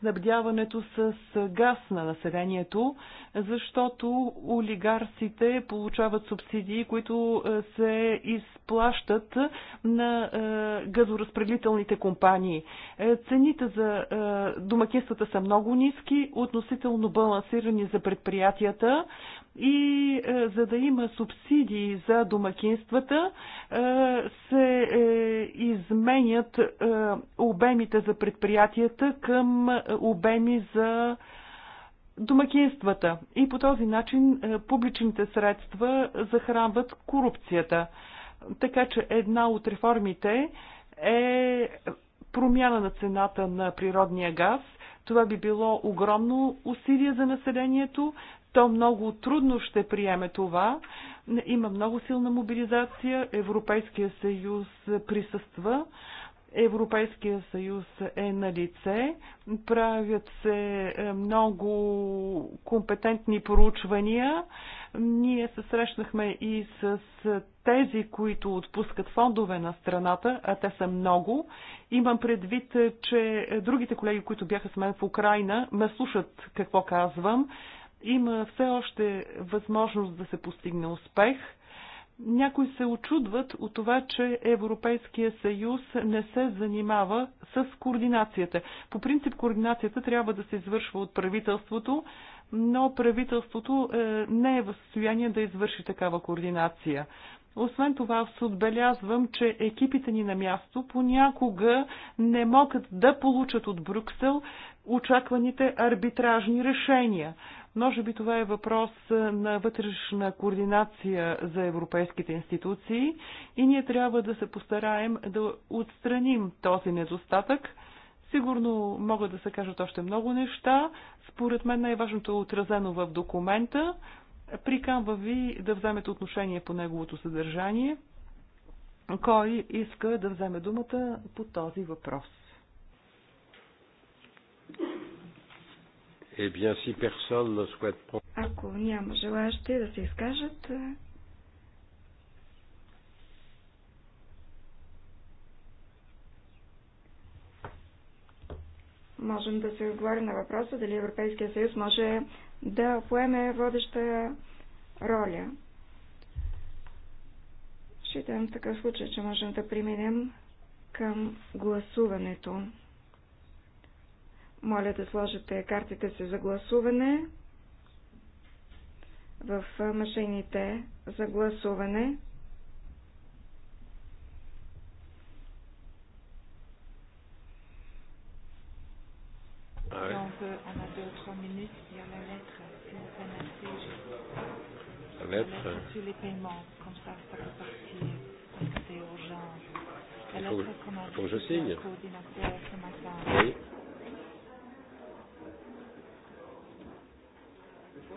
снабдяването с газ на населението, защото олигарсите получават субсидии, които е, се изплащат на е, газоразпределителните компании. Е, цените за домакинствата са много ниски, относително балансирани за предприятията и е, за да има субсидии за домакинствата, е, се е, изменят е, обемите за предприятията към е, обеми за домакинствата. И по този начин е, публичните средства захранват корупцията. Така че една от реформите е промяна на цената на природния газ. Това би било огромно усилие за населението, то много трудно ще приеме това. Има много силна мобилизация. Европейския съюз присъства. Европейския съюз е на лице, правят се е, много компетентни проучвания. Ние се срещнахме и с тези, които отпускат фондове на страната, а те са много. Имам предвид, че другите колеги, които бяха с мен в Украина, ме слушат какво казвам. Има все още възможност да се постигне успех. Някои се очудват от това, че Европейския съюз не се занимава с координацията. По принцип координацията трябва да се извършва от правителството, но правителството е, не е в състояние да извърши такава координация. Освен това, се отбелязвам, че екипите ни на място понякога не могат да получат от Брюксел очакваните арбитражни решения. Може би това е въпрос е, на вътрешна координация за европейските институции и ние трябва да се постараем да отстраним този недостатък. Сигурно могат да се кажат още много неща. Според мен най-важното е отразено в документа. Приканва ви да вземете отношение по неговото съдържание. Кой иска да вземе думата по този въпрос? Eh bien, si personne ne souhaite prendre... Ако няма желаящи да се изкажат, е, можем да се отговорим на въпроса дали Европейския съюз може да поеме водеща роля. Считам в такъв случай, че можем да преминем към гласуването. Моля да сложите картите си за гласуване в машините за гласуване. Il faut que je signe. Oui. C'est quoi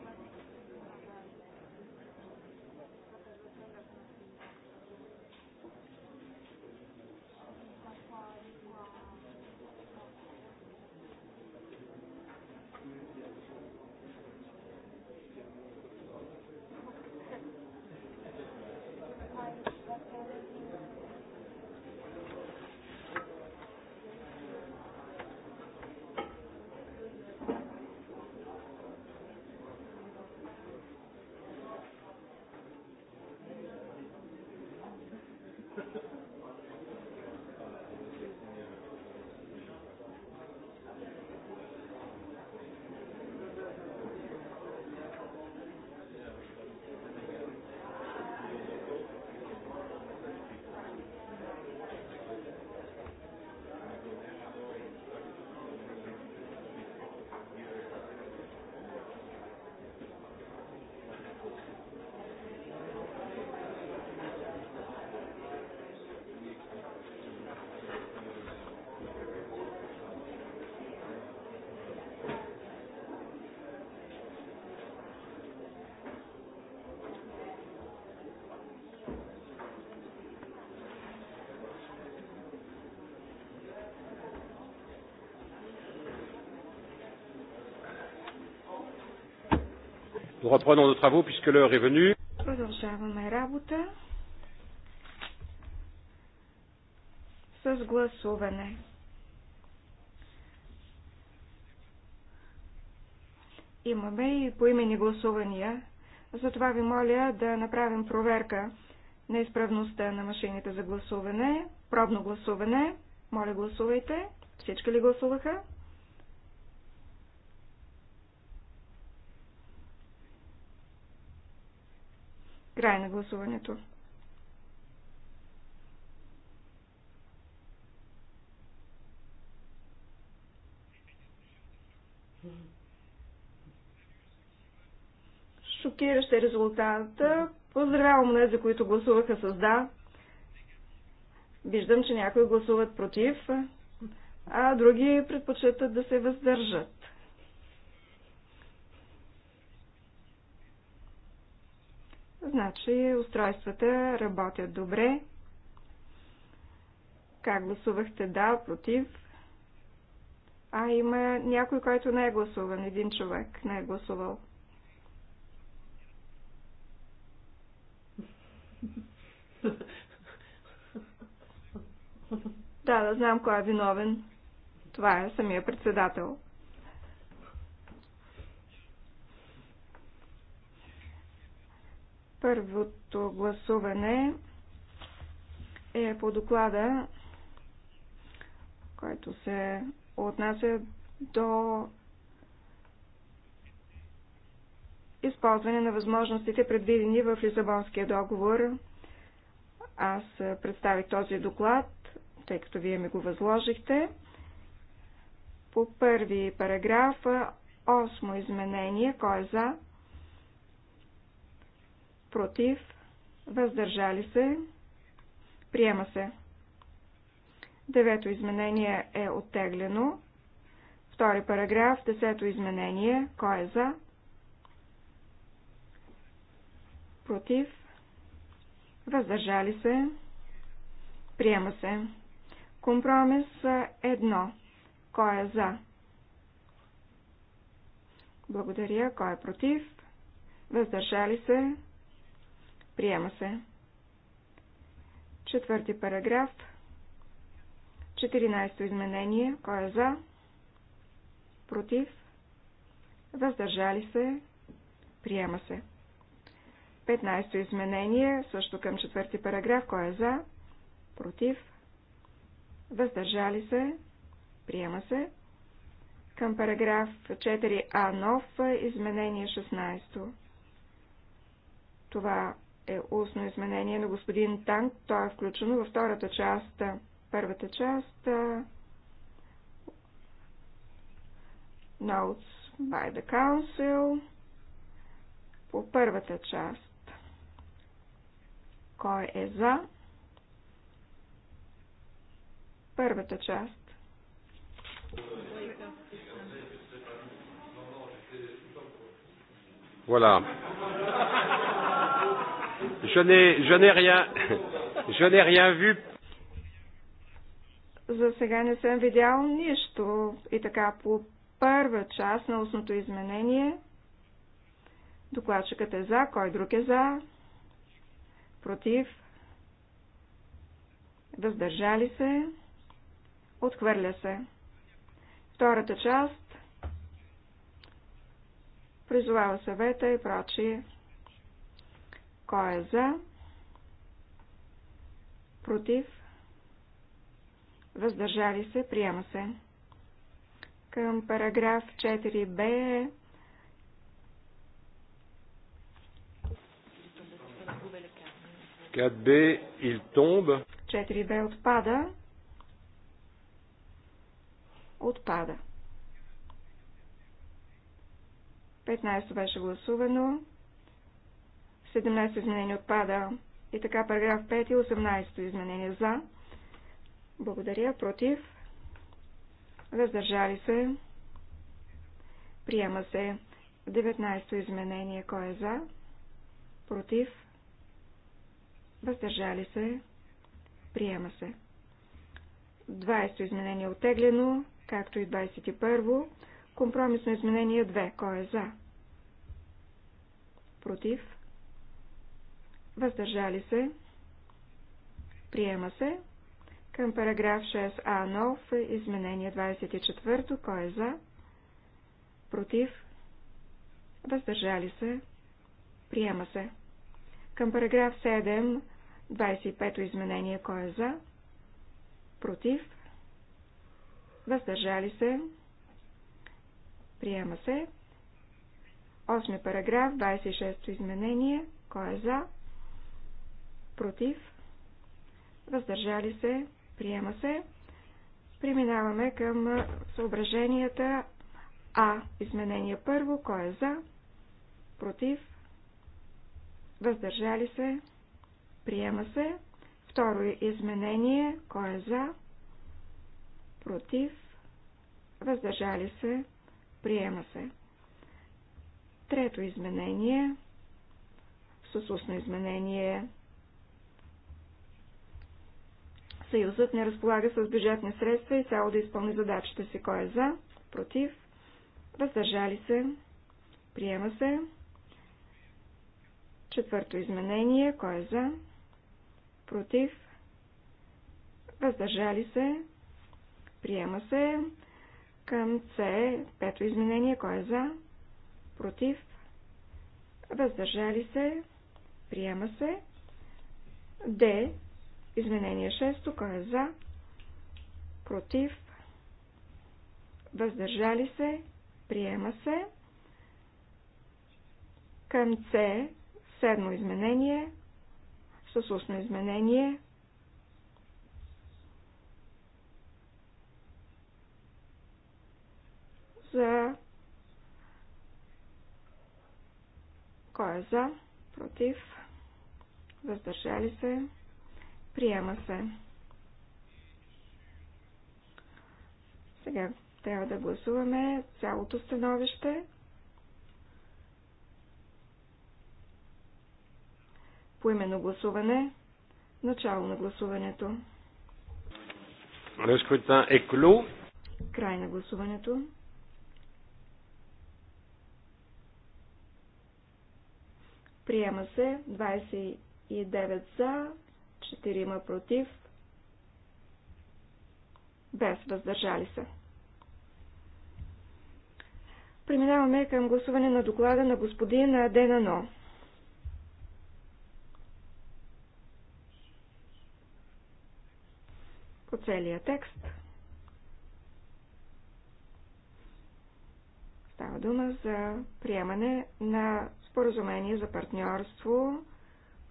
Nous reprenons nos travaux puisque l'heure est venue. Продължаваме работа с гласуване. Имаме и поимени гласувания, затова ви моля да направим проверка на изправността на машините за гласуване, пробно гласуване. Моля гласувайте. Всички ли гласуваха? Край на гласуването. Шокиращ е резултата. Поздравявам не, за които гласуваха с да. Виждам, че някои гласуват против, а други предпочитат да се въздържат. Значи устройствата работят добре. Как гласувахте да, против? А има някой, който не е гласуван. Един човек не е гласувал. Да, да знам кой е виновен. Това е самия председател. Първото гласуване е по доклада, който се отнася до използване на възможностите, предвидени в Лисабонския договор. Аз представих този доклад, тъй като вие ми го възложихте. По първи параграф, осмо изменение, кой е за, против, въздържали се, приема се. Девето изменение е оттеглено. Втори параграф, десето изменение, кой е за? Против, въздържали се, приема се. Компромис едно. Кой е за? Благодаря. Кой е против? Въздържали се? Приема се. Четвърти параграф. 14 изменение. Кой е за? Против? Въздържали се? Приема се. 15 изменение, също към четвърти параграф. Кой е за? Против? Въздържали се? Приема се. Към параграф 4а нов изменение 16. Това е устно изменение на господин Танк. То е включено във втората част. Първата част Notes by the Council по първата част. Кой е за? Първата част. Voilà. Je n'ai, je n'ai rien, je n'ai rien vu. За сега не съм видял нищо. И така, по първа част на устното изменение, докладчикът е за, кой друг е за, против, въздържали се, отхвърля се. Втората част, призовава съвета и прочие. Кой е за? Против? Въздържали се? Приема се. Към параграф 4б е Б, il tombe. 4Б отпада. Отпада. 15 беше гласувано. 17 изменение отпада. И така параграф 5 и 18 изменение за. Благодаря. Против. Въздържали се. Приема се 19 изменение. Кой е за? Против. Въздържали се. Приема се. 20 изменение е отеглено, както и 21. Компромисно изменение 2. Кой е за? Против въздържали се, приема се. Към параграф 6а нов изменение 24, кой е за, против, въздържали се, приема се. Към параграф 7, 25 изменение, кой е за, против, въздържали се, приема се. Осми параграф, 26 изменение, кой е за, против, въздържали се, приема се. Преминаваме към съображенията А. Изменение първо, кой е за, против, въздържали се, приема се. Второ изменение, кой е за, против, въздържали се, приема се. Трето изменение, с устно изменение Съюзът не разполага с бюджетни средства и цяло да изпълни задачите си. Кой е за? Против? Въздържали се? Приема се. Четвърто изменение. Кой е за? Против? Въздържали се? Приема се. Към С. Пето изменение. Кой е за? Против? Въздържали се? Приема се. Д. Изменение 6. Кой е за? Против? Въздържали се? Приема се. Към С. Седмо изменение. С устно изменение. За. Кой е за? Против? Въздържали се? Приема се. Сега трябва да гласуваме цялото становище. Поимено гласуване. Начало на гласуването. Рескойтан е клю. Край на гласуването. Приема се 29 за, четирима против, без въздържали се. Преминаваме към гласуване на доклада на господин Денано. По целия текст. Става дума за приемане на споразумение за партньорство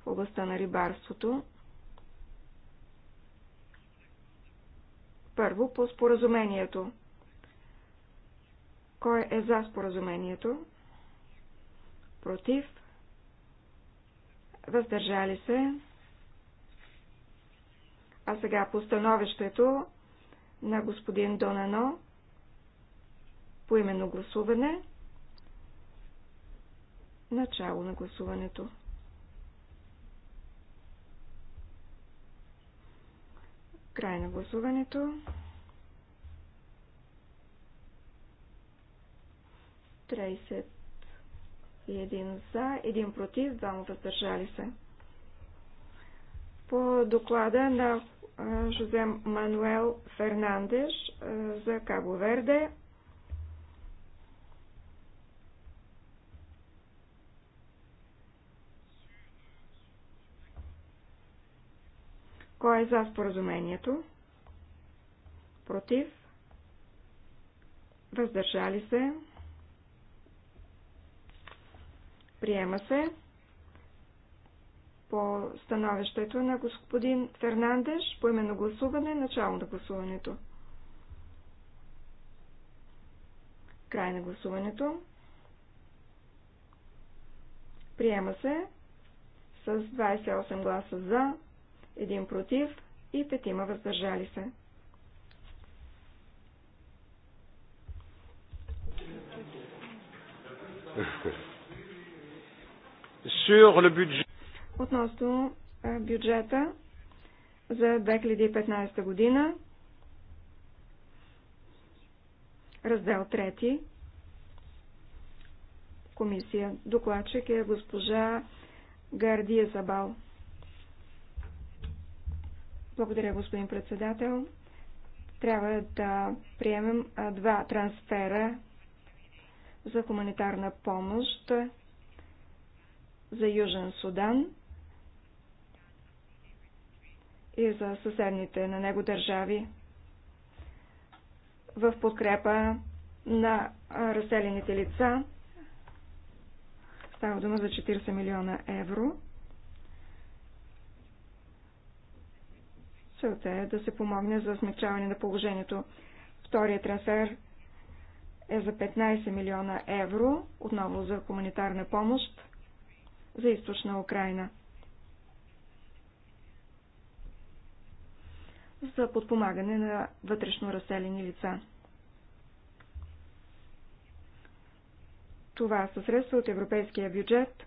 в областта на рибарството Първо по споразумението. Кой е за споразумението? Против? Въздържали се? А сега по становището на господин Донано по именно гласуване. Начало на гласуването. Край на гласуването. Трейсет и един за, един против, двама въздържали се. По доклада на Жозе Мануел Фернандеш за Кабо Верде Кой е за споразумението? Против? Въздържали се? Приема се по становището на господин Фернандеш по именно гласуване, начало на гласуването. Край на гласуването. Приема се с 28 гласа за, един против и петима въздържали се. Относно бюджета за 2015 година, раздел 3, комисия. Докладчик е госпожа Гардия Забал. Благодаря, господин председател. Трябва да приемем два трансфера за хуманитарна помощ за Южен Судан и за съседните на него държави в подкрепа на разселените лица. Става дума за 40 милиона евро. Целта е да се помогне за смягчаване на положението. Втория трансфер е за 15 милиона евро, отново за хуманитарна помощ за източна Украина. за подпомагане на вътрешно разселени лица. Това са средства от европейския бюджет,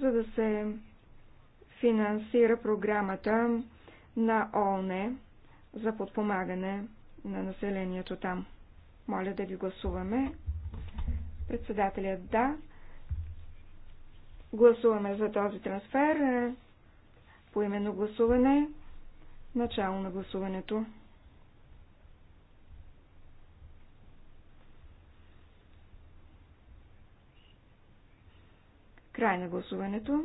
за да се финансира програмата на ООН за подпомагане на населението там. Моля да ви гласуваме. Председателят да. Гласуваме за този трансфер. Е, по именно гласуване. Начало на гласуването. Край на гласуването.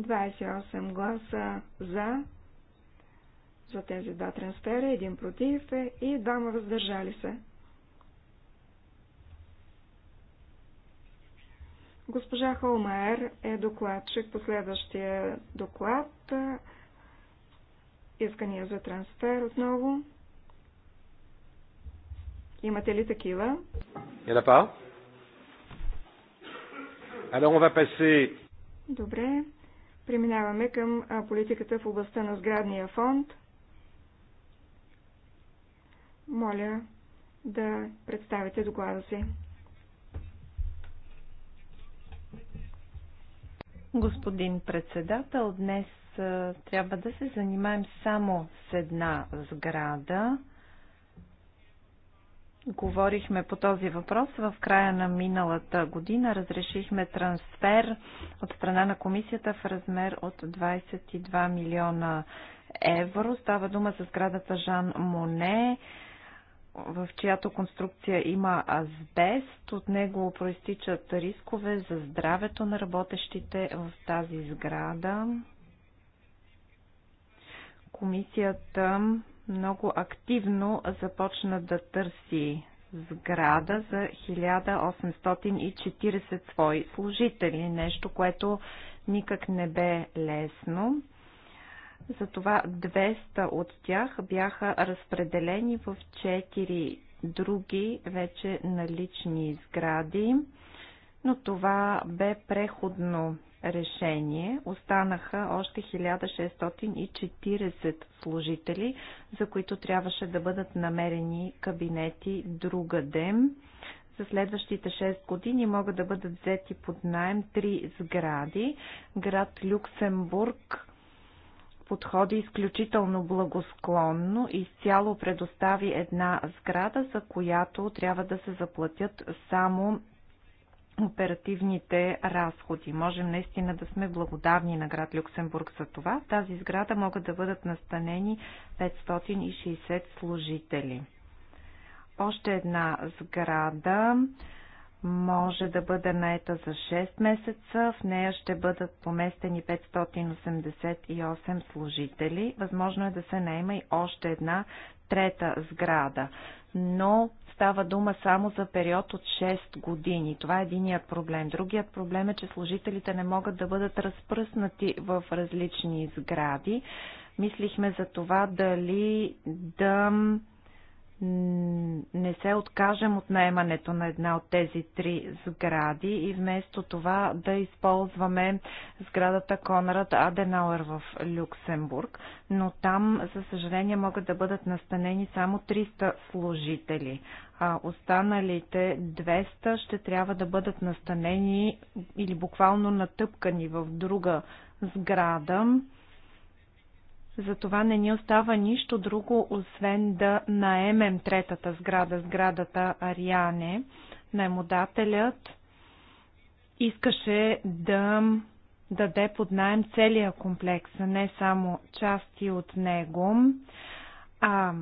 28 гласа за за тези два трансфера, един против е и двама въздържали се. Госпожа Холмайер е докладчик по следващия доклад. Искания за трансфер отново. Имате ли такива? Y'en a pas? Alors on va passer... Добре. Преминаваме към политиката в областта на сградния фонд. Моля да представите доклада си. Господин председател, днес трябва да се занимаем само с една сграда. Говорихме по този въпрос в края на миналата година. Разрешихме трансфер от страна на комисията в размер от 22 милиона евро. Става дума за сградата Жан Моне, в чиято конструкция има азбест. От него проистичат рискове за здравето на работещите в тази сграда. Комисията много активно започна да търси сграда за 1840 свои служители. Нещо, което никак не бе лесно. Затова 200 от тях бяха разпределени в 4 други вече налични сгради, но това бе преходно решение останаха още 1640 служители, за които трябваше да бъдат намерени кабинети другаде. За следващите 6 години могат да бъдат взети под найем 3 сгради. Град Люксембург подходи изключително благосклонно и изцяло предостави една сграда, за която трябва да се заплатят само оперативните разходи. Можем наистина да сме благодарни на град Люксембург за това. В тази сграда могат да бъдат настанени 560 служители. Още една сграда може да бъде наета за 6 месеца. В нея ще бъдат поместени 588 служители. Възможно е да се наема и още една трета сграда. Но става дума само за период от 6 години. Това е единият проблем. Другият проблем е, че служителите не могат да бъдат разпръснати в различни сгради. Мислихме за това дали да не се откажем от наемането на една от тези три сгради и вместо това да използваме сградата Конрад Аденауер в Люксембург, но там, за съжаление, могат да бъдат настанени само 300 служители, а останалите 200 ще трябва да бъдат настанени или буквално натъпкани в друга сграда, затова не ни остава нищо друго, освен да наемем третата сграда, сградата Ариане. Наймодателят искаше да даде под найем целия комплекс, а не само части от него. А,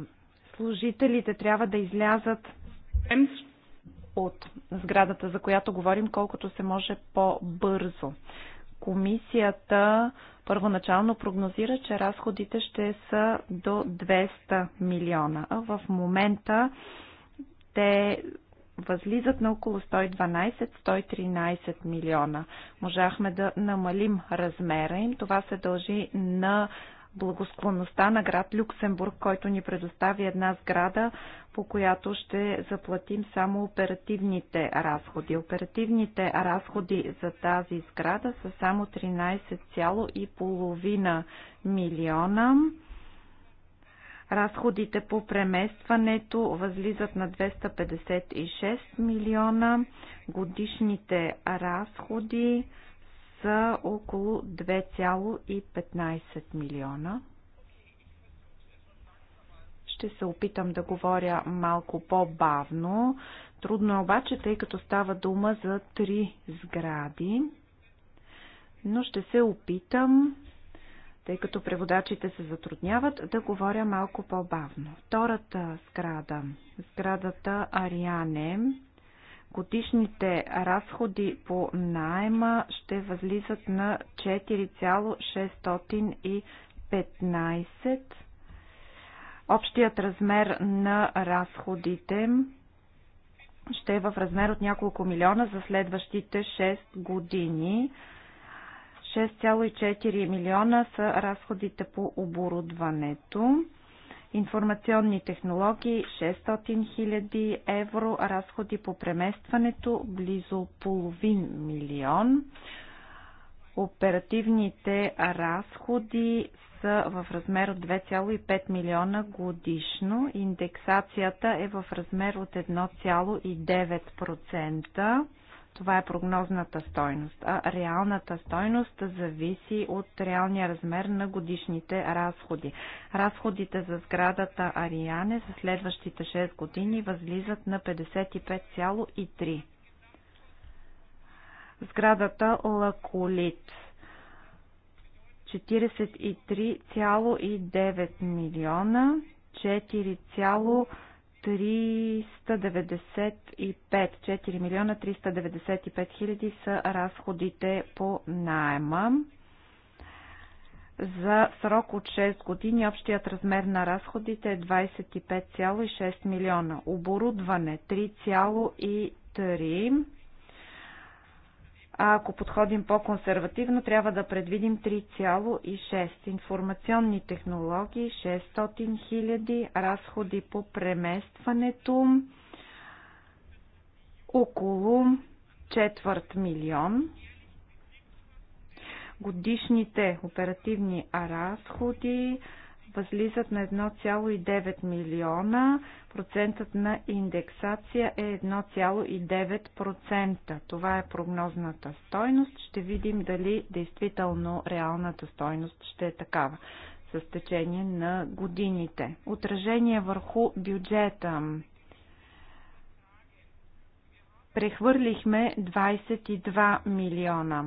служителите трябва да излязат от сградата, за която говорим, колкото се може по-бързо. Комисията първоначално прогнозира, че разходите ще са до 200 милиона, а в момента те възлизат на около 112-113 милиона. Можахме да намалим размера им. Това се дължи на благосклонността на град Люксембург, който ни предостави една сграда, по която ще заплатим само оперативните разходи. Оперативните разходи за тази сграда са само 13,5 милиона. Разходите по преместването възлизат на 256 милиона. Годишните разходи са около 2,15 милиона. Ще се опитам да говоря малко по-бавно. Трудно е обаче, тъй като става дума за три сгради. Но ще се опитам, тъй като преводачите се затрудняват, да говоря малко по-бавно. Втората сграда, сградата Ариане, годишните разходи по найема ще възлизат на 4,615. Общият размер на разходите ще е в размер от няколко милиона за следващите 6 години. 6,4 милиона са разходите по оборудването информационни технологии 600 000 евро, разходи по преместването близо половин милион. Оперативните разходи са в размер от 2,5 милиона годишно. Индексацията е в размер от 1,9%. Това е прогнозната стойност, а реалната стойност зависи от реалния размер на годишните разходи. Разходите за сградата Ариане за следващите 6 години възлизат на 55,3. Сградата Лаколит 43,9 милиона, 395, 4 милиона 395 хиляди са разходите по найема. За срок от 6 години общият размер на разходите е 25,6 милиона. Оборудване 3,3 а ако подходим по-консервативно, трябва да предвидим 3,6. Информационни технологии 600 000, разходи по преместването около четвърт милион. Годишните оперативни разходи възлизат на 1,9 милиона. Процентът на индексация е 1,9%. Това е прогнозната стойност. Ще видим дали действително реалната стойност ще е такава с течение на годините. Отражение върху бюджета. Прехвърлихме 22 милиона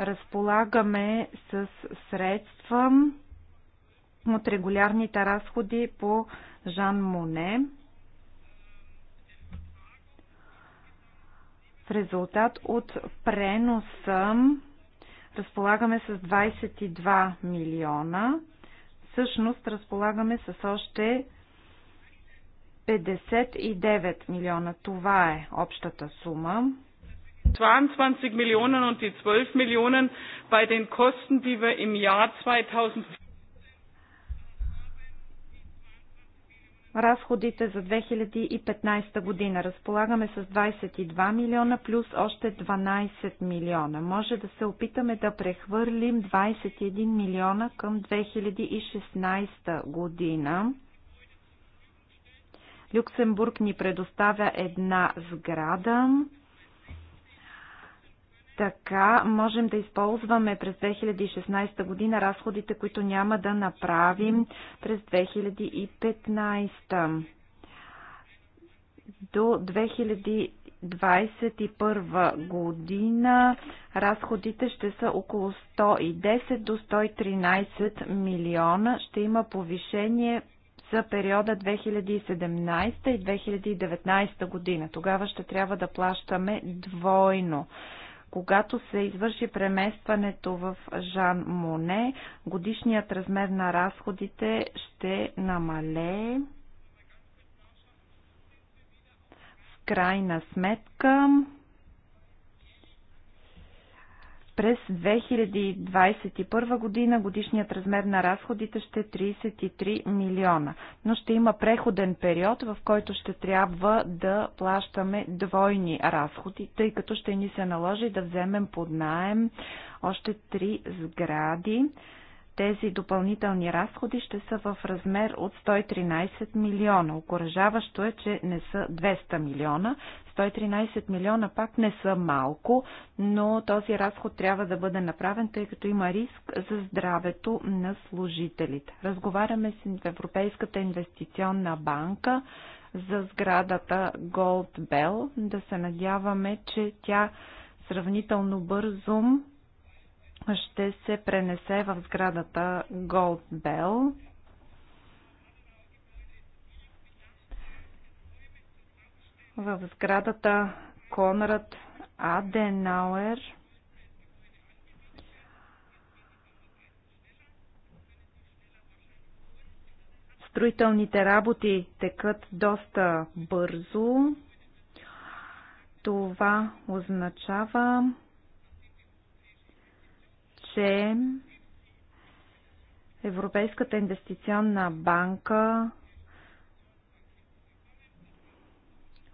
разполагаме с средства от регулярните разходи по Жан Моне. В резултат от преноса разполагаме с 22 милиона. Всъщност разполагаме с още 59 милиона. Това е общата сума. 22 милиона и 12 милиона bei den Kosten, die wir im Jahr 2000 разходите за 2015 година. Разполагаме с 22 милиона плюс още 12 милиона. Може да се опитаме да прехвърлим 21 милиона към 2016 година. Люксембург ни предоставя една сграда. Така можем да използваме през 2016 година разходите, които няма да направим през 2015. До 2021 година разходите ще са около 110 до 113 милиона. Ще има повишение за периода 2017 и 2019 година. Тогава ще трябва да плащаме двойно. Когато се извърши преместването в Жан Моне, годишният размер на разходите ще намалее. В крайна сметка, през 2021 година годишният размер на разходите ще е 33 милиона, но ще има преходен период, в който ще трябва да плащаме двойни разходи, тъй като ще ни се наложи да вземем под найем още три сгради. Тези допълнителни разходи ще са в размер от 113 милиона. Окоръжаващо е, че не са 200 милиона, 113 милиона пак не са малко, но този разход трябва да бъде направен, тъй като има риск за здравето на служителите. Разговаряме с Европейската инвестиционна банка за сградата Gold Bell. Да се надяваме, че тя сравнително бързо ще се пренесе в сградата Gold Bell. в сградата Конрад Аденауер строителните работи текат доста бързо. Това означава, че Европейската инвестиционна банка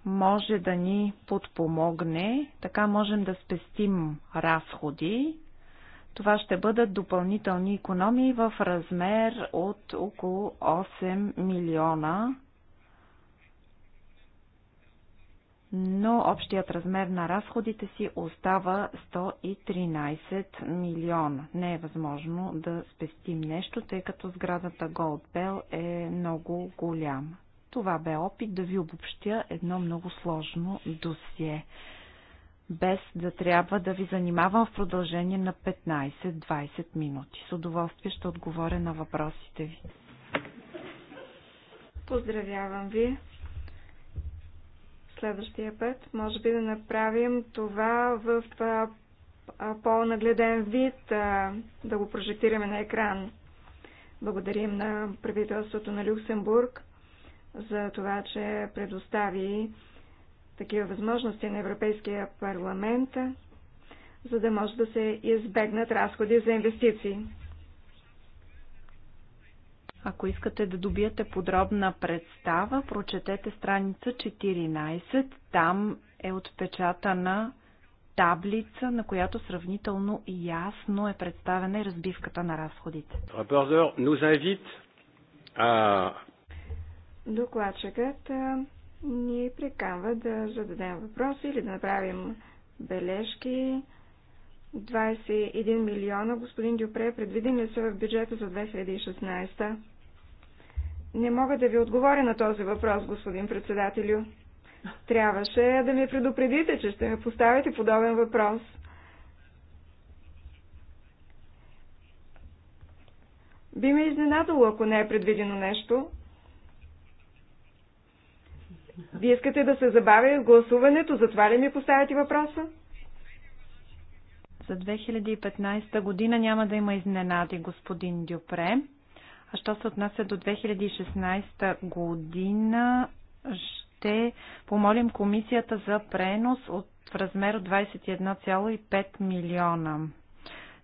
може да ни подпомогне, така можем да спестим разходи. Това ще бъдат допълнителни економии в размер от около 8 милиона, но общият размер на разходите си остава 113 милиона. Не е възможно да спестим нещо, тъй като сградата Голдбел е много голяма. Това бе опит да ви обобщя едно много сложно досие, без да трябва да ви занимавам в продължение на 15-20 минути. С удоволствие ще отговоря на въпросите ви. Поздравявам ви! Следващия път може би да направим това в по-нагледен вид, да го прожектираме на екран. Благодарим на правителството на Люксембург за това, че предостави такива възможности на Европейския парламент, за да може да се избегнат разходи за инвестиции. Ако искате да добиете подробна представа, прочетете страница 14. Там е отпечатана таблица, на която сравнително ясно е представена и разбивката на разходите. Рапортер nous invite à Докладчикът ни приканва да зададем въпроси или да направим бележки. 21 милиона, господин Дюпре, предвиден ли са в бюджета за 2016? Не мога да ви отговоря на този въпрос, господин председателю. Трябваше да ми предупредите, че ще ме поставите подобен въпрос. Би ме изненадало, ако не е предвидено нещо. Вие искате да се забавя гласуването, затова ли ми поставяте въпроса? За 2015 година няма да има изненади, господин Дюпре. А що се отнася до 2016 година, ще помолим комисията за пренос от в размер от 21,5 милиона.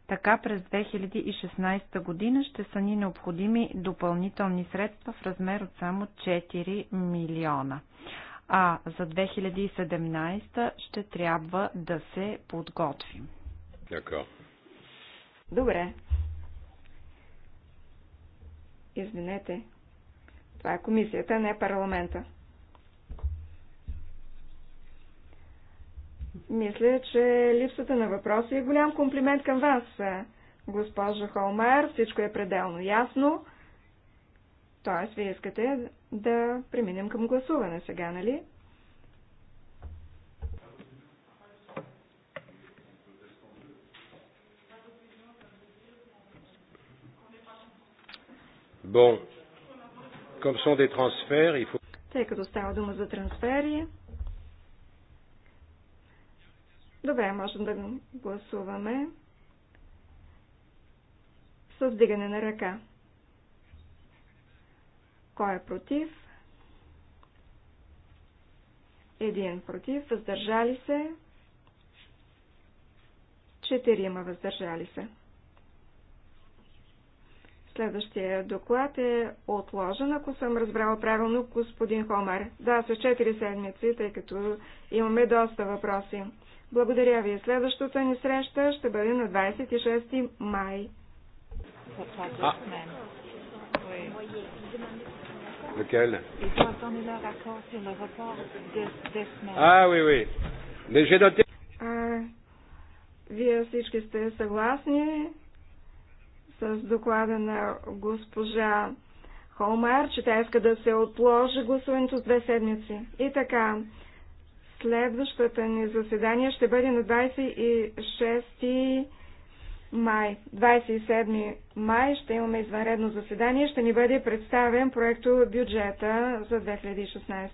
Така през 2016 година ще са ни необходими допълнителни средства в размер от само 4 милиона. А за 2017 ще трябва да се подготвим. Така. Добре. Извинете. Това е комисията, не е парламента. Мисля, че липсата на въпроси е голям комплимент към вас, госпожа Холмайер. Всичко е пределно ясно. Тоест, вие искате да преминем към гласуване сега, нали? Bon. Comme sont des transferts, il faut... Тъй като става дума за трансфери, Добре, можем да гласуваме с вдигане на ръка. Кой е против? Един против. Въздържали се. Четирима въздържали се. Следващия доклад е отложен, ако съм разбрала правилно, господин Хомар. Да, с 4 седмици, тъй като имаме доста въпроси. Благодаря ви. Следващата ни среща ще бъде на 26 май. А. Oui. Lequel Ah oui, oui. Mais j'ai noté. Вие всички сте съгласни с доклада на госпожа Холмар, че тя иска да се отложи гласуването с две седмици. И така, Следващата ни заседание ще бъде на 26 май. 27 май ще имаме извънредно заседание. Ще ни бъде представен проекто бюджета за 2016.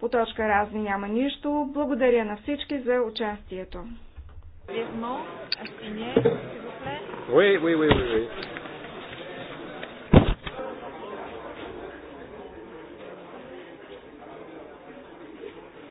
По точка разни няма нищо. Благодаря на всички за участието. Е. Oui, oui, oui, oui.